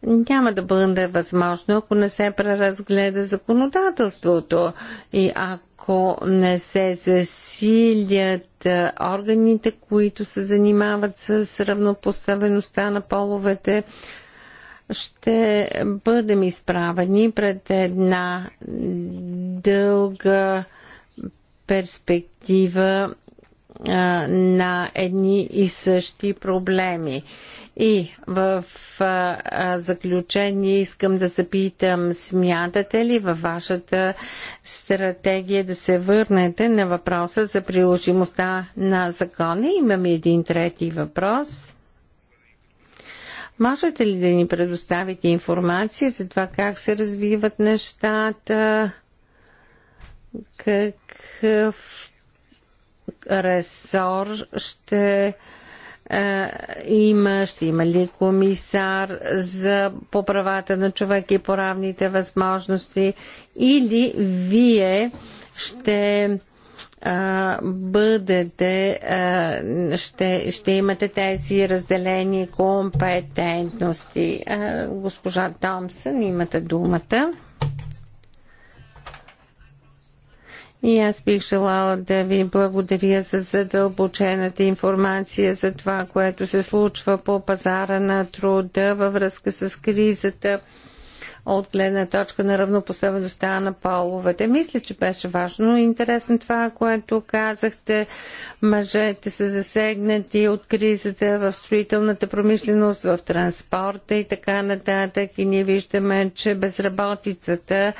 няма да бъде възможно, ако не се преразгледа законодателството и ако не се засилят органите, които се занимават с равнопоставеността на половете, ще бъдем изправени пред една дълга перспектива а, на едни и същи проблеми. И в а, заключение искам да запитам, смятате ли във вашата стратегия да се върнете на въпроса за приложимостта на закона? Имаме един трети въпрос. Можете ли да ни предоставите информация за това как се развиват нещата? Какъв ресор ще е, има, ще има ли комисар за по правата на човек и по равните възможности или вие ще а, е, бъдете, а, е, ще, ще имате тези разделени компетентности. А, госпожа Томсън, имате думата. И аз бих желала да ви благодаря за задълбочената информация за това, което се случва по пазара на труда във връзка с кризата от гледна точка на равнопоставеността на половете. Мисля, че беше важно и интересно това, което казахте. Мъжете са засегнати от кризата в строителната промишленост, в транспорта и така нататък. И ние виждаме, че безработицата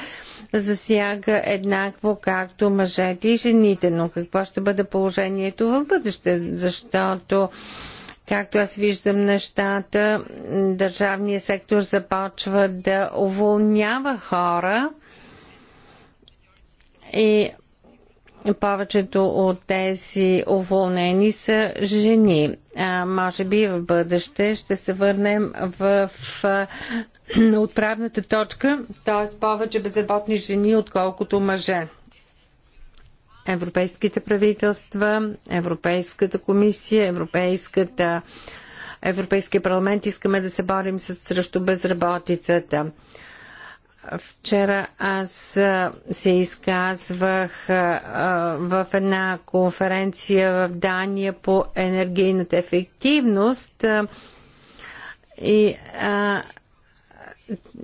засяга еднакво както мъжете и жените. Но какво ще бъде положението в бъдеще? Защото Както аз виждам нещата, държавният сектор започва да уволнява хора и повечето от тези уволнени са жени. А, може би в бъдеще ще се върнем в, в отправната точка, т.е. повече безработни жени, отколкото мъже. Европейските правителства, Европейската комисия, Европейската Европейския парламент искаме да се борим с, срещу безработицата. Вчера аз се изказвах в една конференция в Дания по енергийната ефективност и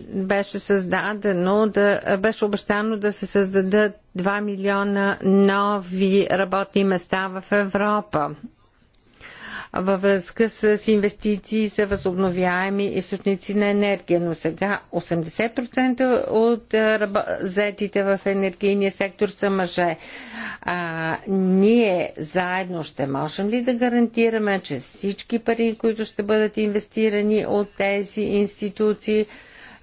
беше създадено, да, беше обещано да се създадат 2 милиона нови работни места в Европа във връзка с инвестиции за възобновяеми източници на енергия. Но сега 80% от заетите в енергийния сектор са мъже. А, ние заедно ще можем ли да гарантираме, че всички пари, които ще бъдат инвестирани от тези институции,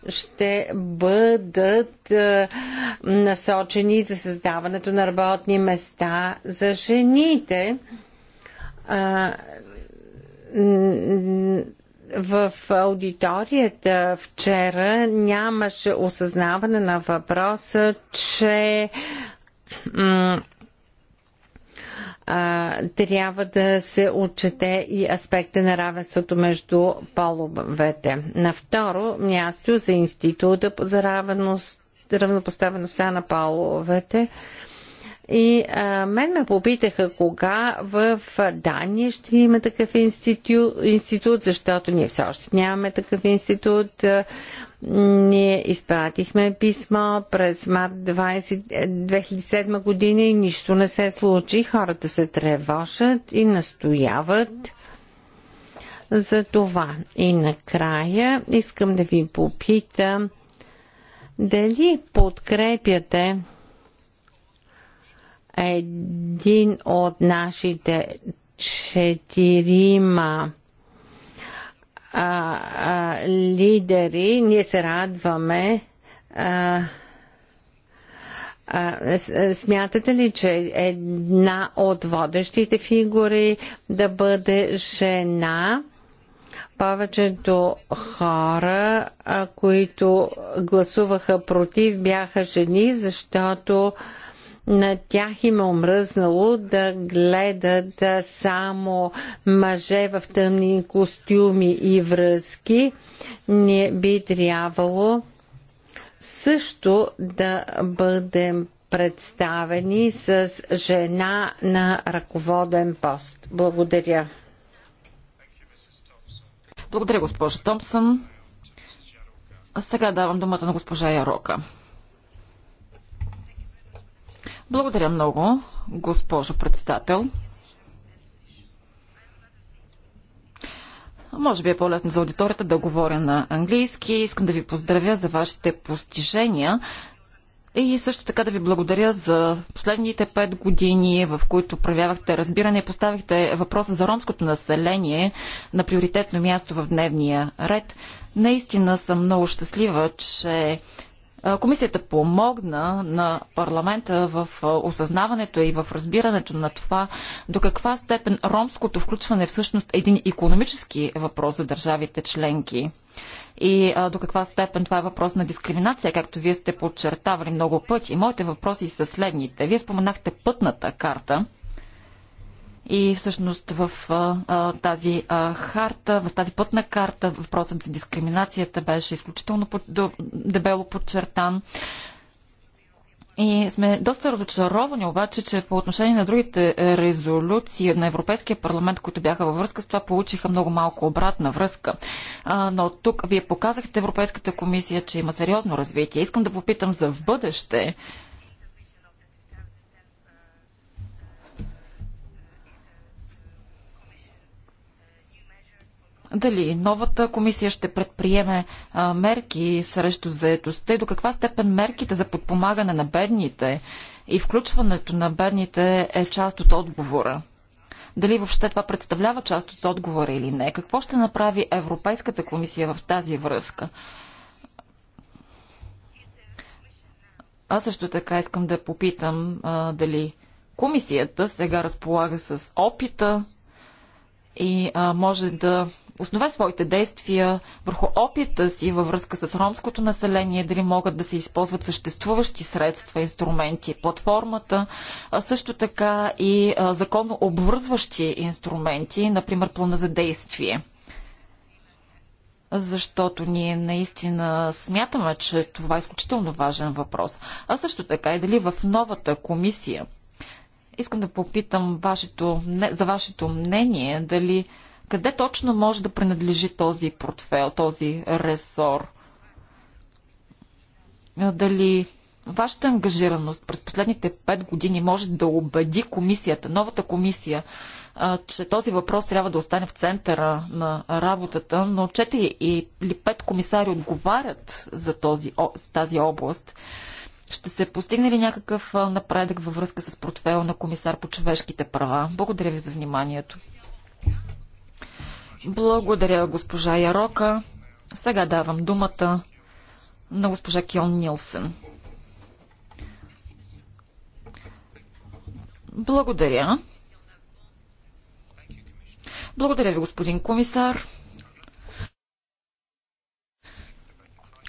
ще бъдат насочени за създаването на работни места за жените в аудиторията вчера нямаше осъзнаване на въпроса, че а, трябва да се отчете и аспекта на равенството между половете. На второ място за Института за равенност, равнопоставеността на половете. И а, мен ме попитаха кога в Дания ще има такъв институт, институт защото ние все още нямаме такъв институт. Ние изпратихме писмо през март 20, 2007 е, година и нищо не се случи. Хората се тревожат и настояват за това. И накрая искам да ви попитам дали подкрепяте един от нашите четирима а, а, лидери, ние се радваме. А, а, смятате ли, че една от водещите фигури да бъде жена? повечето хора, които гласуваха против, бяха жени, защото на тях им е омръзнало да гледат само мъже в тъмни костюми и връзки. Не би трябвало също да бъдем представени с жена на ръководен пост. Благодаря. Благодаря, госпожо Томпсън. А сега давам думата на госпожа Ярока. Благодаря много, госпожо председател. Може би е по-лесно за аудиторията да говоря на английски. Искам да ви поздравя за вашите постижения и също така да ви благодаря за последните пет години, в които проявявахте разбиране и поставихте въпроса за ромското население на приоритетно място в дневния ред. Наистина съм много щастлива, че Комисията помогна на парламента в осъзнаването и в разбирането на това до каква степен ромското включване е всъщност един економически въпрос за държавите членки и а, до каква степен това е въпрос на дискриминация, както вие сте подчертавали много пъти. Моите въпроси са следните. Вие споменахте пътната карта. И всъщност в а, тази а, харта, в тази пътна карта, въпросът за дискриминацията беше изключително под, до, дебело подчертан. И сме доста разочаровани обаче, че по отношение на другите резолюции на Европейския парламент, които бяха във връзка с това, получиха много малко обратна връзка. А, но тук вие показахте Европейската комисия, че има сериозно развитие. Искам да попитам за в бъдеще. дали новата комисия ще предприеме а, мерки срещу заедостта и до каква степен мерките за подпомагане на бедните и включването на бедните е част от отговора? Дали въобще това представлява част от отговора или не? Какво ще направи Европейската комисия в тази връзка? Аз също така искам да попитам а, дали комисията сега разполага с опита, и а, може да основе своите действия върху опита си във връзка с ромското население, дали могат да се използват съществуващи средства, инструменти, платформата, а също така и а, законно обвързващи инструменти, например плана за действие защото ние наистина смятаме, че това е изключително важен въпрос. А също така и дали в новата комисия Искам да попитам вашето, за вашето мнение, дали къде точно може да принадлежи този портфел, този ресор? Дали вашата ангажираност през последните пет години може да убеди комисията, новата комисия, че този въпрос трябва да остане в центъра на работата, но четири или пет комисари отговарят за този, тази област. Ще се постигне ли някакъв напредък във връзка с портфел на комисар по човешките права? Благодаря ви за вниманието. Благодаря, госпожа Ярока. Сега давам думата на госпожа Кион Нилсен. Благодаря. Благодаря ви, господин комисар.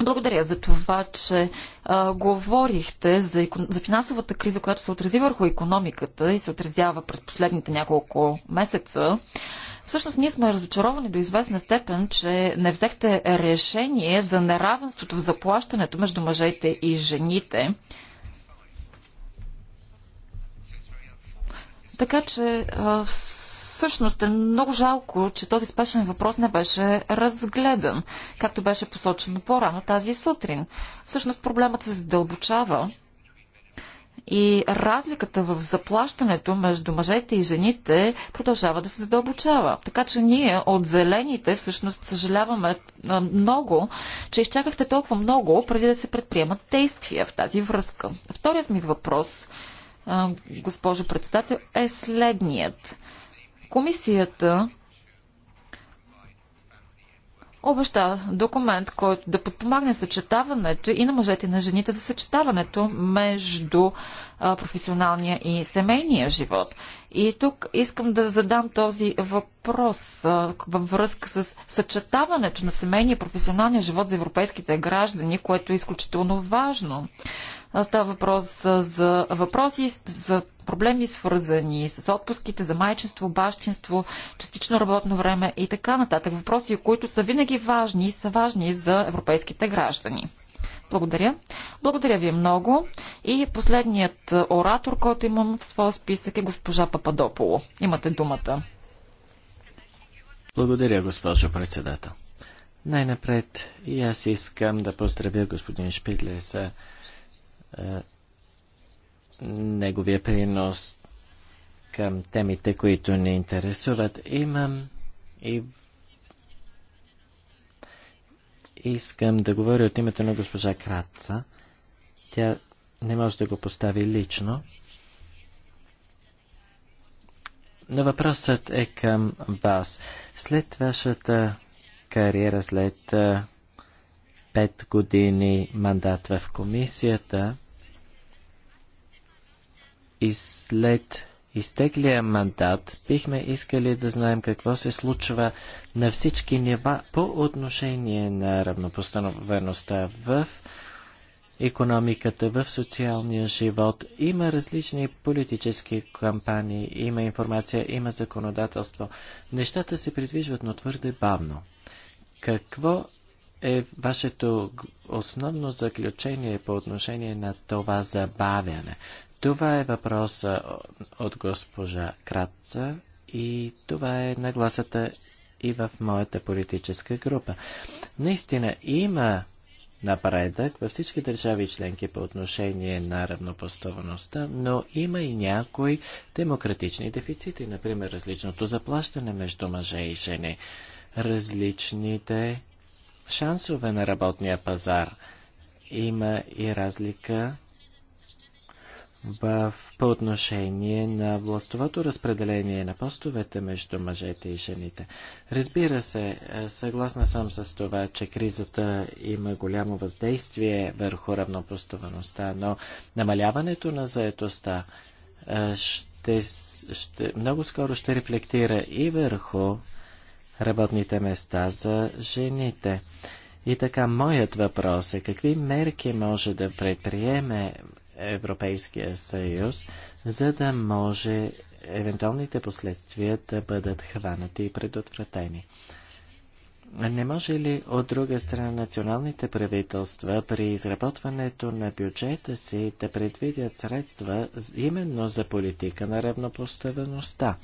Благодаря за това, че а, говорихте за, за финансовата криза, която се отрази върху економиката и се отразява през последните няколко месеца. Всъщност ние сме разочаровани до известна степен, че не взехте решение за неравенството в заплащането между мъжете и жените. Така че а, Всъщност е много жалко, че този спешен въпрос не беше разгледан, както беше посочено по-рано тази сутрин. Всъщност проблемът се задълбочава и разликата в заплащането между мъжете и жените продължава да се задълбочава. Така че ние от зелените всъщност съжаляваме много, че изчакахте толкова много преди да се предприемат действия в тази връзка. Вторият ми въпрос, госпожо председател, е следният. Комисията обеща документ, който да подпомагне съчетаването и на мъжете и на жените за съчетаването между професионалния и семейния живот. И тук искам да задам този въпрос във връзка с съчетаването на семейния и професионалния живот за европейските граждани, което е изключително важно. Става въпрос за въпроси, за проблеми свързани с отпуските, за майчинство, бащинство, частично работно време и така нататък. Въпроси, които са винаги важни са важни за европейските граждани. Благодаря. Благодаря ви много. И последният оратор, който имам в своя списък е госпожа Пападополо. Имате думата. Благодаря, госпожо председател. Най-напред и аз искам да поздравя господин Шпидле за е, неговия принос към темите, които ни интересуват. Имам и искам да говоря от името на госпожа Кратца. Тя не може да го постави лично. Но въпросът е към вас. След вашата кариера, след е, пет години мандат в комисията и след изтеклия мандат бихме искали да знаем какво се случва на всички нива по отношение на равнопостановеността в економиката, в социалния живот. Има различни политически кампании, има информация, има законодателство. Нещата се придвижват, но твърде бавно. Какво е вашето основно заключение по отношение на това забавяне? Това е въпрос от госпожа Кратца и това е нагласата и в моята политическа група. Наистина има напредък във всички държави членки по отношение на равнопоставеността, но има и някои демократични дефицити, например различното заплащане между мъже и жени, различните шансове на работния пазар. Има и разлика в, по отношение на властовото разпределение на постовете между мъжете и жените. Разбира се, е, съгласна съм с това, че кризата има голямо въздействие върху равнопоставеността, но намаляването на заетостта е, ще, ще, много скоро ще рефлектира и върху работните места за жените. И така, моят въпрос е какви мерки може да предприеме Европейския съюз, за да може евентуалните последствия да бъдат хванати и предотвратени. Не може ли от друга страна националните правителства при изработването на бюджета си да предвидят средства именно за политика на равнопоставеността?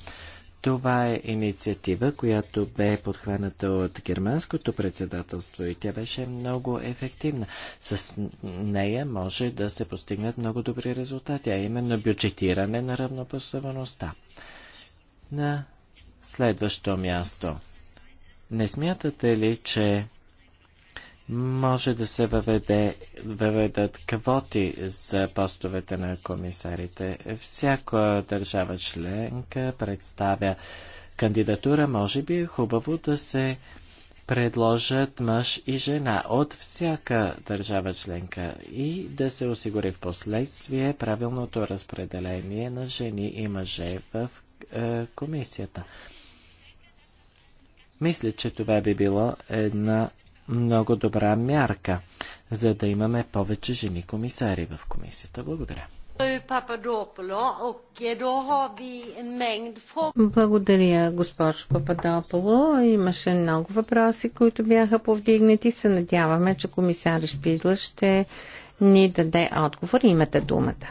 Това е инициатива, която бе подхваната от германското председателство и тя беше много ефективна. С нея може да се постигнат много добри резултати, а именно бюджетиране на равнопоставеността. На следващо място. Не смятате ли, че може да се въведе, въведат квоти за постовете на комисарите. Всяка държава членка представя кандидатура. Може би е хубаво да се предложат мъж и жена от всяка държава членка и да се осигури в последствие правилното разпределение на жени и мъже в е, комисията. Мисля, че това би било една много добра мярка, за да имаме повече жени комисари в комисията. Благодаря. Благодаря, госпожо Пападополо. Имаше много въпроси, които бяха повдигнати. Се надяваме, че комисар Шпидла ще ни даде отговор. Имате думата.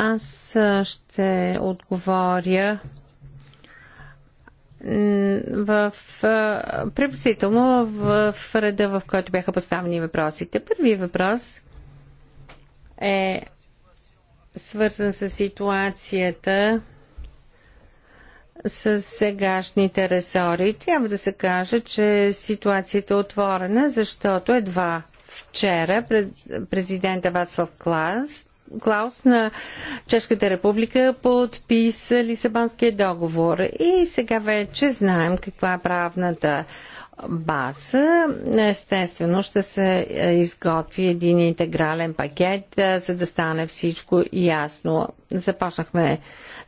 Аз ще отговоря в, приблизително в, в реда, в който бяха поставени въпросите. Първият въпрос е свързан с ситуацията с сегашните ресори. Трябва да се каже, че ситуацията е отворена, защото едва вчера президента Вацлав класт. Клаус на Чешката република подписа Лисабонския договор. И сега вече знаем каква е правната база. Естествено ще се изготви един интегрален пакет, за да стане всичко ясно. Започнахме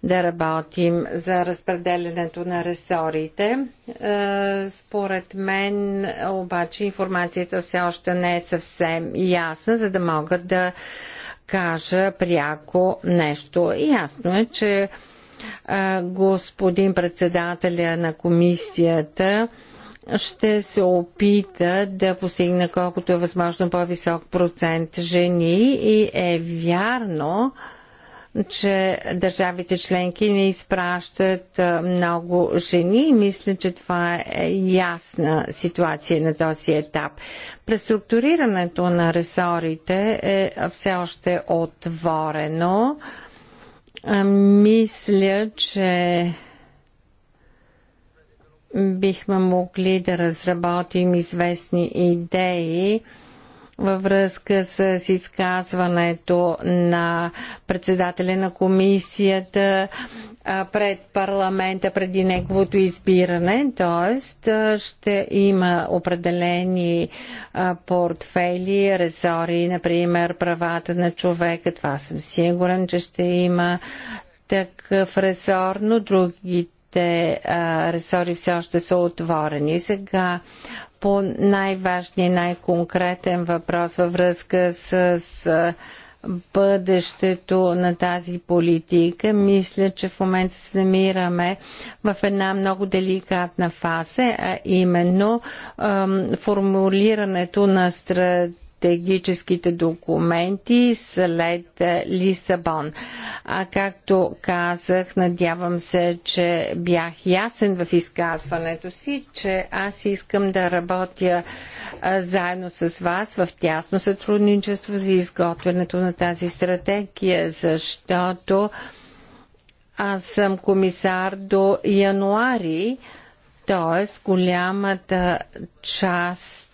да работим за разпределянето на ресорите. Според мен обаче информацията все още не е съвсем ясна, за да могат да кажа пряко нещо. Ясно е, че господин председателя на комисията ще се опита да постигне колкото е възможно по-висок процент жени и е вярно, че държавите членки не изпращат много жени и мисля, че това е ясна ситуация на този етап. Преструктурирането на ресорите е все още отворено. Мисля, че бихме могли да разработим известни идеи във връзка с изказването на председателя на комисията пред парламента преди неговото избиране, т.е. ще има определени портфели, ресори, например правата на човека. Това съм сигурен, че ще има такъв ресор, но другите ресори все още са отворени. Сега по най-важния, най-конкретен въпрос във връзка с, с бъдещето на тази политика. Мисля, че в момента се намираме в една много деликатна фаза, а именно ам, формулирането на стратегия стратегическите документи след Лисабон. А както казах, надявам се, че бях ясен в изказването си, че аз искам да работя заедно с вас в тясно сътрудничество за изготвянето на тази стратегия, защото аз съм комисар до януари, т.е. голямата част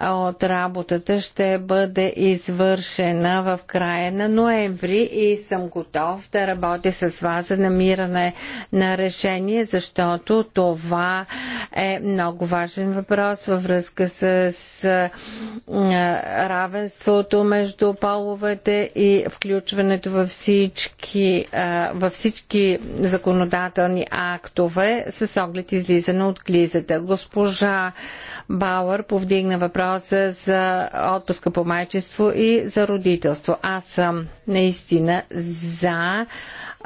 от работата ще бъде извършена в края на ноември и съм готов да работя с вас за намиране на решение, защото това е много важен въпрос във връзка с равенството между половете и включването във всички, във всички законодателни актове с оглед излизане от глизата. Госпожа Бауър повдигна въпрос въпроса за отпуска по майчество и за родителство. Аз съм наистина за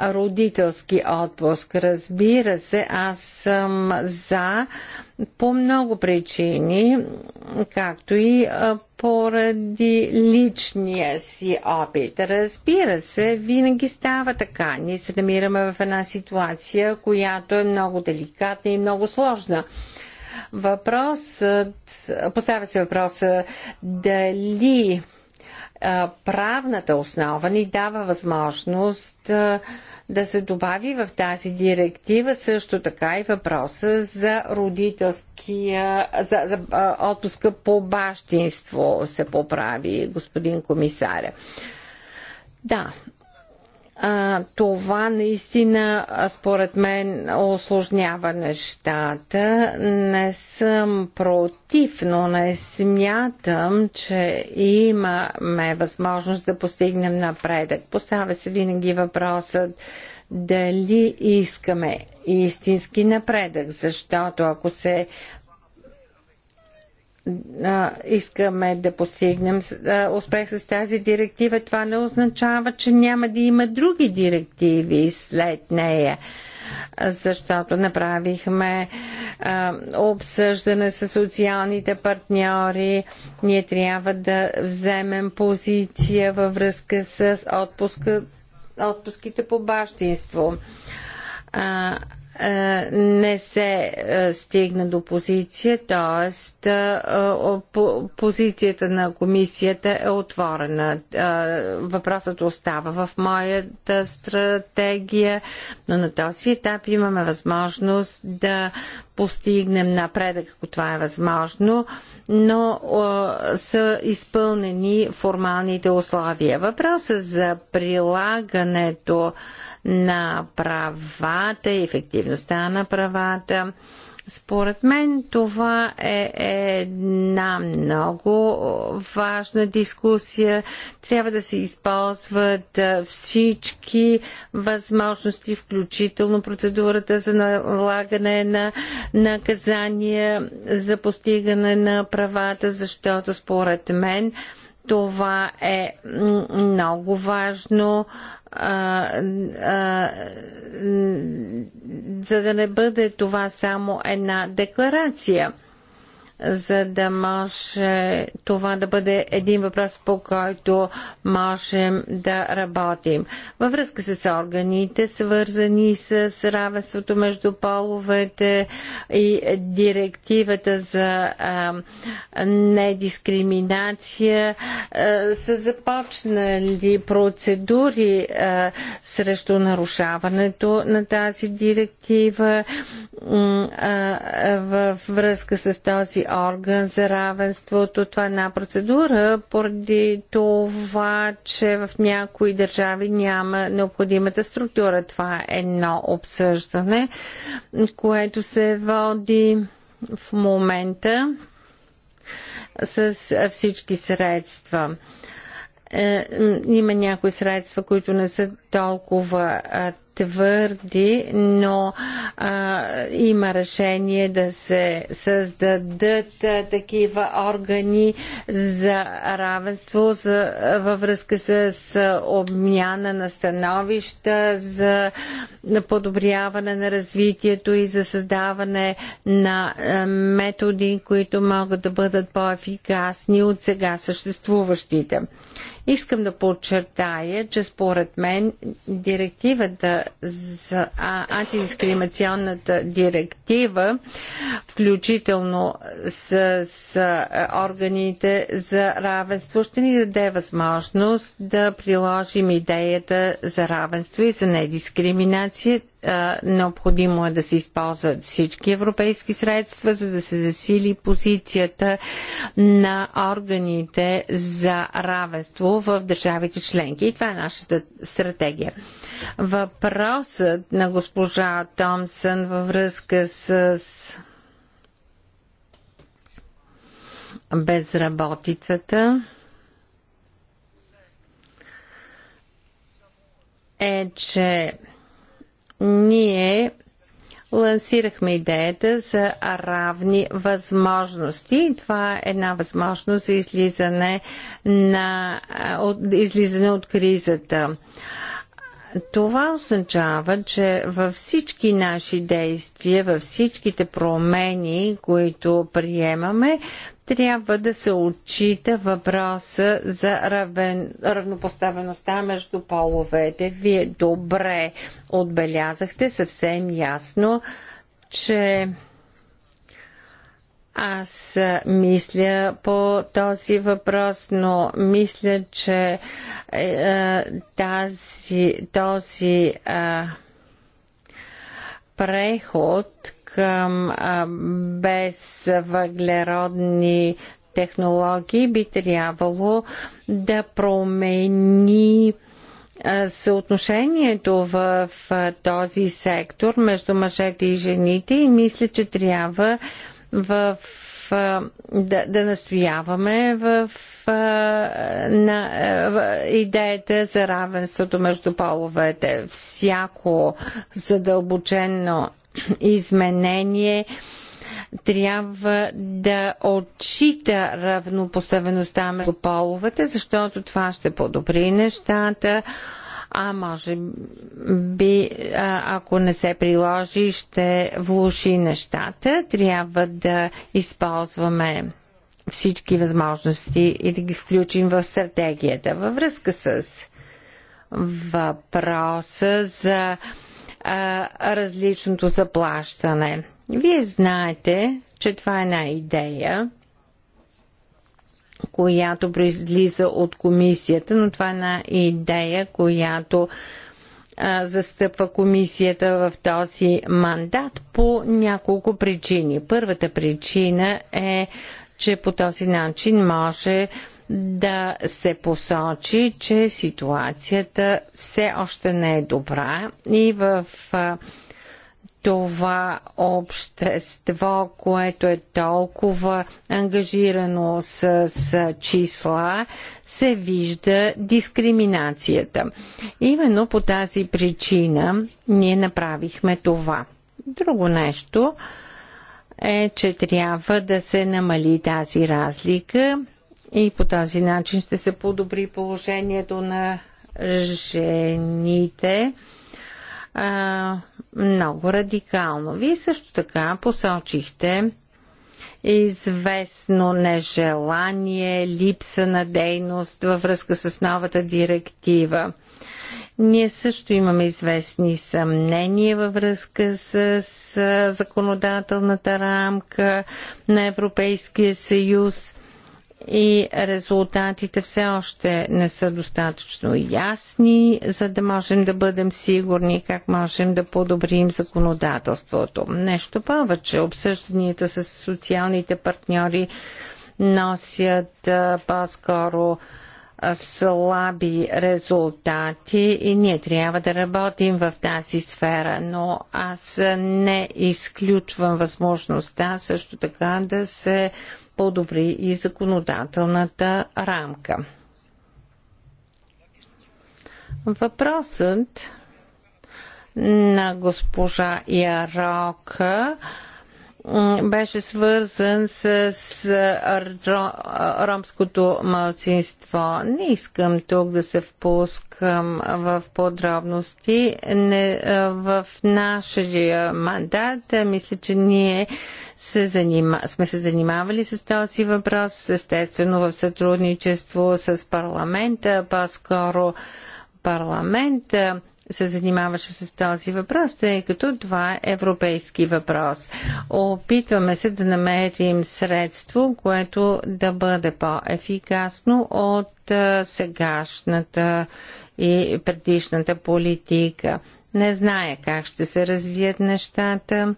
родителски отпуск. Разбира се, аз съм за по много причини, както и поради личния си опит. Разбира се, винаги става така. Ние се намираме в една ситуация, която е много деликатна и много сложна. Въпросът, поставя се въпроса дали правната основа ни дава възможност да се добави в тази директива също така и въпроса за родителския за, за отпуска по бащинство се поправи господин комисаря. Да, а, това наистина, според мен, осложнява нещата. Не съм против, но не смятам, че имаме възможност да постигнем напредък. Поставя се винаги въпросът дали искаме истински напредък, защото ако се искаме да постигнем успех с тази директива, това не означава, че няма да има други директиви след нея. Защото направихме а, обсъждане с социалните партньори. Ние трябва да вземем позиция във връзка с отпуска, отпуските по бащинство. А, е, не се е, стигна до позиция, т.е. Е, позицията на комисията е отворена. Въпросът остава в моята стратегия, но на този етап имаме възможност да постигнем напредък, ако това е възможно но а, са изпълнени формалните условия. Въпросът за прилагането на правата и ефективността на правата според мен това е една много важна дискусия. Трябва да се използват всички възможности, включително процедурата за налагане на наказания за постигане на правата, защото според мен това е много важно, а, а, за да не бъде това само една декларация за да може това да бъде един въпрос, по който можем да работим. Във връзка с органите, свързани с равенството между половете и директивата за а, недискриминация, а, са започнали процедури а, срещу нарушаването на тази директива а, а, във връзка с този орган за равенството. Това е една процедура, поради това, че в някои държави няма необходимата структура. Това е едно обсъждане, което се води в момента с всички средства е, има някои средства, които не са толкова твърди, но а, има решение да се създадат а, такива органи за равенство за, във връзка с а, обмяна на становища, за подобряване на развитието и за създаване на а, методи, които могат да бъдат по-ефикасни от сега съществуващите. Искам да подчертая, че според мен директивата за антидискриминационната директива, включително с, с органите за равенство, ще ни даде възможност да приложим идеята за равенство и за недискриминация необходимо е да се използват всички европейски средства, за да се засили позицията на органите за равенство в държавите членки. И това е нашата стратегия. Въпросът на госпожа Томсън във връзка с безработицата е, че ние лансирахме идеята за равни възможности. Това е една възможност за излизане, на, от, излизане от кризата. Това означава, че във всички наши действия, във всичките промени, които приемаме, трябва да се отчита въпроса за равен, равнопоставеността между половете. Вие добре отбелязахте съвсем ясно, че аз мисля по този въпрос, но мисля, че е, тази, този е, преход към е, безвъглеродни технологии би трябвало да промени съотношението в този сектор между мъжете и жените и мисля, че трябва в да, да настояваме в, на идеята за равенството между половете. Всяко задълбочено изменение трябва да отчита равнопоставеността между половете, защото това ще подобри нещата, а може би, ако не се приложи, ще влуши нещата. Трябва да използваме всички възможности и да ги включим в стратегията. Във връзка с въпроса за а, различното заплащане. Вие знаете, че това е една идея, която произлиза от комисията, но това е една идея, която а, застъпва комисията в този мандат по няколко причини. Първата причина е, че по този начин може да се посочи, че ситуацията все още не е добра и в а, това общество, което е толкова ангажирано с, с числа, се вижда дискриминацията. Именно по тази причина ние направихме това. Друго нещо е, че трябва да се намали тази разлика и по този начин ще се подобри положението на жените много радикално. Вие също така посочихте известно нежелание, липса на дейност във връзка с новата директива. Ние също имаме известни съмнения във връзка с, с законодателната рамка на Европейския съюз и резултатите все още не са достатъчно ясни, за да можем да бъдем сигурни как можем да подобрим законодателството. Нещо повече, обсъжданията с социалните партньори носят по-скоро слаби резултати и ние трябва да работим в тази сфера, но аз не изключвам възможността също така да се подобри и законодателната рамка. Въпросът на госпожа Ярока беше свързан с ромското малцинство. Не искам тук да се впускам в подробности. Не, в нашия мандат мисля, че ние се занима, сме се занимавали с този въпрос, естествено в сътрудничество с парламента, по-скоро парламент се занимаваше с този въпрос, тъй като това е европейски въпрос. Опитваме се да намерим средство, което да бъде по-ефикасно от сегашната и предишната политика. Не зная как ще се развият нещата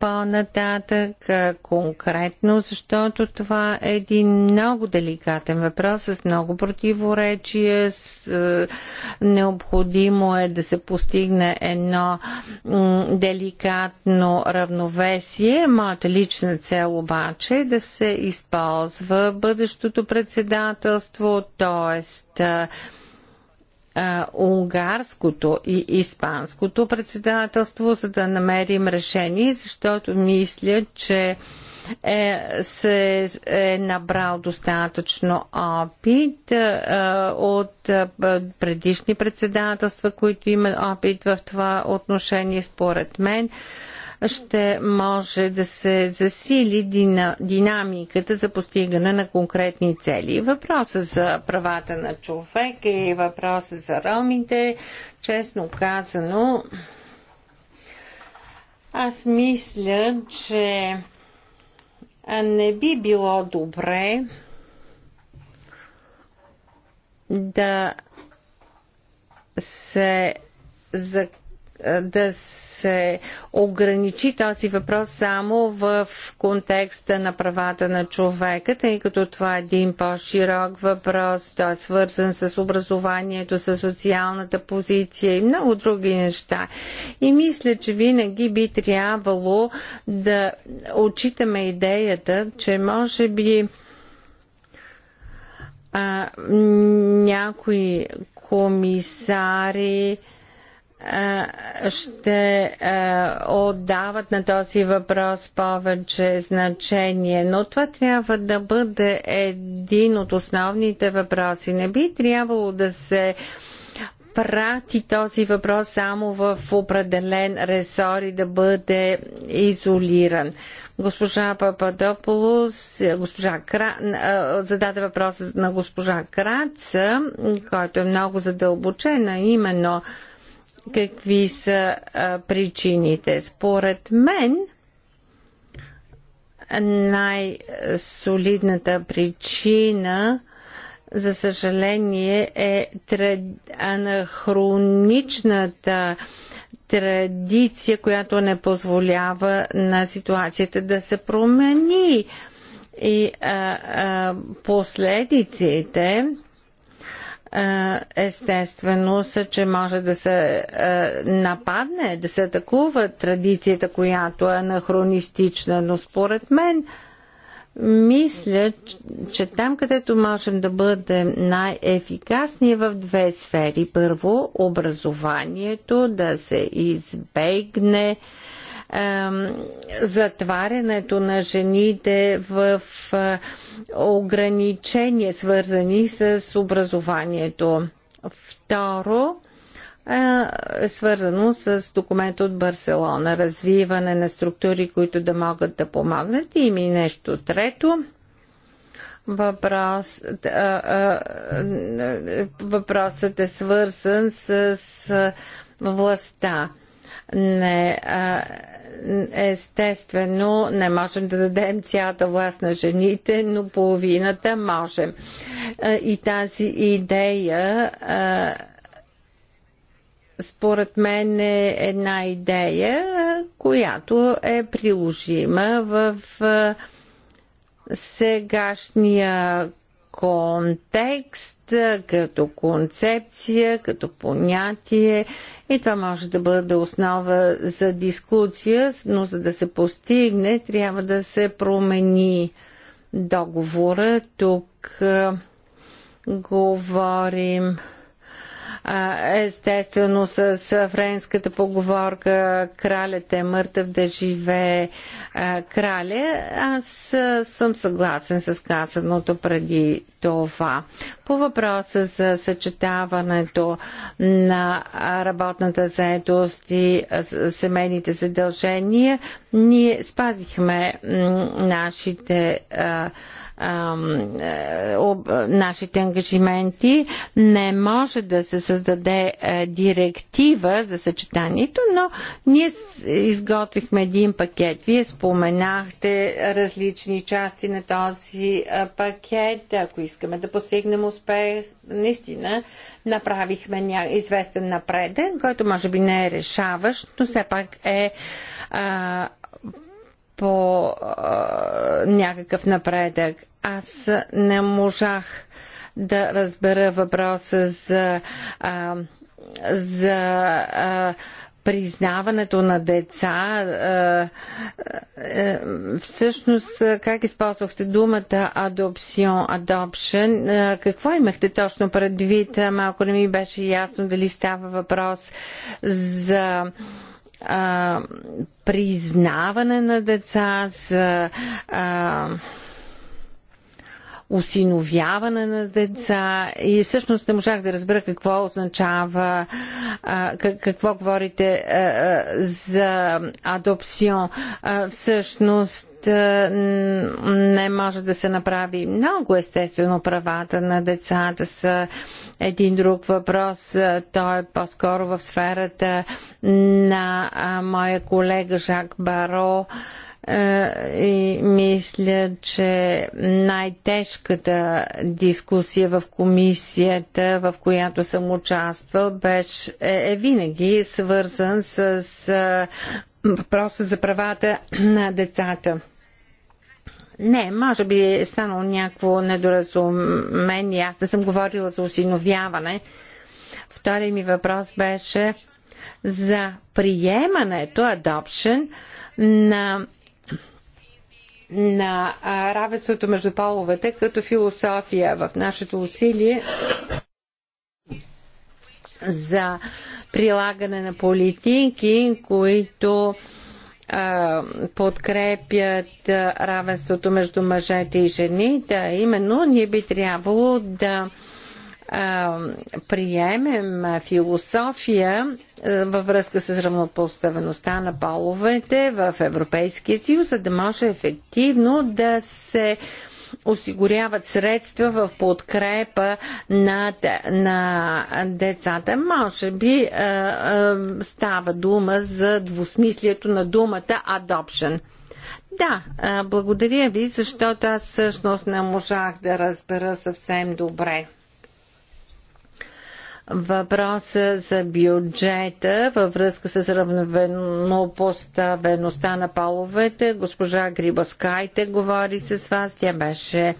по-нататък конкретно, защото това е един много деликатен въпрос с много противоречия. С, е, необходимо е да се постигне едно деликатно равновесие. Моята лична цел обаче е да се използва бъдещото председателство, т.е е, унгарското и испанското председателство, за да намерим решение, защото мисля, че е, се е набрал достатъчно опит е, от е, предишни председателства, които имат опит в това отношение, според мен. Е, ще може да се засили дина, динамиката за постигане на конкретни цели. Въпросът за правата на човека и въпросът за ромите, честно казано, аз мисля, че не би било добре да се за, да се се ограничи този въпрос само в контекста на правата на човека, тъй като това е един по-широк въпрос, той е свързан с образованието, с социалната позиция и много други неща. И мисля, че винаги би трябвало да отчитаме идеята, че може би а, някои комисари ще отдават на този въпрос повече значение, но това трябва да бъде един от основните въпроси. Не би трябвало да се прати този въпрос само в определен ресор и да бъде изолиран. Госпожа Пападополос, госпожа Кра... зададе въпроса на госпожа Краца, който е много задълбочен, а именно какви са а, причините. Според мен, най-солидната причина за съжаление е анахроничната традиция, която не позволява на ситуацията да се промени. И а, а, последиците естествено са, че може да се нападне, да се атакува традицията, която е анахронистична, но според мен мисля, че там, където можем да бъдем най-ефикасни е в две сфери. Първо, образованието, да се избегне затварянето на жените в е, ограничения, свързани с образованието. Второ, е свързано с документ от Барселона, развиване на структури, които да могат да помогнат и ми нещо трето. Въпрос, е, е, въпросът е свързан с властта. Не, а, е, Естествено, не можем да дадем цялата власт на жените, но половината можем. И тази идея според мен е една идея, която е приложима в сегашния контекст, като концепция, като понятие и това може да бъде основа за дискусия, но за да се постигне, трябва да се промени договора. Тук говорим естествено с френската поговорка кралят е мъртъв да живее краля. Аз съм съгласен с казаното преди това. По въпроса за съчетаването на работната заедост и семейните задължения, ние спазихме нашите е, нашите ангажименти. Не може да се създаде е, директива за съчетанието, но ние изготвихме един пакет. Вие споменахте различни части на този е, пакет. Ако искаме да постигнем успех, наистина направихме известен напредък, който може би не е решаващ, но все пак е по а, някакъв напредък аз не можах да разбера въпроса за, а, за а, признаването на деца. Всъщност, как използвахте думата adoption, adoption? Какво имахте точно предвид? Малко не ми беше ясно дали става въпрос за а, признаване на деца, за а, осиновяване на деца и всъщност не можах да разбера какво означава, какво говорите за адопсион. всъщност не може да се направи много естествено правата на децата са един друг въпрос. Той е по-скоро в сферата на моя колега Жак Баро. Е, и мисля, че най-тежката дискусия в комисията, в която съм участвал, беше, е, е винаги свързан с е, въпроса за правата на децата. Не, може би е станало някакво недоразумение. Аз не съм говорила за осиновяване. Вторият ми въпрос беше за приемането, adoption, на на равенството между половете като философия в нашето усилие за прилагане на политики, които а, подкрепят равенството между мъжете и жените. Именно ние би трябвало да а, приемем философия във връзка с равнопоставеността на половете в Европейския съюз, за да може ефективно да се осигуряват средства в подкрепа на, на децата. Може би а, а, става дума за двусмислието на думата adoption. Да, а, благодаря ви, защото аз всъщност не можах да разбера съвсем добре въпроса за бюджета във връзка с равнопоставеността на половете. Госпожа Скайте говори с вас. Тя беше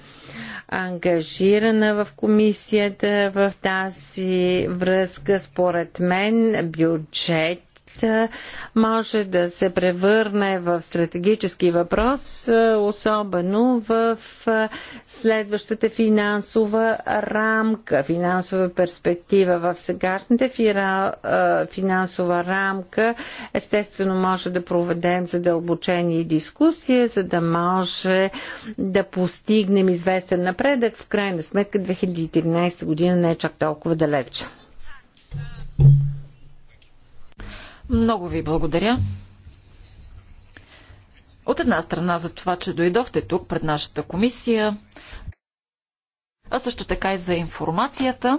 ангажирана в комисията в тази връзка. Според мен бюджет е, може да се превърне в стратегически въпрос, е, особено в е, следващата финансова рамка, финансова перспектива. В сегашната финансова рамка естествено може да проведем задълбочени дискусии, за да може да постигнем известен напредък. В крайна сметка 2013 година не е чак толкова далече. Много ви благодаря. От една страна за това, че дойдохте тук пред нашата комисия, а също така и за информацията.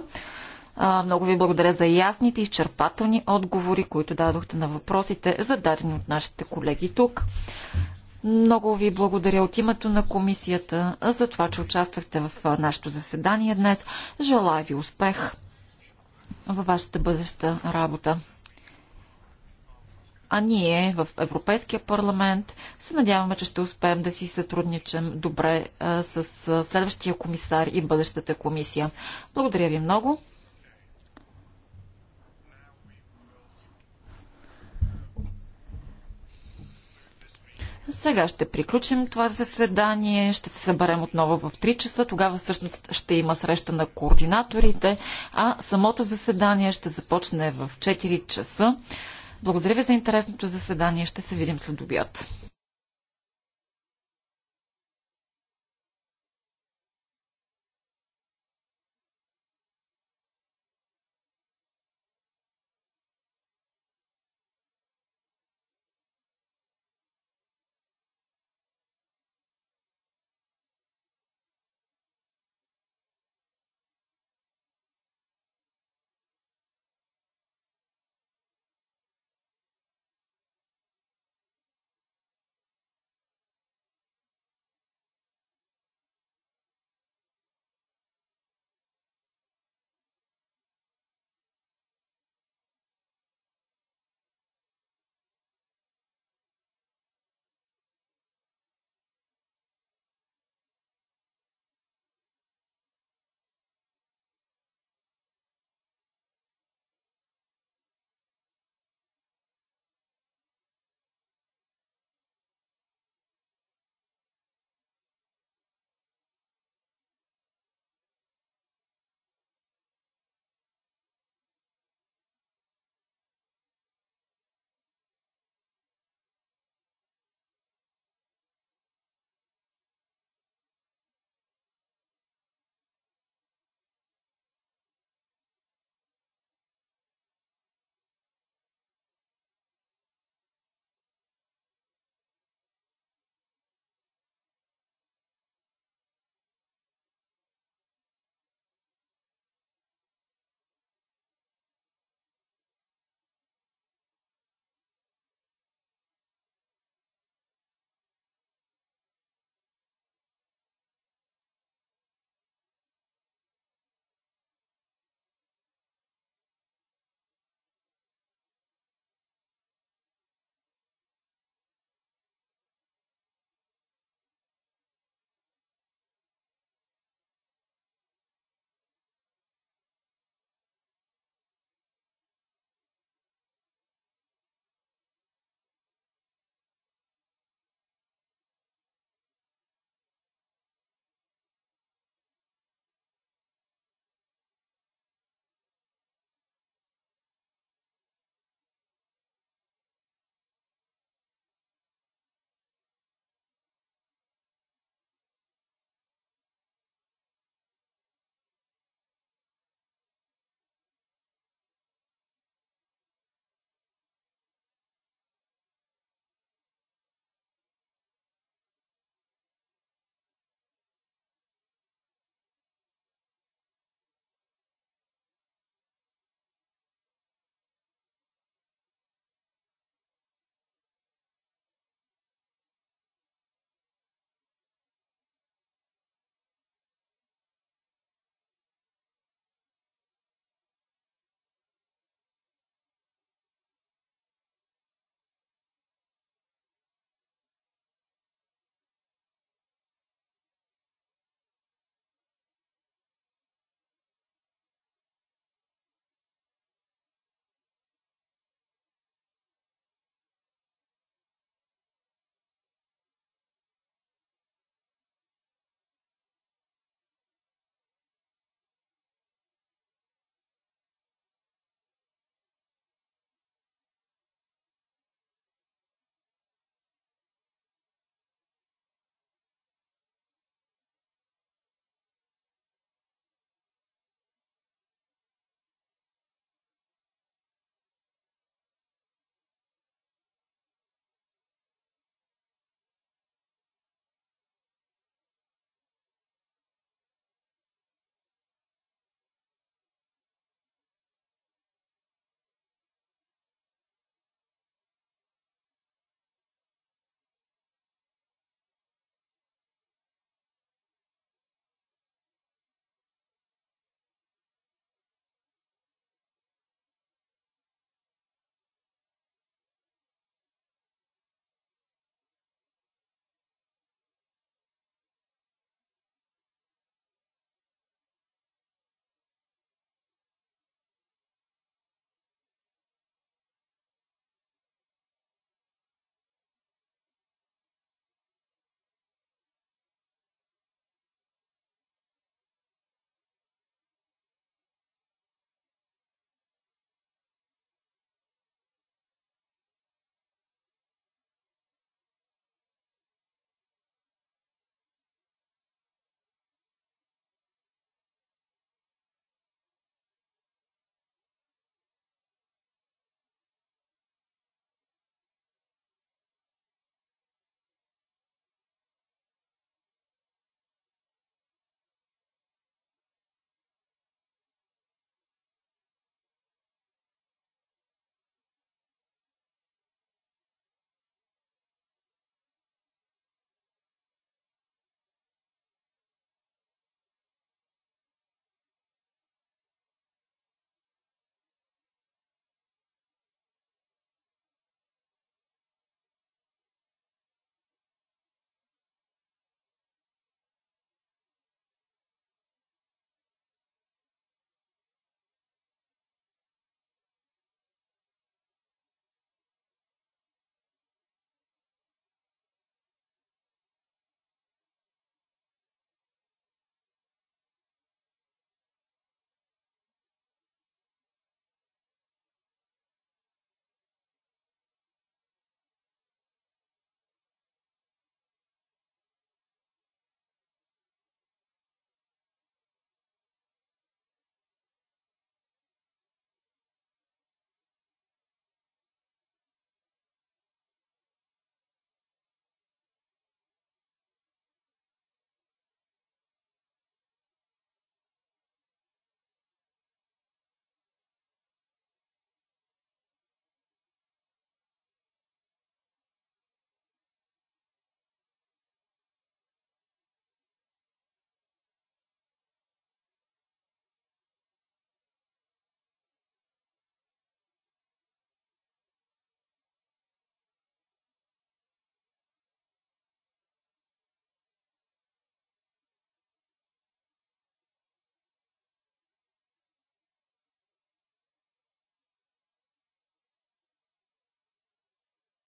Много ви благодаря за ясните, изчерпателни отговори, които дадохте на въпросите, зададени от нашите колеги тук. Много ви благодаря от името на комисията за това, че участвахте в нашето заседание днес. Желая ви успех във вашата бъдеща работа а ние в Европейския парламент се надяваме, че ще успеем да си сътрудничим добре а, с следващия комисар и бъдещата комисия. Благодаря ви много. Сега ще приключим това заседание, ще се съберем отново в 3 часа, тогава всъщност ще има среща на координаторите, а самото заседание ще започне в 4 часа. Благодаря ви за интересното заседание. Ще се видим след обяд.